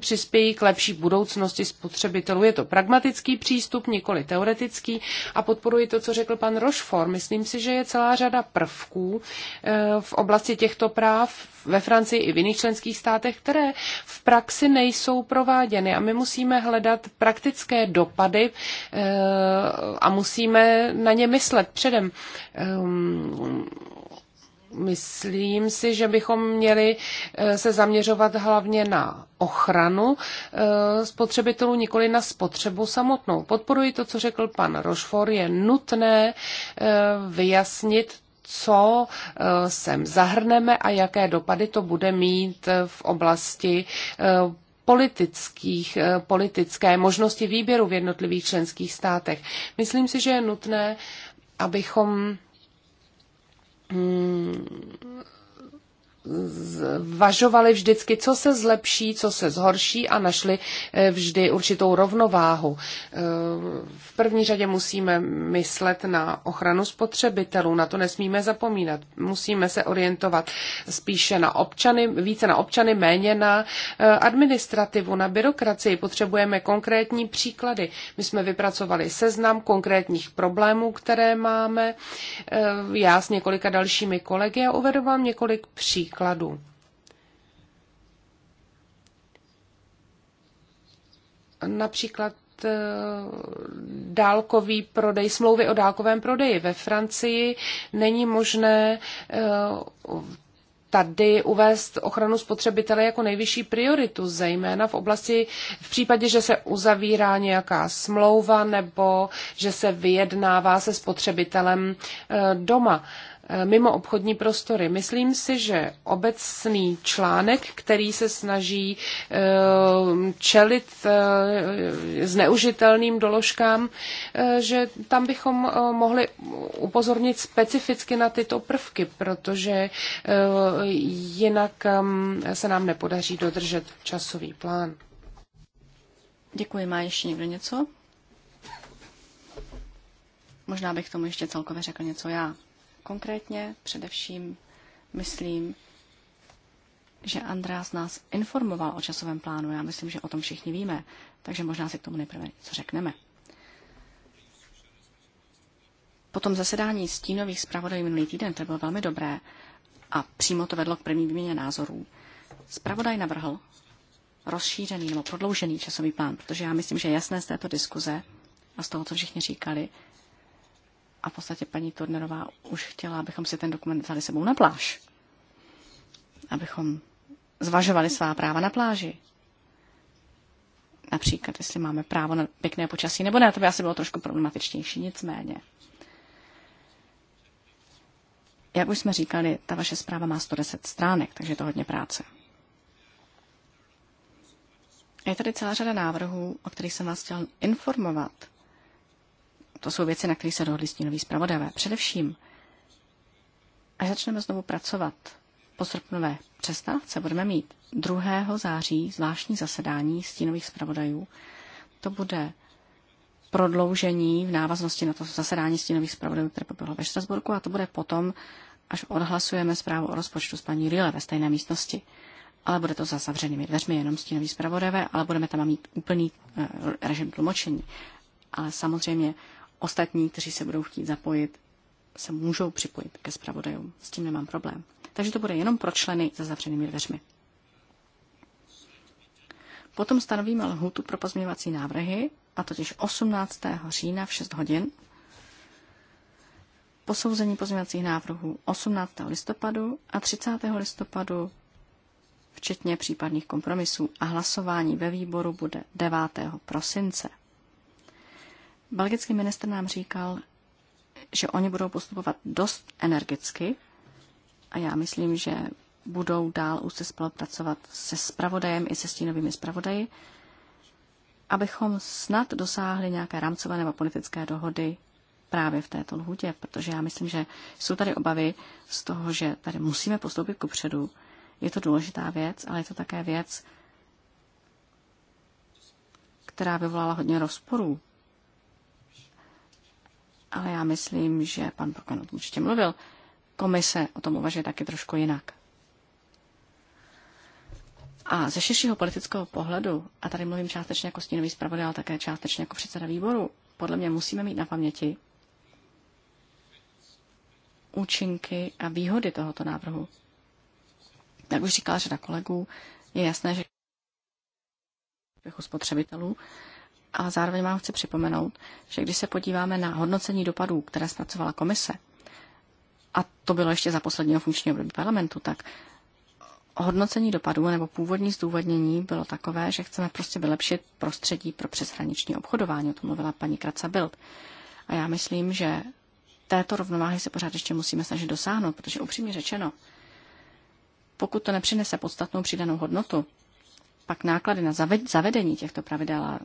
přispějí k lepší budoucnosti spotřebitelů. Je to pragmatický přístup, nikoli teoretický a podporuji to, co řekl pan Rochefort. Myslím si, že je celá řada prvků eh, v oblasti těchto práv ve Francii i v jiných členských státech, které v praxi nejsou prováděny a my musíme hledat praktické dopady eh, a musíme na ně myslet předem ehm, Myslím si, že bychom měli eh, se zaměřovat hlavně na ochranu eh, spotřebitelů, nikoli na spotřebu samotnou. Podporuji to, co řekl pan Rošfor, je nutné eh, vyjasnit co sem zahrneme a jaké dopady to bude mít v oblasti politických, politické možnosti výběru v jednotlivých členských státech. Myslím si, že je nutné, abychom mm, zvažovali vždycky, co se zlepší, co se zhorší a našli eh, vždy určitou rovnováhu. Eh, v první řadě musíme myslet na ochranu spotřebitelů, na to nesmíme zapomínat. Musíme se orientovat spíše na občany, více na občany, méně na eh, administrativu, na byrokracii. Potřebujeme konkrétní příklady. My jsme vypracovali seznam konkrétních problémů, které máme. Já s několika dalšími kolegy a uvedu vám několik příkladů příkladů. Například eh, dálkový prodej, smlouvy o dálkovém prodeji. Ve Francii není možné eh, tady uvést ochranu spotřebitele jako nejvyšší prioritu, zejména v oblasti v případě, že se uzavírá nějaká smlouva nebo že se vyjednává se spotřebitelem eh, doma. Eh, mimo obchodní prostory. Myslím si, že obecný článek, který se snaží eh, čelit eh, zneužitelným doložkám, že tam bychom mohli upozornit specificky na tyto prvky, protože jinak ehm, se nám nepodaří dodržet časový plán. Děkuji. Má ještě někdo něco? Možná bych tomu ještě celkově řekl něco já. Konkrétně především myslím, že András nás informoval o časovém plánu. Já myslím, že o tom všichni víme, takže možná si k tomu nejprve něco řekneme. Po tom zasedání stínových zpravodajů minulý týden, to bylo velmi dobré a přímo to vedlo k první výměně názorů, zpravodaj navrhl rozšířený nebo prodloužený časový plán, protože já myslím, že jasné z této diskuze a z toho, co všichni říkali, a v podstatě paní Turnerová už chtěla, abychom si ten dokument vzali sebou na pláž. Abychom zvažovali svá práva na pláži. Například, jestli máme právo na pěkné počasí nebo ne, to by asi bylo trošku problematičtější, nicméně. Jak už jsme říkali, ta vaše zpráva má 110 stránek, takže je to hodně práce. Je tady celá řada návrhů, o kterých jsem vás chtěl informovat, to jsou věci, na kterých se dohodli stínoví zpravodavé. Především, až začneme znovu pracovat po srpnové přestávce, budeme mít 2. září zvláštní zasedání stínových zpravodajů. To bude prodloužení v návaznosti na to zasedání stínových zpravodajů, které proběhlo ve Štrasburku a to bude potom, až odhlasujeme zprávu o rozpočtu s paní Rile ve stejné místnosti. Ale bude to za zavřenými dveřmi, jenom stínový zpravodajové, ale budeme tam mít úplný e, režim tlumočení. Ale samozřejmě Ostatní, kteří se budou chtít zapojit, se můžou připojit ke zpravodajům. S tím nemám problém. Takže to bude jenom pro členy za zavřenými dveřmi. Potom stanovíme lhutu pro pozměňovací návrhy, a totiž 18. října v 6 hodin. Posouzení pozměňovacích návrhů 18. listopadu a 30. listopadu, včetně případných kompromisů a hlasování ve výboru bude 9. prosince. Belgický minister nám říkal, že oni budou postupovat dost energicky a já myslím, že budou dál úzce spolupracovat se spravodajem i se stínovými spravodaji, abychom snad dosáhli nějaké rámcové nebo politické dohody právě v této lhůtě, protože já myslím, že jsou tady obavy z toho, že tady musíme postoupit ku předu. Je to důležitá věc, ale je to také věc, která vyvolala hodně rozporů ale já myslím, že pan Prokon o tom určitě mluvil. Komise o tom uvažuje taky trošku jinak. A ze širšího politického pohledu, a tady mluvím částečně jako stínový zpravodaj, ale také částečně jako předseda výboru, podle mě musíme mít na paměti účinky a výhody tohoto návrhu. Jak už říkala řada kolegů, je jasné, že spotřebitelů, a zároveň vám chci připomenout, že když se podíváme na hodnocení dopadů, které zpracovala komise, a to bylo ještě za posledního funkčního období parlamentu, tak hodnocení dopadů nebo původní zdůvodnění bylo takové, že chceme prostě vylepšit prostředí pro přeshraniční obchodování. O tom mluvila paní Kraca Bild. A já myslím, že této rovnováhy se pořád ještě musíme snažit dosáhnout, protože upřímně řečeno, pokud to nepřinese podstatnou přidanou hodnotu, pak náklady na zavedení těchto pravidel a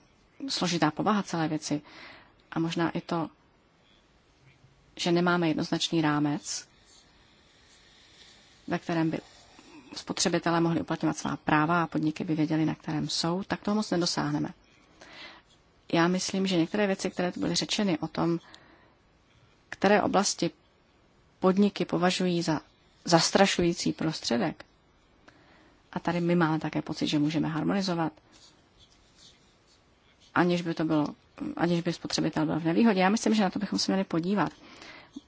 složitá povaha celé věci a možná i to, že nemáme jednoznačný rámec, ve kterém by spotřebitelé mohli uplatňovat svá práva a podniky by věděli, na kterém jsou, tak toho moc nedosáhneme. Já myslím, že některé věci, které tu byly řečeny o tom, které oblasti podniky považují za zastrašující prostředek, a tady my máme také pocit, že můžeme harmonizovat, aniž by to bylo, aniž by spotřebitel byl v nevýhodě. Já myslím, že na to bychom se měli podívat.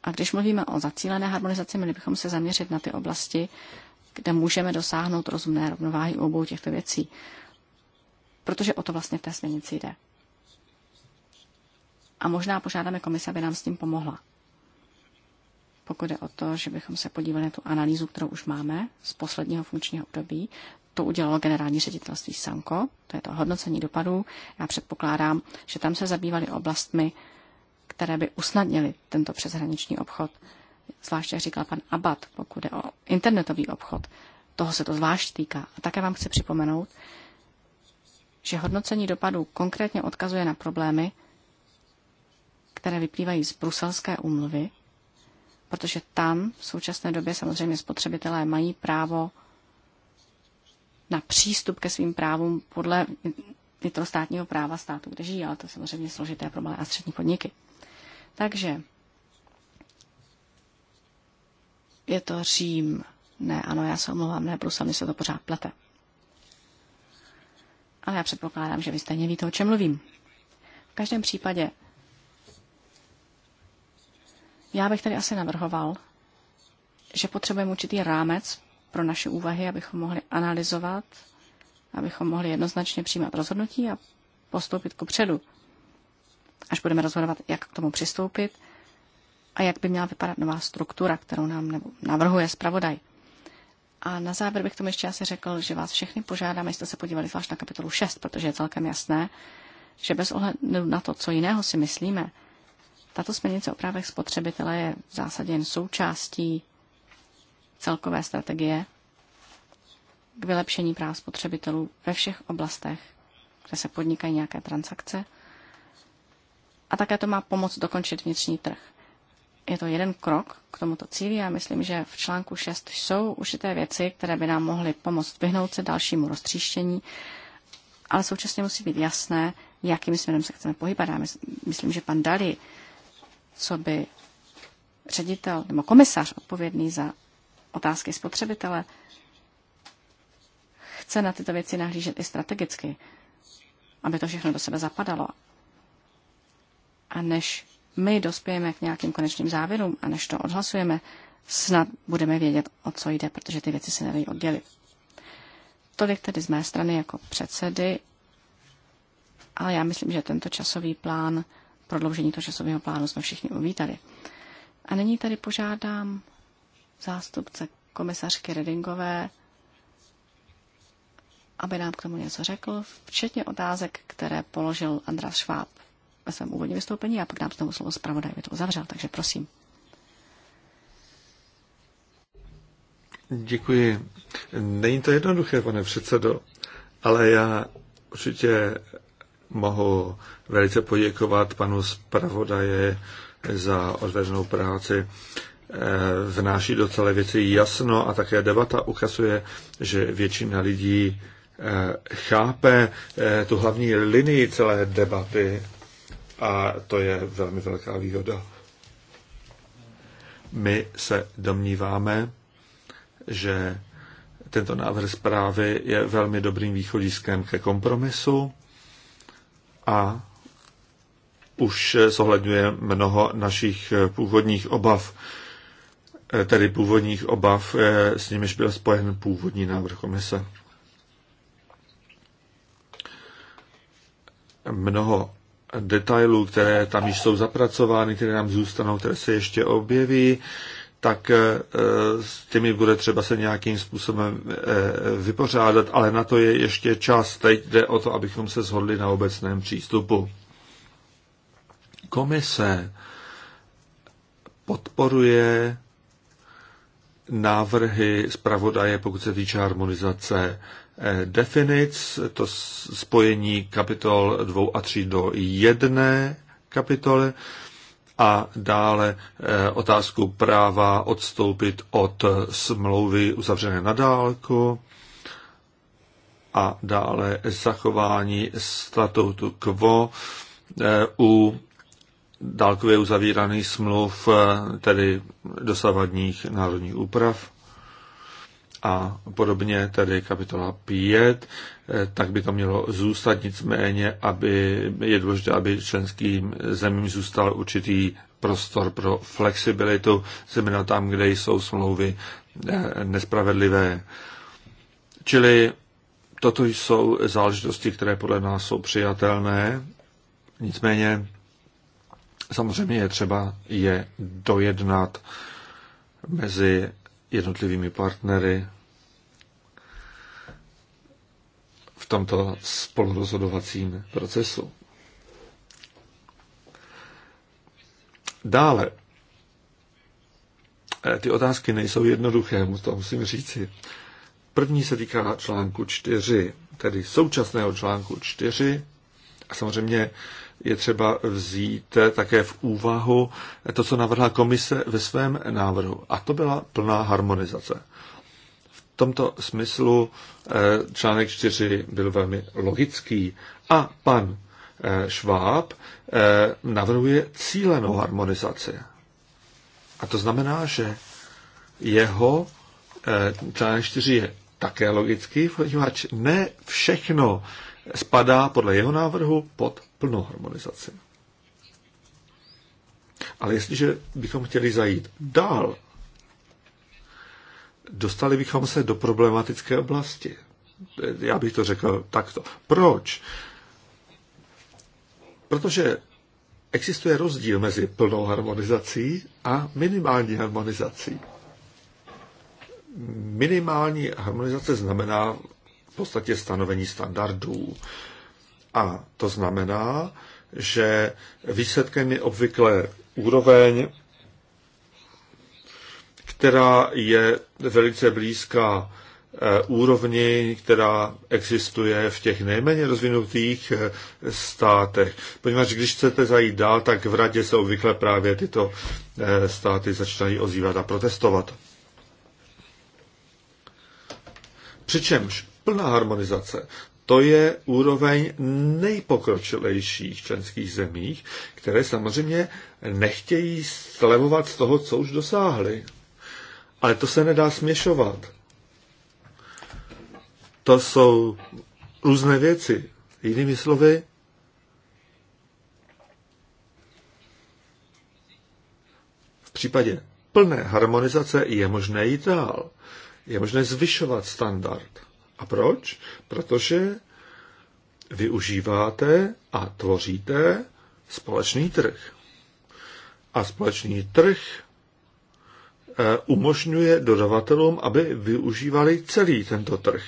A když mluvíme o zacílené harmonizaci, měli bychom se zaměřit na ty oblasti, kde můžeme dosáhnout rozumné rovnováhy obou těchto věcí. Protože o to vlastně v té směnici jde. A možná požádáme komise, aby nám s tím pomohla. Pokud je o to, že bychom se podívali na tu analýzu, kterou už máme z posledního funkčního období, to udělalo generální ředitelství Sanko, to je to hodnocení dopadů. Já předpokládám, že tam se zabývali oblastmi, které by usnadnily tento přeshraniční obchod. Zvláště, jak říkal pan Abad, pokud je o internetový obchod, toho se to zvlášť týká. A také vám chci připomenout, že hodnocení dopadů konkrétně odkazuje na problémy, které vyplývají z bruselské úmluvy, protože tam v současné době samozřejmě spotřebitelé mají právo na přístup ke svým právům podle vnitrostátního práva státu, kde žijí, ale to je samozřejmě složité pro malé a střední podniky. Takže je to Řím. Ne, ano, já se omlouvám, ne, Brusel, mi se to pořád plete. Ale já předpokládám, že vy stejně víte, o čem mluvím. V každém případě, já bych tady asi navrhoval, že potřebujeme určitý rámec pro naše úvahy, abychom mohli analyzovat, abychom mohli jednoznačně přijímat rozhodnutí a postoupit ku předu, až budeme rozhodovat, jak k tomu přistoupit a jak by měla vypadat nová struktura, kterou nám navrhuje zpravodaj. A na závěr bych tomu ještě asi řekl, že vás všechny požádám, jestli se podívali zvlášť na kapitolu 6, protože je celkem jasné, že bez ohledu na to, co jiného si myslíme, tato směrnice o právech spotřebitele je v zásadě jen součástí celkové strategie k vylepšení práv spotřebitelů ve všech oblastech, kde se podnikají nějaké transakce. A také to má pomoct dokončit vnitřní trh. Je to jeden krok k tomuto cíli a myslím, že v článku 6 jsou určité věci, které by nám mohly pomoct vyhnout se dalšímu roztříštění, ale současně musí být jasné, jakým směrem se chceme pohybat. Já myslím, že pan Dali, co by ředitel nebo komisař odpovědný za otázky spotřebitele, chce na tyto věci nahlížet i strategicky, aby to všechno do sebe zapadalo. A než my dospějeme k nějakým konečným závěrům a než to odhlasujeme, snad budeme vědět, o co jde, protože ty věci se nedají oddělit. Tolik tedy z mé strany jako předsedy, ale já myslím, že tento časový plán, prodloužení toho časového plánu jsme všichni uvítali. A nyní tady požádám zástupce komisařky Redingové, aby nám k tomu něco řekl, včetně otázek, které položil András Šváb ve svém úvodním vystoupení a pak nám znovu slovo zpravodaj, by to uzavřel, takže prosím. Děkuji. Není to jednoduché, pane předsedo, ale já určitě mohu velice poděkovat panu zpravodaje za odvedenou práci. Eh, vnáší do celé věci jasno a také debata ukazuje, že většina lidí eh, chápe eh, tu hlavní linii celé debaty a to je velmi velká výhoda. My se domníváme, že tento návrh zprávy je velmi dobrým východiskem ke kompromisu a už zohledňuje mnoho našich původních obav. Eh, tedy původních obav, eh, s nimiž byl spojen původní návrh komise. Mnoho detailů, které tam již jsou zapracovány, které nám zůstanou, které se ještě objeví, tak eh, s těmi bude třeba se nějakým způsobem vypořádat, ale na to je ještě čas. Teď jde o to, abychom se shodli na obecném přístupu. Komise podporuje návrhy zpravodaje, pokud se týče harmonizace eh, definic, to spojení kapitol 2 a 3 do jedné kapitoly a dále eh, otázku práva odstoupit od smlouvy uzavřené na dálku a dále zachování statutu quo eh, u dálkově uzavíraných smluv, eh, tedy dosavadních národních úprav a podobně, tedy kapitola 5, eh, tak by to mělo zůstat, nicméně aby, je důležité, aby členským zemím zůstal určitý prostor pro flexibilitu, zejména tam, kde jsou smlouvy eh, nespravedlivé. Čili toto jsou záležitosti, které podle nás jsou přijatelné, nicméně Samozřejmě je třeba je dojednat mezi jednotlivými partnery v tomto spolurozhodovacím procesu. Dále, e, ty otázky nejsou jednoduché, to musím říci. První se týká článku 4, tedy současného článku 4. A samozřejmě je třeba vzít také v úvahu to, co navrhla komise ve svém návrhu. A to byla plná harmonizace. V tomto smyslu eh, článek 4 byl velmi logický. A pan eh, Šváb eh, navrhuje cílenou harmonizaci. A to znamená, že jeho článek 4 je také logický, poněvadž ne všechno, spadá podle jeho návrhu pod plnou harmonizaci. Ale jestliže bychom chtěli zajít dál, dostali bychom se do problematické oblasti. Já bych to řekl takto. Proč? Protože existuje rozdíl mezi plnou harmonizací a minimální harmonizací. Minimální harmonizace znamená v podstatě stanovení standardů. A to znamená, že výsledkem je obvykle úroveň, která je velice blízká eh, úrovni, která existuje v těch nejméně rozvinutých eh, státech. Poněvadž když chcete zajít dál, tak v radě se obvykle právě tyto eh, státy začínají ozývat a protestovat. Přičemž plná harmonizace. To je úroveň nejpokročilejších členských zemích, které samozřejmě nechtějí slevovat z toho, co už dosáhly. Ale to se nedá směšovat. To jsou různé věci. Jinými slovy, v případě plné harmonizace je možné jít dál. Je možné zvyšovat standard. A proč? Protože využíváte a tvoříte společný trh. A společný trh eh, umožňuje dodavatelům, aby využívali celý tento trh.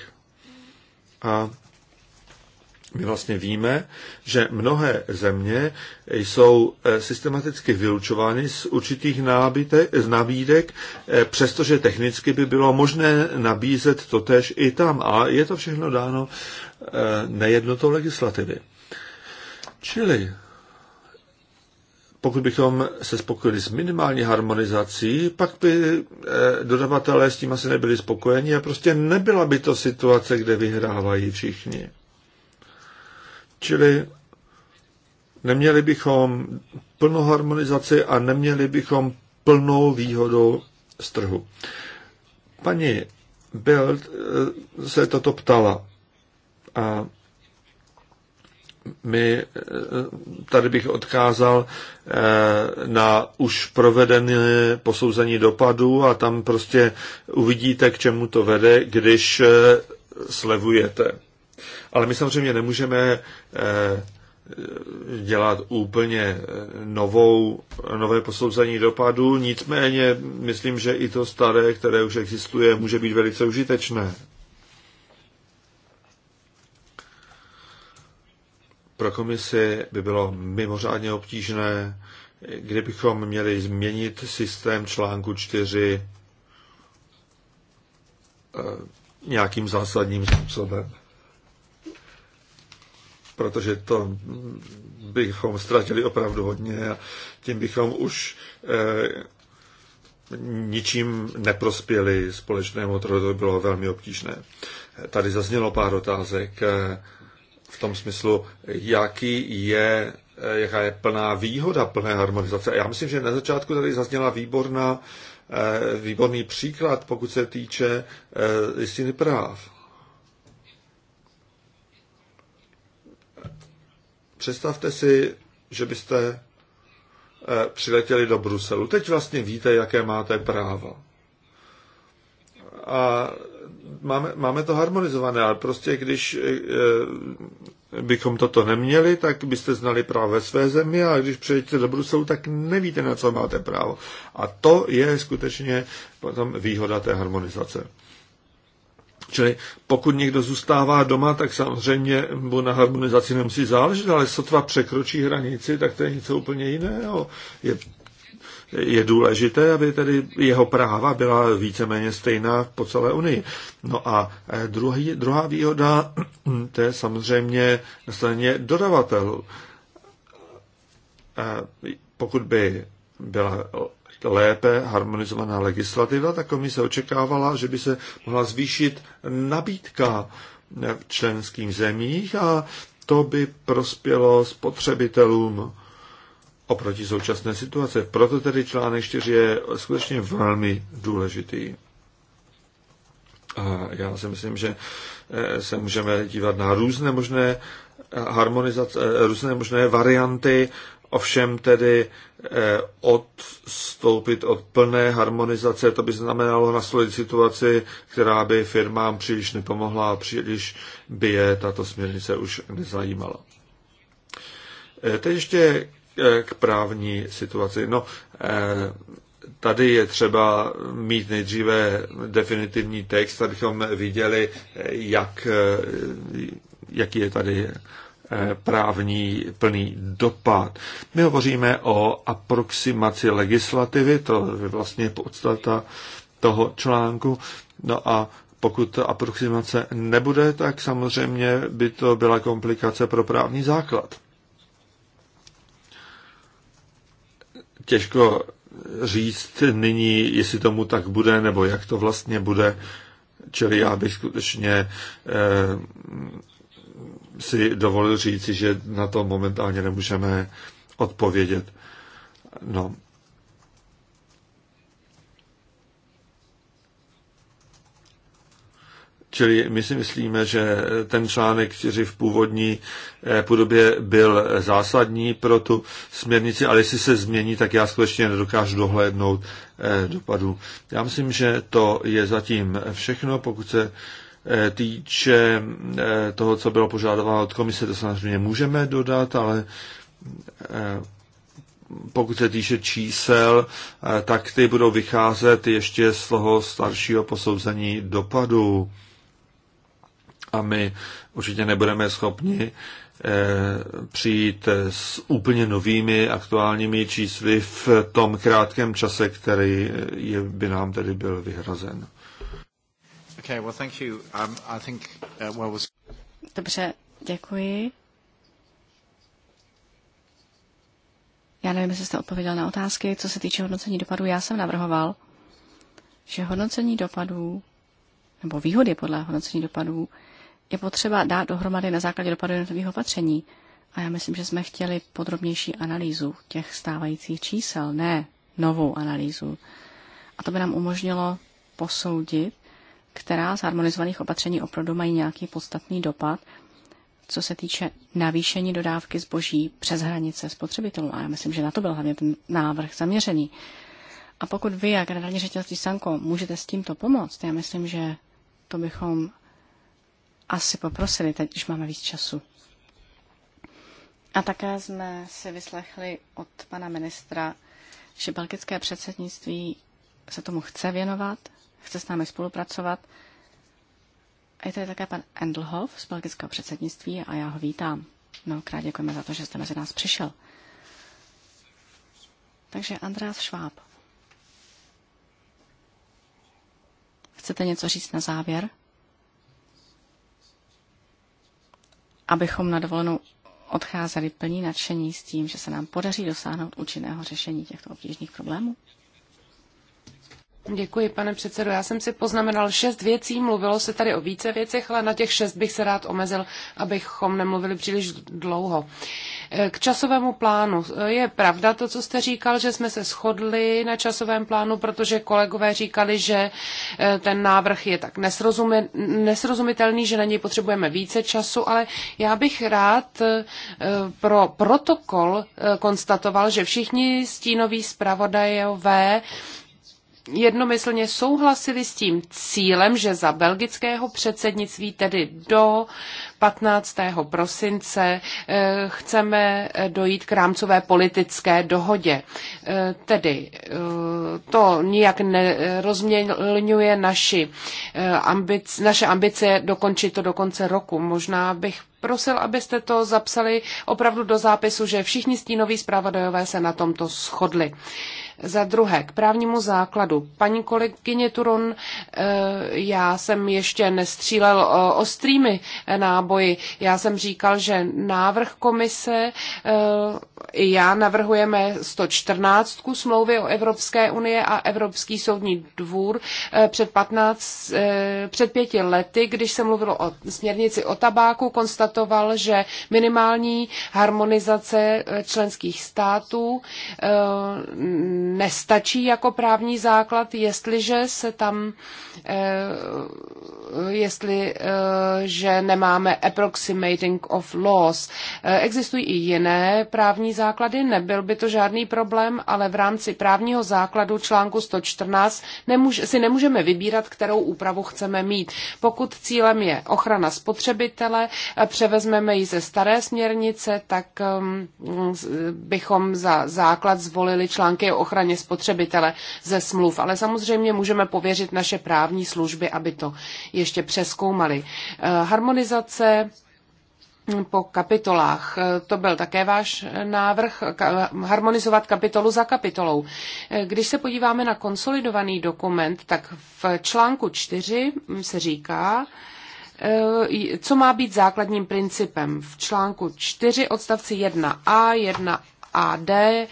A my vlastně víme, že mnohé země jsou eh, systematicky vylučovány z určitých nábytek, z nabídek, eh, přestože technicky by bylo možné nabízet totež i tam. A je to všechno dáno eh, nejednotou legislativy. Čili pokud bychom se spokojili s minimální harmonizací, pak by dodavatelé s tím asi nebyli spokojeni a prostě nebyla by to situace, kde vyhrávají všichni. Čili neměli bychom plnou harmonizaci a neměli bychom plnou výhodu z trhu. Paní Bild eh, se toto ptala a my, eh, tady bych odkázal eh, na už provedené posouzení dopadu a tam prostě uvidíte, k čemu to vede, když slevujete. Ale my samozřejmě nemůžeme eh, dělat úplně eh, novou, nové posouzení dopadu, nicméně myslím, že i to staré, které už existuje, může být velice užitečné. Pro komisi by bylo mimořádně obtížné, kdybychom měli změnit systém článku 4 eh, nějakým zásadním způsobem protože to bychom ztratili opravdu hodně a tím bychom už e, ničím neprospěli společnému trhu, to by bylo velmi obtížné. Tady zaznělo pár otázek eh, v tom smyslu, jaký je, eh, jaká je plná výhoda plné harmonizace. Já myslím, že na začátku tady zazněla výborná, výborný příklad, pokud se týče listiny práv. Představte si, že byste eh, přiletěli do Bruselu. Teď vlastně víte, jaké máte práva. A máme, máme to harmonizované, ale prostě když eh, bychom toto neměli, tak byste znali právo ve své zemi a když přejdete do Bruselu, tak nevíte, na co máte právo. A to je skutečně potom výhoda té harmonizace. Čili pokud někdo zůstává doma, tak samozřejmě mu na harmonizaci nemusí záležet, ale sotva překročí hranici, tak to je něco úplně jiného. Je, je důležité, aby tedy jeho práva byla víceméně stejná po celé Unii. No a eh, druhý, druhá výhoda, to je samozřejmě na straně dodavatelů. Eh, pokud by byla lépe harmonizovaná legislativa, tak komise očekávala, že by se mohla zvýšit nabídka v členských zemích a to by prospělo spotřebitelům oproti současné situace. Proto tedy článek 4 je skutečně velmi důležitý. A já si myslím, že eh, se můžeme dívat na různé možné harmonizace, eh, různé možné varianty Ovšem tedy eh, odstoupit od plné harmonizace, to by znamenalo nastolit situaci, která by firmám příliš nepomohla a příliš by je tato směrnice už nezajímala. Eh, teď ještě eh, k právní situaci. No, tady je třeba mít nejdříve definitivní text, abychom viděli, jak, jaký je tady Eh, právní plný dopad. My hovoříme o aproximaci legislativy, to je vlastně podstata toho článku. No a pokud ta aproximace nebude, tak samozřejmě by to byla komplikace pro právní základ. Těžko říct nyní, jestli tomu tak bude, nebo jak to vlastně bude. Čili já bych skutečně eh, si dovolil říci, že na to momentálně nemůžeme odpovědět. No. Čili my si myslíme, že ten článek 4 v původní eh, podobě byl zásadní pro tu směrnici, ale jestli se změní, tak já skutečně nedokážu dohlédnout eh, dopadu. Já myslím, že to je zatím všechno. Pokud se Eh, týče eh, toho, co bylo požádováno od komise, to samozřejmě můžeme dodat, ale eh, pokud se týče čísel, tak ty budou vycházet ještě z toho staršího posouzení dopadu. A my určitě nebudeme schopni přijít s úplně novými aktuálními čísly v tom krátkém čase, který je, by nám tedy byl vyhrazen. Okay, well, thank you. Um, I think, uh, well was... Dobře, děkuji. Já nevím, jestli jste odpověděl na otázky, co se týče hodnocení dopadů. Já jsem navrhoval, že hodnocení dopadů, nebo výhody podle hodnocení dopadů, je potřeba dát dohromady na základě dopadu jednotlivých opatření. A já myslím, že jsme chtěli podrobnější analýzu těch stávajících čísel, ne novou analýzu. A to by nám umožnilo posoudit, která z harmonizovaných opatření opravdu mají nějaký podstatný dopad, co se týče navýšení dodávky zboží přes hranice spotřebitelů. A já myslím, že na to byl hlavně ten návrh zaměřený. A pokud vy, jak generální ředitelství Sanko, můžete s tímto pomoct, já myslím, že to bychom asi poprosili, teď už máme víc času. A také jsme si vyslechli od pana ministra, že belgické předsednictví se tomu chce věnovat chce s námi spolupracovat. Je tady také pan Endelhoff z belgického předsednictví a já ho vítám. Mnohokrát děkujeme za to, že jste mezi nás přišel. Takže András Šváb. Chcete něco říct na závěr? Abychom na dovolenou odcházeli plní nadšení s tím, že se nám podaří dosáhnout účinného řešení těchto obtížných problémů? Děkuji, pane předsedo. Já jsem si poznamenal šest věcí, mluvilo se tady o více věcech, ale na těch šest bych se rád omezil, abychom nemluvili příliš dlouho. K časovému plánu. Je pravda to, co jste říkal, že jsme se shodli na časovém plánu, protože kolegové říkali, že eh, ten návrh je tak nesrozumitelný, že na něj potřebujeme více času, ale já bych rád eh, pro protokol eh, konstatoval, že všichni stínoví zpravodajové jednomyslně souhlasili s tím cílem, že za belgického předsednictví, tedy do 15. prosince, eh, chceme dojít k rámcové politické dohodě. Eh, tedy eh, to nijak nerozměňuje naši ambice, naše ambice dokončit to do konce roku. Možná bych prosil, abyste to zapsali opravdu do zápisu, že všichni stínoví zpravodajové se na tomto shodli. Za druhé, k právnímu základu. Paní kolegyně Turon, eh, já jsem ještě nestřílel eh, ostrými eh, náboji. Já jsem říkal, že návrh komise i já navrhujeme 114 smlouvy o Evropské unie a Evropský soudní dvůr před, 15, před pěti lety, když se mluvilo o směrnici o tabáku, konstatoval, že minimální harmonizace členských států nestačí jako právní základ, jestliže se tam, eh, jestliže eh, nemáme approximating of laws. Eh, existují i jiné právní základy, nebyl by to žádný problém, ale v rámci právního základu článku 114 nemůž, si nemůžeme vybírat, kterou úpravu chceme mít. Pokud cílem je ochrana spotřebitele, převezmeme ji ze staré směrnice, tak ehm, bychom za základ zvolili články o ochraně ochraně spotřebitele ze smluv, ale samozřejmě můžeme pověřit naše právní služby, aby to ještě přeskoumali. Eh, harmonizace po kapitolách. Eh, to byl také váš návrh harmonizovat kapitolu za kapitolou. Eh, když se podíváme na konsolidovaný dokument, tak v článku 4 se říká, co má být základním principem. V článku 4 odstavci 1a, 1 1 D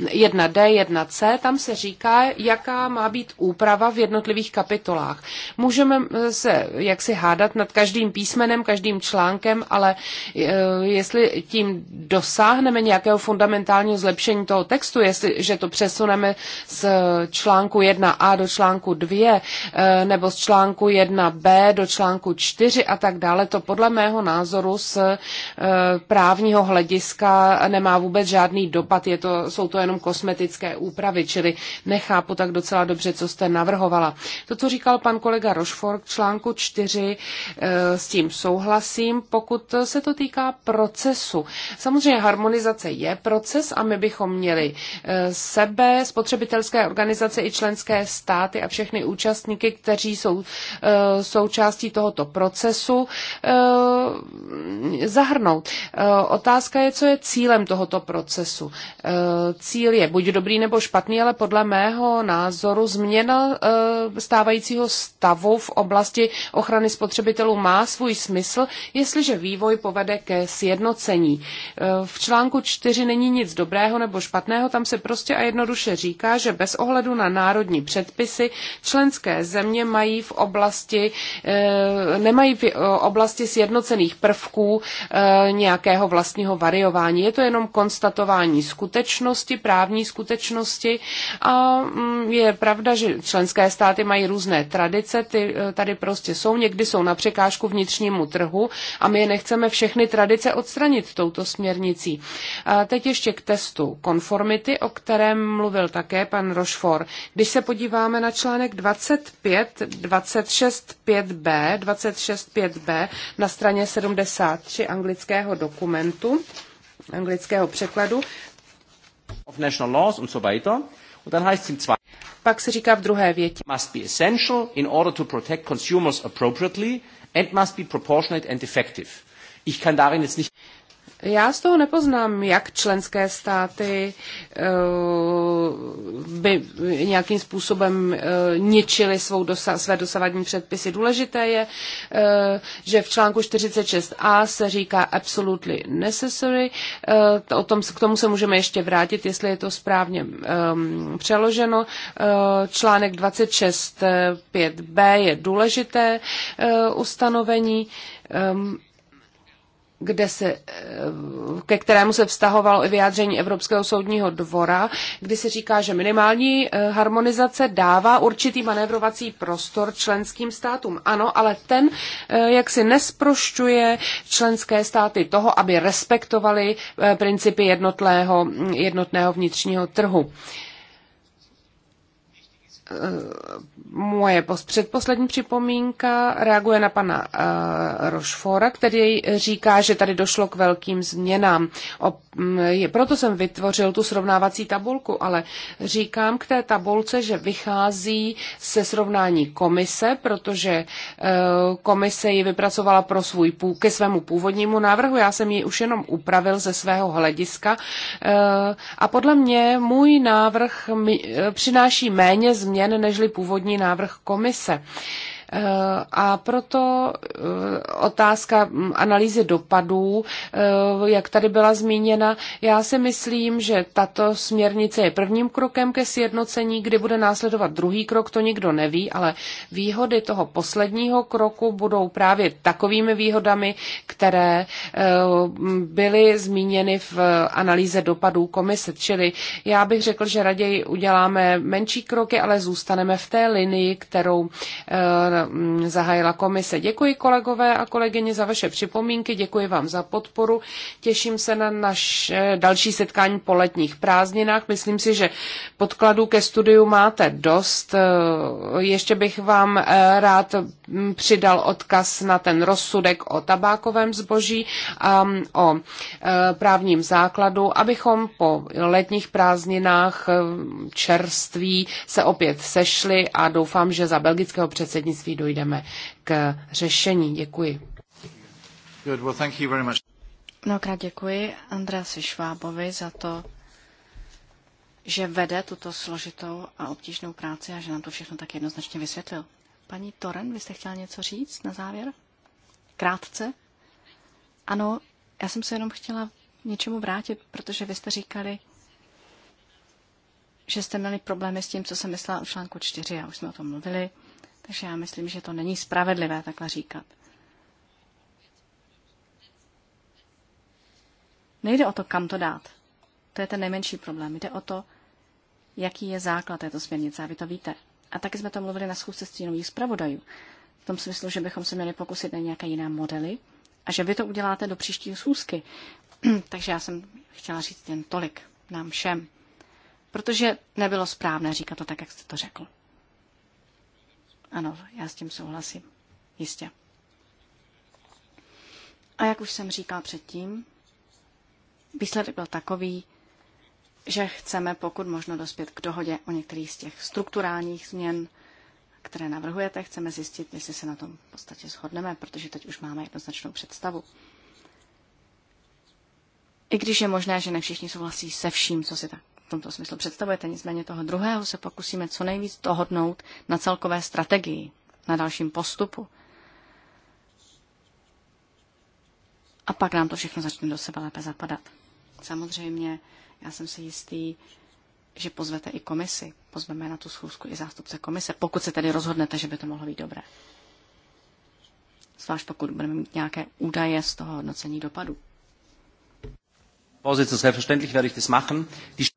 1D, 1C, tam se říká, jaká má být úprava v jednotlivých kapitolách. Můžeme eh, se jaksi hádat nad každým písmenem, každým článkem, ale eh, jestli tím dosáhneme nějakého fundamentálního zlepšení toho textu, jestli, že to přesuneme z článku 1a do článku 2, eh, nebo z článku 1b do článku 4 a tak dále, to podle mého názoru z právního hlediska nemá vůbec žádný dopad, je to, jsou to jenom kosmetické úpravy, čili nechápu tak docela dobře, co jste navrhovala. To, co říkal pan kolega Rošfork, článku 4, eh, s tím souhlasím, pokud se to týká procesu. Samozřejmě harmonizace je proces a my bychom měli eh, sebe, spotřebitelské organizace i členské státy a všechny účastníky, kteří jsou eh, součástí tohoto procesu, zahrnout. Otázka je, co je cílem tohoto procesu procesu. E, cíl je buď dobrý nebo špatný, ale podle mého názoru změna e, stávajícího stavu v oblasti ochrany spotřebitelů má svůj smysl, jestliže vývoj povede ke sjednocení. E, v článku 4 není nic dobrého nebo špatného, tam se prostě a jednoduše říká, že bez ohledu na národní předpisy členské země mají v oblasti, nemají v oblasti sjednocených prvků nějakého vlastního variování. Je to jenom konstatování formální skutečnosti, právní skutečnosti a mm, je pravda, že členské státy mají různé tradice, ty e, tady prostě jsou, někdy jsou na překážku vnitřnímu trhu a my je nechceme všechny tradice odstranit touto směrnicí. A teď ještě k testu konformity, o kterém mluvil také pan Rošfor. Když se podíváme na článek 25, 26, 5b, 26, 5b na straně 73 anglického dokumentu, anglického překladu. Of national laws und so weiter. Und dann heißt es im zweiten pak se říká v druhé větě. Must be essential in order to protect consumers appropriately and must be proportionate and effective. Ich kann darin jetzt nicht já z toho nepoznám, jak členské státy eh, by nějakým způsobem eh, ničily svou dosa, své dosavadní předpisy. Důležité je, eh, že v článku 46a se říká absolutely necessary. O tom, k tomu se můžeme ještě vrátit, jestli je to správně ehm, přeloženo. Článek 26.5b je důležité ustanovení. Um, kde se, eh, ke kterému se vztahovalo i vyjádření Evropského soudního dvora, kdy se říká, že minimální eh, harmonizace dává určitý manévrovací prostor členským státům. Ano, ale ten eh, jak si nesprošťuje členské státy toho, aby respektovali principy jednotného, jednotného vnitřního trhu. Uh, moje předposlední připomínka reaguje na pana eh, Rošfora, který říká, že tady došlo k velkým změnám. O, mm, je, proto jsem vytvořil tu srovnávací tabulku, ale říkám k té tabulce, že vychází se srovnání komise, protože eh, komise ji vypracovala pro svůj, ke svému původnímu návrhu. Já jsem ji už jenom upravil ze svého hlediska eh, a podle mě můj návrh přináší méně změn změn nežli původní návrh komise. A proto eh, otázka hm, analýzy dopadů, eh, jak tady byla zmíněna, já si myslím, že tato směrnice je prvním krokem ke sjednocení, kdy bude následovat druhý krok, to nikdo neví, ale výhody toho posledního kroku budou právě takovými výhodami, které eh, hm, byly zmíněny v analýze dopadů komise. Čili já bych řekl, že raději uděláme menší kroky, ale zůstaneme v té linii, kterou Mm, zahájila komise. Děkuji kolegové a kolegyně za vaše připomínky, děkuji vám za podporu. Těším se na naše další setkání po letních prázdninách. Myslím si, že podkladů ke studiu máte dost. E, ještě bych vám e, rád mm, přidal odkaz na ten rozsudek o tabákovém zboží a mm, o e, právním základu, abychom po letních prázdninách čerství se opět sešli a doufám, že za belgického předsednictví předsednictví dojdeme k řešení. Děkuji. Good. Well, thank you very much. Mnohokrát děkuji Andrasi Švábovi za to, že vede tuto složitou a obtížnou práci a že nám to všechno tak jednoznačně vysvětlil. Paní Toren, vy jste chtěla něco říct na závěr? Krátce? Ano, já jsem se jenom chtěla něčemu vrátit, protože vy jste říkali, že jste měli problémy s tím, co jsem myslela o článku 4, a už jsme o tom mluvili. Takže já myslím, že to není spravedlivé takhle říkat. Nejde o to, kam to dát. To je ten nejmenší problém. Jde o to, jaký je základ této směrnice, a vy to víte. A taky jsme to mluvili na schůzce stínových zpravodajů. V tom smyslu, že bychom se měli pokusit na nějaké jiné modely a že vy to uděláte do příští schůzky. Takže já jsem chtěla říct jen tolik nám všem. Protože nebylo správné říkat to tak, jak jste to řekl. Ano, já s tím souhlasím. Jistě. A jak už jsem říkal předtím, výsledek byl takový, že chceme pokud možno dospět k dohodě o některých z těch strukturálních změn, které navrhujete. Chceme zjistit, jestli se na tom v podstatě shodneme, protože teď už máme jednoznačnou představu. I když je možné, že ne všichni souhlasí se vším, co si tak v tomto smyslu představujete. Nicméně toho druhého se pokusíme co nejvíc dohodnout na celkové strategii, na dalším postupu. A pak nám to všechno začne do sebe lépe zapadat. Samozřejmě, já jsem si jistý, že pozvete i komisi. Pozveme na tu schůzku i zástupce komise, pokud se tedy rozhodnete, že by to mohlo být dobré. Zvlášť pokud budeme mít nějaké údaje z toho hodnocení dopadu.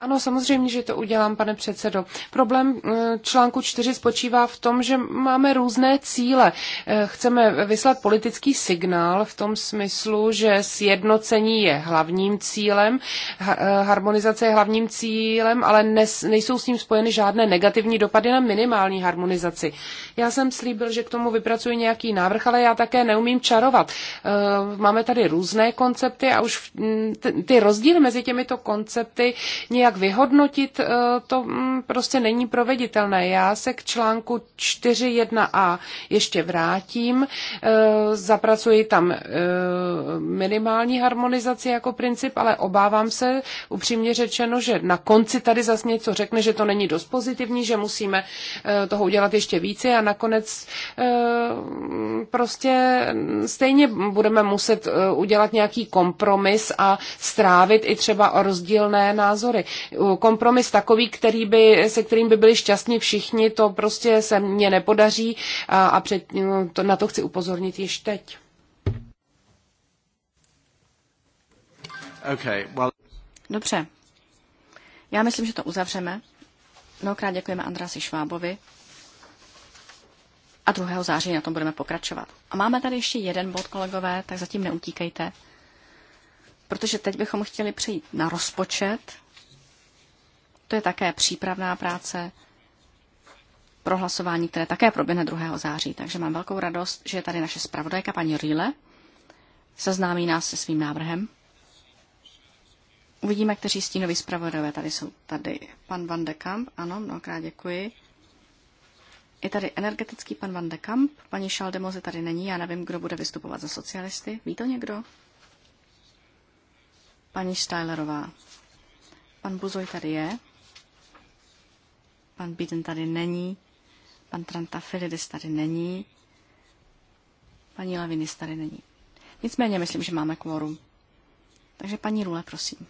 Ano, samozřejmě, že to udělám, pane předsedo. Problém eh, článku 4 spočívá v tom, že máme různé cíle. Eh, chceme vyslat politický signál v tom smyslu, že sjednocení je hlavním cílem, eh, harmonizace je hlavním cílem, ale nejsou s ním spojeny žádné negativní dopady na minimální harmonizaci. Já jsem slíbil, že k tomu vypracuji nějaký návrh, ale já také neumím čarovat. Máme tady různé koncepty a už mm, ty rozdíly rozdíl mezi těmito koncepty, nějak vyhodnotit, eh, to mm, prostě není proveditelné. Já se k článku 4.1a ještě vrátím, eh, zapracuji tam eh, minimální harmonizaci jako princip, ale obávám se upřímně řečeno, že na konci tady zase něco řekne, že to není dost pozitivní, že musíme toho udělat ještě více a nakonec prostě stejně budeme muset udělat nějaký kompromis a strávit bavit i třeba o rozdílné názory. Kompromis takový, který by, se kterým by byli šťastní všichni, to prostě se mně nepodaří a, a před, no, to, na to chci upozornit již teď. Okay, well... Dobře. Já myslím, že to uzavřeme. Mnohokrát děkujeme Andrasi Švábovi a 2. září na tom budeme pokračovat. A máme tady ještě jeden bod, kolegové, tak zatím neutíkejte protože teď bychom chtěli přejít na rozpočet. To je také přípravná práce pro hlasování, které také proběhne 2. září. Takže mám velkou radost, že je tady naše zpravodajka paní Rýle. Seznámí nás se svým návrhem. Uvidíme, kteří stínoví zpravodajové tady jsou. Tady pan Van de Kamp, ano, mnohokrát děkuji. Je tady energetický pan Van de Kamp, paní Šaldemoze tady není, já nevím, kdo bude vystupovat za socialisty. Ví to někdo? Paní Steilerová. Pan Buzoj tady je. Pan Biden tady není. Pan Tranta Filidis tady není. Paní Lavinis tady není. Nicméně myslím, že máme kvorum. Takže paní Rule, prosím.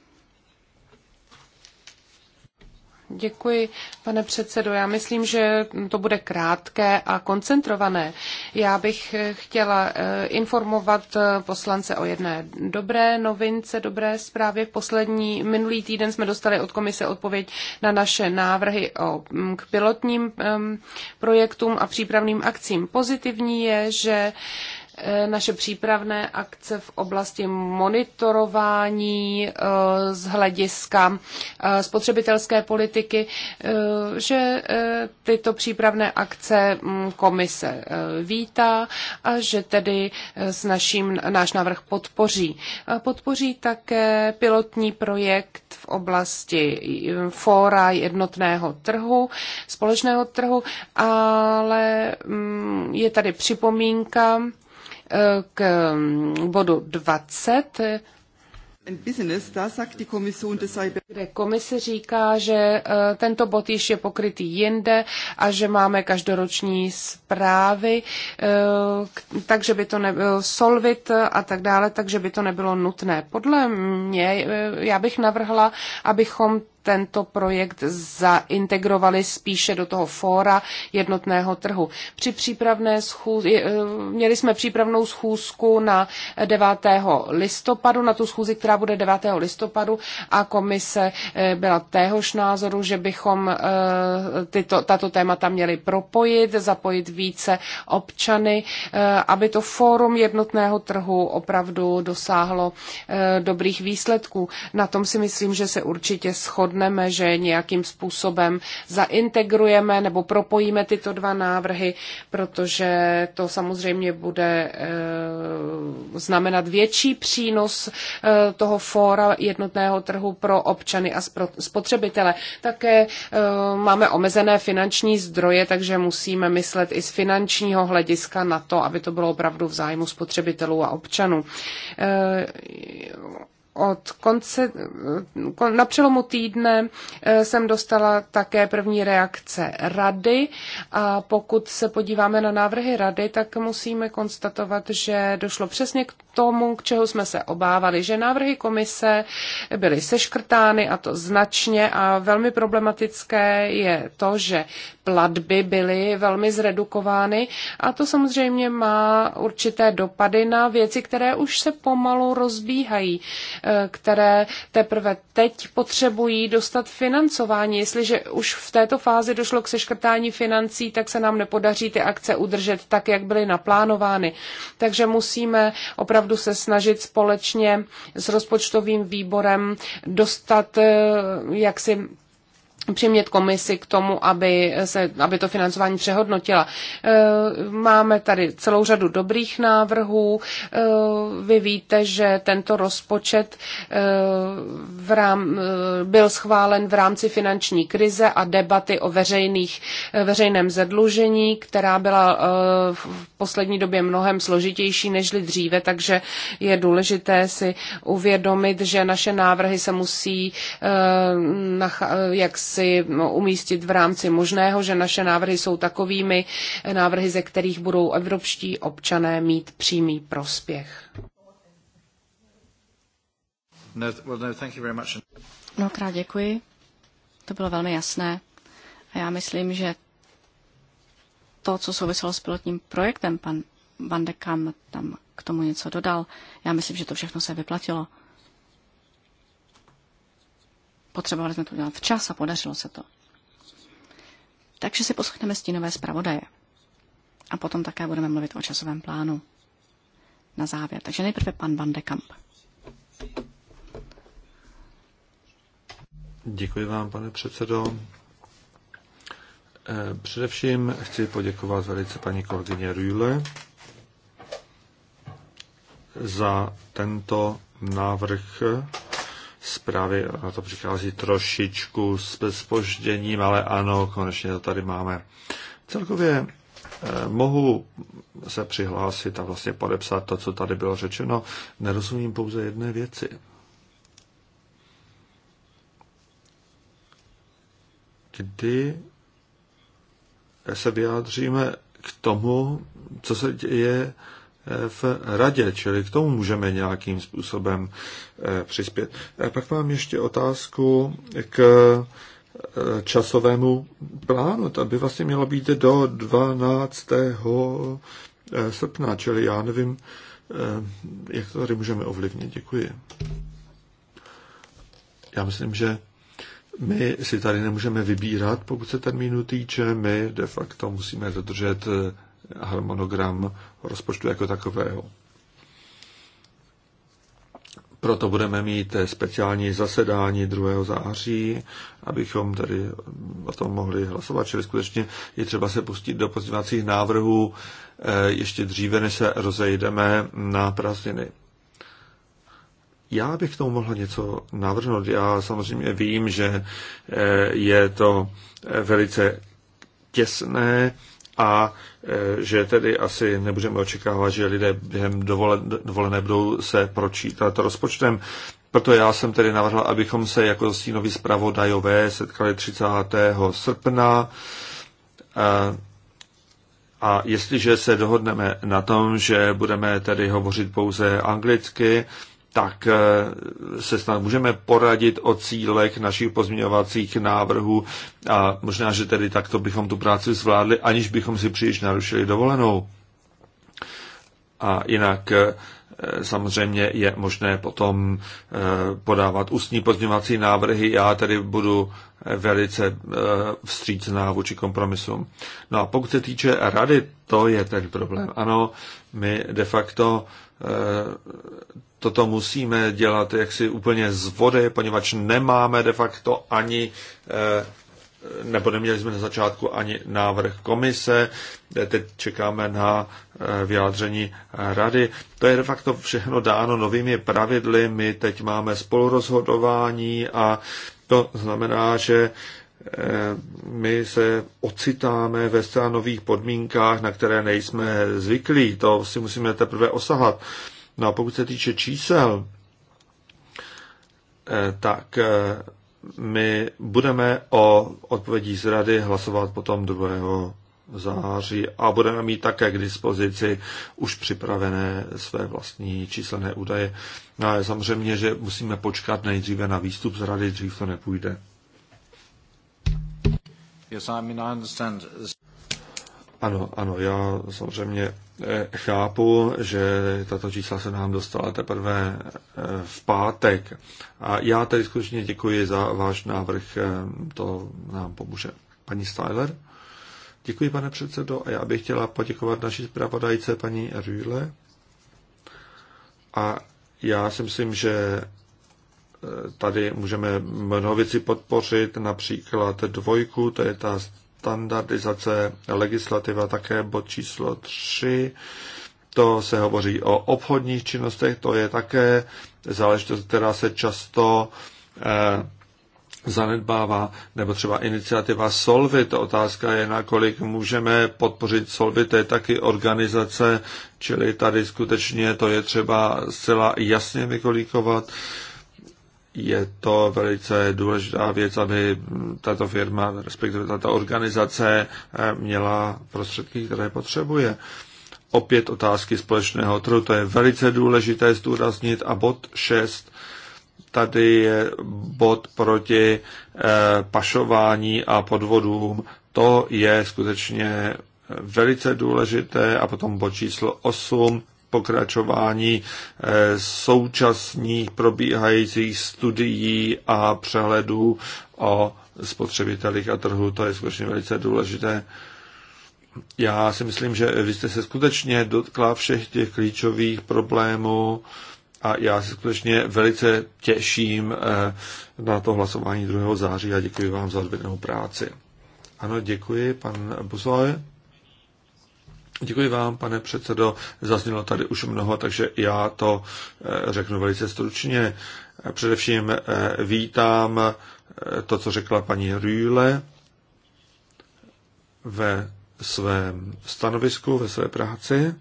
Děkuji, pane předsedo. Já myslím, že to bude krátké a koncentrované. Já bych eh, chtěla eh, informovat eh, poslance o jedné dobré novince, dobré zprávě. Poslední minulý týden jsme dostali od komise odpověď na naše návrhy o, mm, k pilotním mm, projektům a přípravným akcím. Pozitivní je, že Eh, naše přípravné akce v oblasti monitorování eh, z hlediska eh, spotřebitelské politiky, že tyto přípravné akce mm, komise vítá a že tedy s naším, náš návrh podpoří. Podpoří také pilotní projekt v oblasti fóra jednotného trhu, společného trhu, ale mm, je tady připomínka, k mm, bodu 20, kde komise říká, že e, tento bod již je pokrytý jinde a že máme každoroční zprávy, e, takže by to nebylo solvit a tak dále, takže by to nebylo nutné. Podle mě, e, já bych navrhla, abychom tento projekt zaintegrovali spíše do toho fóra jednotného trhu. Při přípravné schůzi eh, měli jsme přípravnou schůzku na 9. listopadu, na tu schůzi, která bude 9. listopadu a komise eh, byla téhož názoru, že bychom eh, tyto, tato témata měli propojit, zapojit více občany, aby to fórum jednotného trhu opravdu dosáhlo dobrých výsledků. Na tom si myslím, že se určitě shodneme rozhodneme, že nějakým způsobem zaintegrujeme nebo propojíme tyto dva návrhy, protože to samozřejmě bude eh, znamenat větší přínos eh, toho fóra jednotného trhu pro občany a spotřebitele. Také eh, máme omezené finanční zdroje, takže musíme myslet i z finančního hlediska na to, aby to bylo opravdu v zájmu spotřebitelů a občanů od konce, na přelomu týdne eh, jsem dostala také první reakce rady a pokud se podíváme na návrhy rady, tak musíme konstatovat, že došlo přesně k tomu, k čeho jsme se obávali, že návrhy komise byly seškrtány a to značně a velmi problematické je to, že platby byly velmi zredukovány a to samozřejmě má určité dopady na věci, které už se pomalu rozbíhají které teprve teď potřebují dostat financování. Jestliže už v této fázi došlo k seškrtání financí, tak se nám nepodaří ty akce udržet tak, jak byly naplánovány. Takže musíme opravdu se snažit společně s rozpočtovým výborem dostat eh, jaksi přimět komisi k tomu, aby, se, aby to financování přehodnotila. E, máme tady celou řadu dobrých návrhů. E, vy víte, že tento rozpočet e, v rám, byl schválen v rámci finanční krize a debaty o veřejných, veřejném zadlužení, která byla v poslední době mnohem složitější než dříve, takže je důležité si uvědomit, že naše návrhy se musí jak si si umístit v rámci možného, že naše návrhy jsou takovými návrhy, ze kterých budou evropští občané mít přímý prospěch. No, no, no krát děkuji. To bylo velmi jasné. A já myslím, že to, co souviselo s pilotním projektem, pan Van de tam k tomu něco dodal. Já myslím, že to všechno se vyplatilo. Potřebovali jsme to udělat včas a podařilo se to. Takže si poslechneme stínové zpravodaje. A potom také budeme mluvit o časovém plánu. Na závěr. Takže nejprve pan Van de Kamp. Děkuji vám, pane předsedo. Eh, především chci poděkovat velice paní kolegyně Rühle za tento návrh zprávy a to přichází trošičku s bezpožděním, ale ano, konečně to tady máme. Celkově eh, mohu se přihlásit a vlastně podepsat to, co tady bylo řečeno. Nerozumím pouze jedné věci. Kdy se vyjádříme k tomu, co se děje v radě, čili k tomu můžeme nějakým způsobem eh, přispět. Pak mám ještě otázku k eh, časovému plánu. To by vlastně mělo být do 12. Eh, srpna, čili já nevím, jak to tady můžeme ovlivnit. Děkuji. Já myslím, že my si tady nemůžeme vybírat, pokud se termínu týče, my de facto musíme dodržet harmonogram rozpočtu jako takového. Proto budeme mít speciální zasedání 2. září, abychom tedy o tom mohli hlasovat. Čili skutečně je třeba se pustit do pozměňovacích návrhů eh, ještě dříve, než se rozejdeme na prázdniny. Já bych k tomu mohla něco navrhnout. Já samozřejmě vím, že eh, je to eh, velice těsné, a e, že tedy asi nebudeme očekávat, že lidé během dovolené budou se pročítat rozpočtem. Proto já jsem tedy navrhl, abychom se jako stínoví zpravodajové setkali 30. srpna. E, a jestliže se dohodneme na tom, že budeme tedy hovořit pouze anglicky, tak eh, se snad můžeme poradit o cílech našich pozměňovacích návrhů a možná, že tedy takto bychom tu práci zvládli, aniž bychom si příliš narušili dovolenou. A jinak eh, samozřejmě je možné potom eh, podávat ústní pozměňovací návrhy. Já tedy budu velice vstřícná vůči kompromisům. No a pokud se týče rady, to je ten problém. Ano, my de facto toto musíme dělat jaksi úplně z vody, poněvadž nemáme de facto ani eh, nebo neměli jsme na začátku ani návrh komise, teď čekáme na eh, vyjádření rady. To je de facto všechno dáno novými pravidly, my teď máme spolurozhodování a to znamená, že eh, my se ocitáme ve stranových podmínkách, na které nejsme zvyklí, to si musíme teprve osahat. No a pokud se týče čísel, eh, tak eh, my budeme o odpovědí z rady hlasovat potom 2. září a budeme mít také k dispozici už připravené své vlastní číselné údaje. No a samozřejmě, že musíme počkat nejdříve na výstup z rady, dřív to nepůjde. Yes, I mean, I understand. Ano, ano, já samozřejmě Eh, chápu, že tato čísla se nám dostala teprve eh, v pátek. A já tady skutečně děkuji za váš návrh, eh, to nám pomůže. Paní Styler? Děkuji, pane předsedo, a já bych chtěla poděkovat naší zpravodajce paní Rühle. A já si myslím, že tady můžeme mnoho věcí podpořit, například dvojku, to je ta standardizace, legislativa, také bod číslo 3. To se hovoří o obchodních činnostech, to je také záležitost, která se často eh, zanedbává, nebo třeba iniciativa Solvit. Otázka je, nakolik můžeme podpořit Solvit, to je taky organizace, čili tady skutečně to je třeba zcela jasně vykolíkovat je to velice důležitá věc, aby tato firma, respektive tato organizace eh, měla prostředky, které potřebuje. Opět otázky společného trhu, to je velice důležité zdůraznit. A bod 6, tady je bod proti eh, pašování a podvodům. To je skutečně velice důležité. A potom bod číslo 8, pokračování eh, současných probíhajících studií a přehledů o spotřebitelích a trhu. To je skutečně velice důležité. Já si myslím, že vy jste se skutečně dotkla všech těch klíčových problémů a já se skutečně velice těším eh, na to hlasování 2. září a děkuji vám za odvedenou práci. Ano, děkuji, pan Busoj. Děkuji vám, pane předsedo. Zaznělo tady už mnoho, takže já to eh, řeknu velice stručně. Eh, především eh, vítám to, co řekla paní Rühle ve svém stanovisku, ve své práci.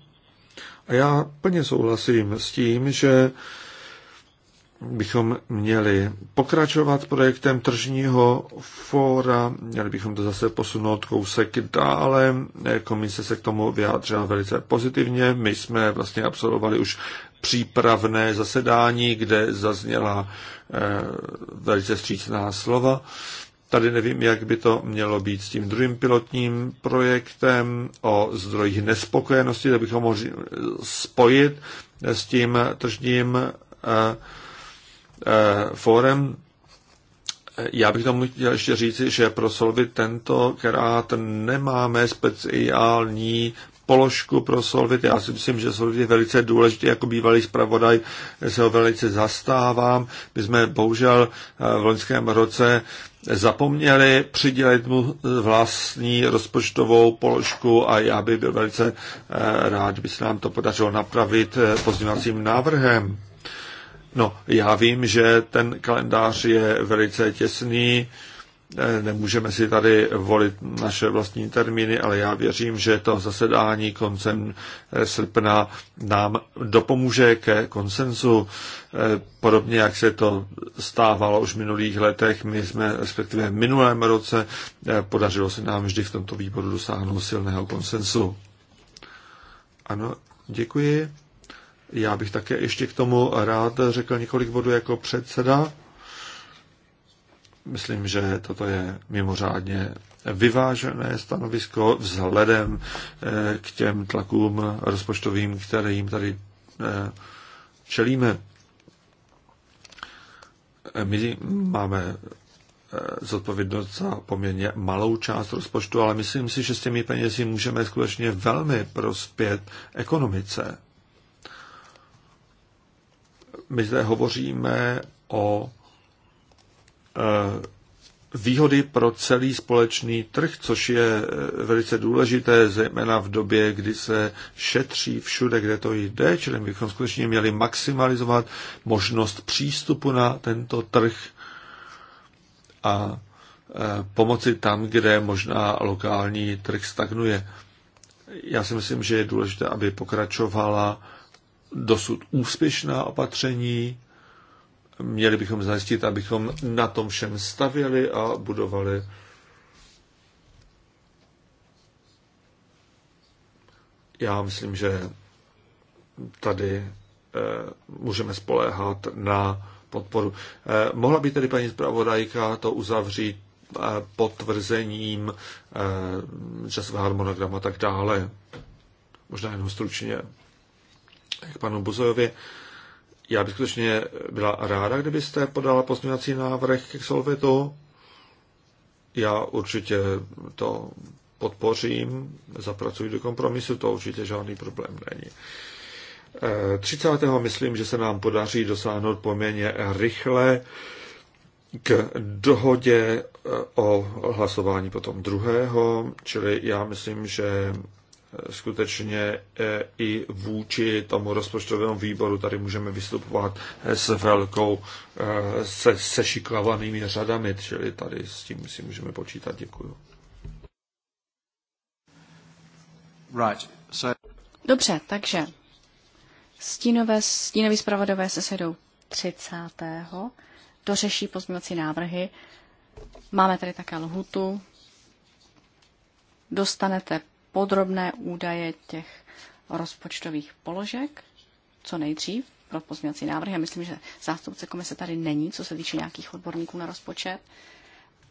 A já plně souhlasím s tím, že bychom měli pokračovat projektem tržního fóra, měli bychom to zase posunout kousek dále. Komise se k tomu vyjádřila velice pozitivně. My jsme vlastně absolvovali už přípravné zasedání, kde zazněla eh, velice střícná slova. Tady nevím, jak by to mělo být s tím druhým pilotním projektem o zdrojích nespokojenosti, to bychom mohli spojit s tím tržním eh, Eh, fórem. Eh, já bych tomu chtěl ještě říci, že pro Solvit tentokrát nemáme speciální položku pro Solvit. Já si myslím, že Solvit je velice důležitý, jako bývalý zpravodaj se ho velice zastávám. My jsme bohužel eh, v loňském roce zapomněli přidělit mu vlastní rozpočtovou položku a já bych byl velice rád, by se nám to podařilo napravit pozměňovacím návrhem. No, já vím, že ten kalendář je velice těsný, eh, nemůžeme si tady volit naše vlastní termíny, ale já věřím, že to zasedání koncem eh, srpna nám dopomůže ke konsenzu. Eh, podobně, jak se to stávalo už v minulých letech, my jsme, respektive v minulém roce, podařilo se nám vždy v tomto výboru dosáhnout silného konsenzu. Ano, děkuji. Já bych také ještě k tomu rád řekl několik bodů jako předseda. Myslím, že toto je mimořádně vyvážené stanovisko vzhledem eh, k těm tlakům rozpočtovým, kterým tady eh, čelíme. My máme eh, zodpovědnost za poměrně malou část rozpočtu, ale myslím si, že s těmi penězi můžeme skutečně velmi prospět ekonomice my zde hovoříme o eh, výhody pro celý společný trh, což je eh, velice důležité, zejména v době, kdy se šetří všude, kde to jde, čili bychom skutečně měli maximalizovat možnost přístupu na tento trh a eh, pomoci tam, kde možná lokální trh stagnuje. Já si myslím, že je důležité, aby pokračovala dosud úspěšná opatření. Měli bychom zajistit, abychom na tom všem stavěli a budovali. Já myslím, že tady eh, můžeme spoléhat na podporu. Eh, mohla by tedy paní zpravodajka to uzavřít eh, potvrzením časového harmonogramu a tak dále. Možná jenom stručně k panu Buzojovi. Já bych skutečně byla ráda, kdybyste podala pozměňovací návrh k Solvitu. Já určitě to podpořím, zapracuji do kompromisu, to určitě žádný problém není. 30. Eh, myslím, že se nám podaří dosáhnout poměrně rychle k dohodě eh, o hlasování potom druhého, čili já myslím, že skutečně e, i vůči tomu rozpočtovému výboru tady můžeme vystupovat e, s velkou, e, se, se šiklavanými řadami, čili tady s tím si můžeme počítat. Děkuju. Right. So... Dobře, takže stínové, stínové zpravodové se sedou 30. dořeší pozměňovací návrhy. Máme tady také lhutu. Dostanete podrobné údaje těch rozpočtových položek co nejdřív pro pozměňovací návrhy. Já myslím, že zástupce komise tady není, co se týče nějakých odborníků na rozpočet,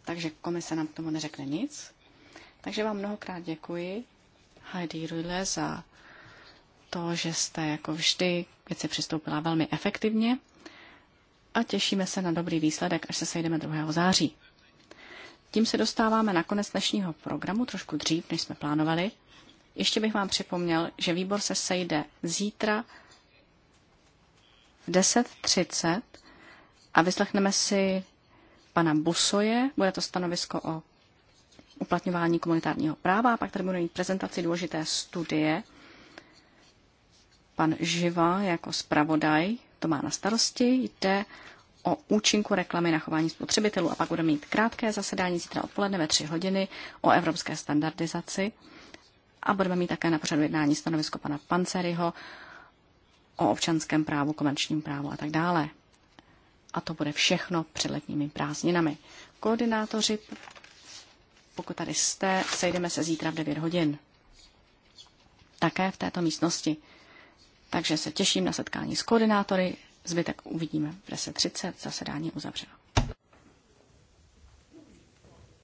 takže komise nám k tomu neřekne nic. Takže vám mnohokrát děkuji, Heidi Rühle, za to, že jste jako vždy věci přistoupila velmi efektivně a těšíme se na dobrý výsledek, až se sejdeme 2. září. Tím se dostáváme na konec dnešního programu, trošku dřív, než jsme plánovali. Ještě bych vám připomněl, že výbor se sejde zítra v 10.30 a vyslechneme si pana Busoje, bude to stanovisko o uplatňování komunitárního práva a pak tady budou mít prezentaci důležité studie. Pan Živa jako zpravodaj to má na starosti, jde o účinku reklamy na chování spotřebitelů a pak budeme mít krátké zasedání zítra odpoledne ve 3 hodiny o evropské standardizaci a budeme mít také na pořadu jednání stanovisko pana Panceryho o občanském právu, komerčním právu a tak dále. A to bude všechno před letními prázdninami. Koordinátoři, pokud tady jste, sejdeme se zítra v 9 hodin. Také v této místnosti. Takže se těším na setkání s koordinátory. Zbytek uvidíme v 10.30. Zasedání uzavřeno.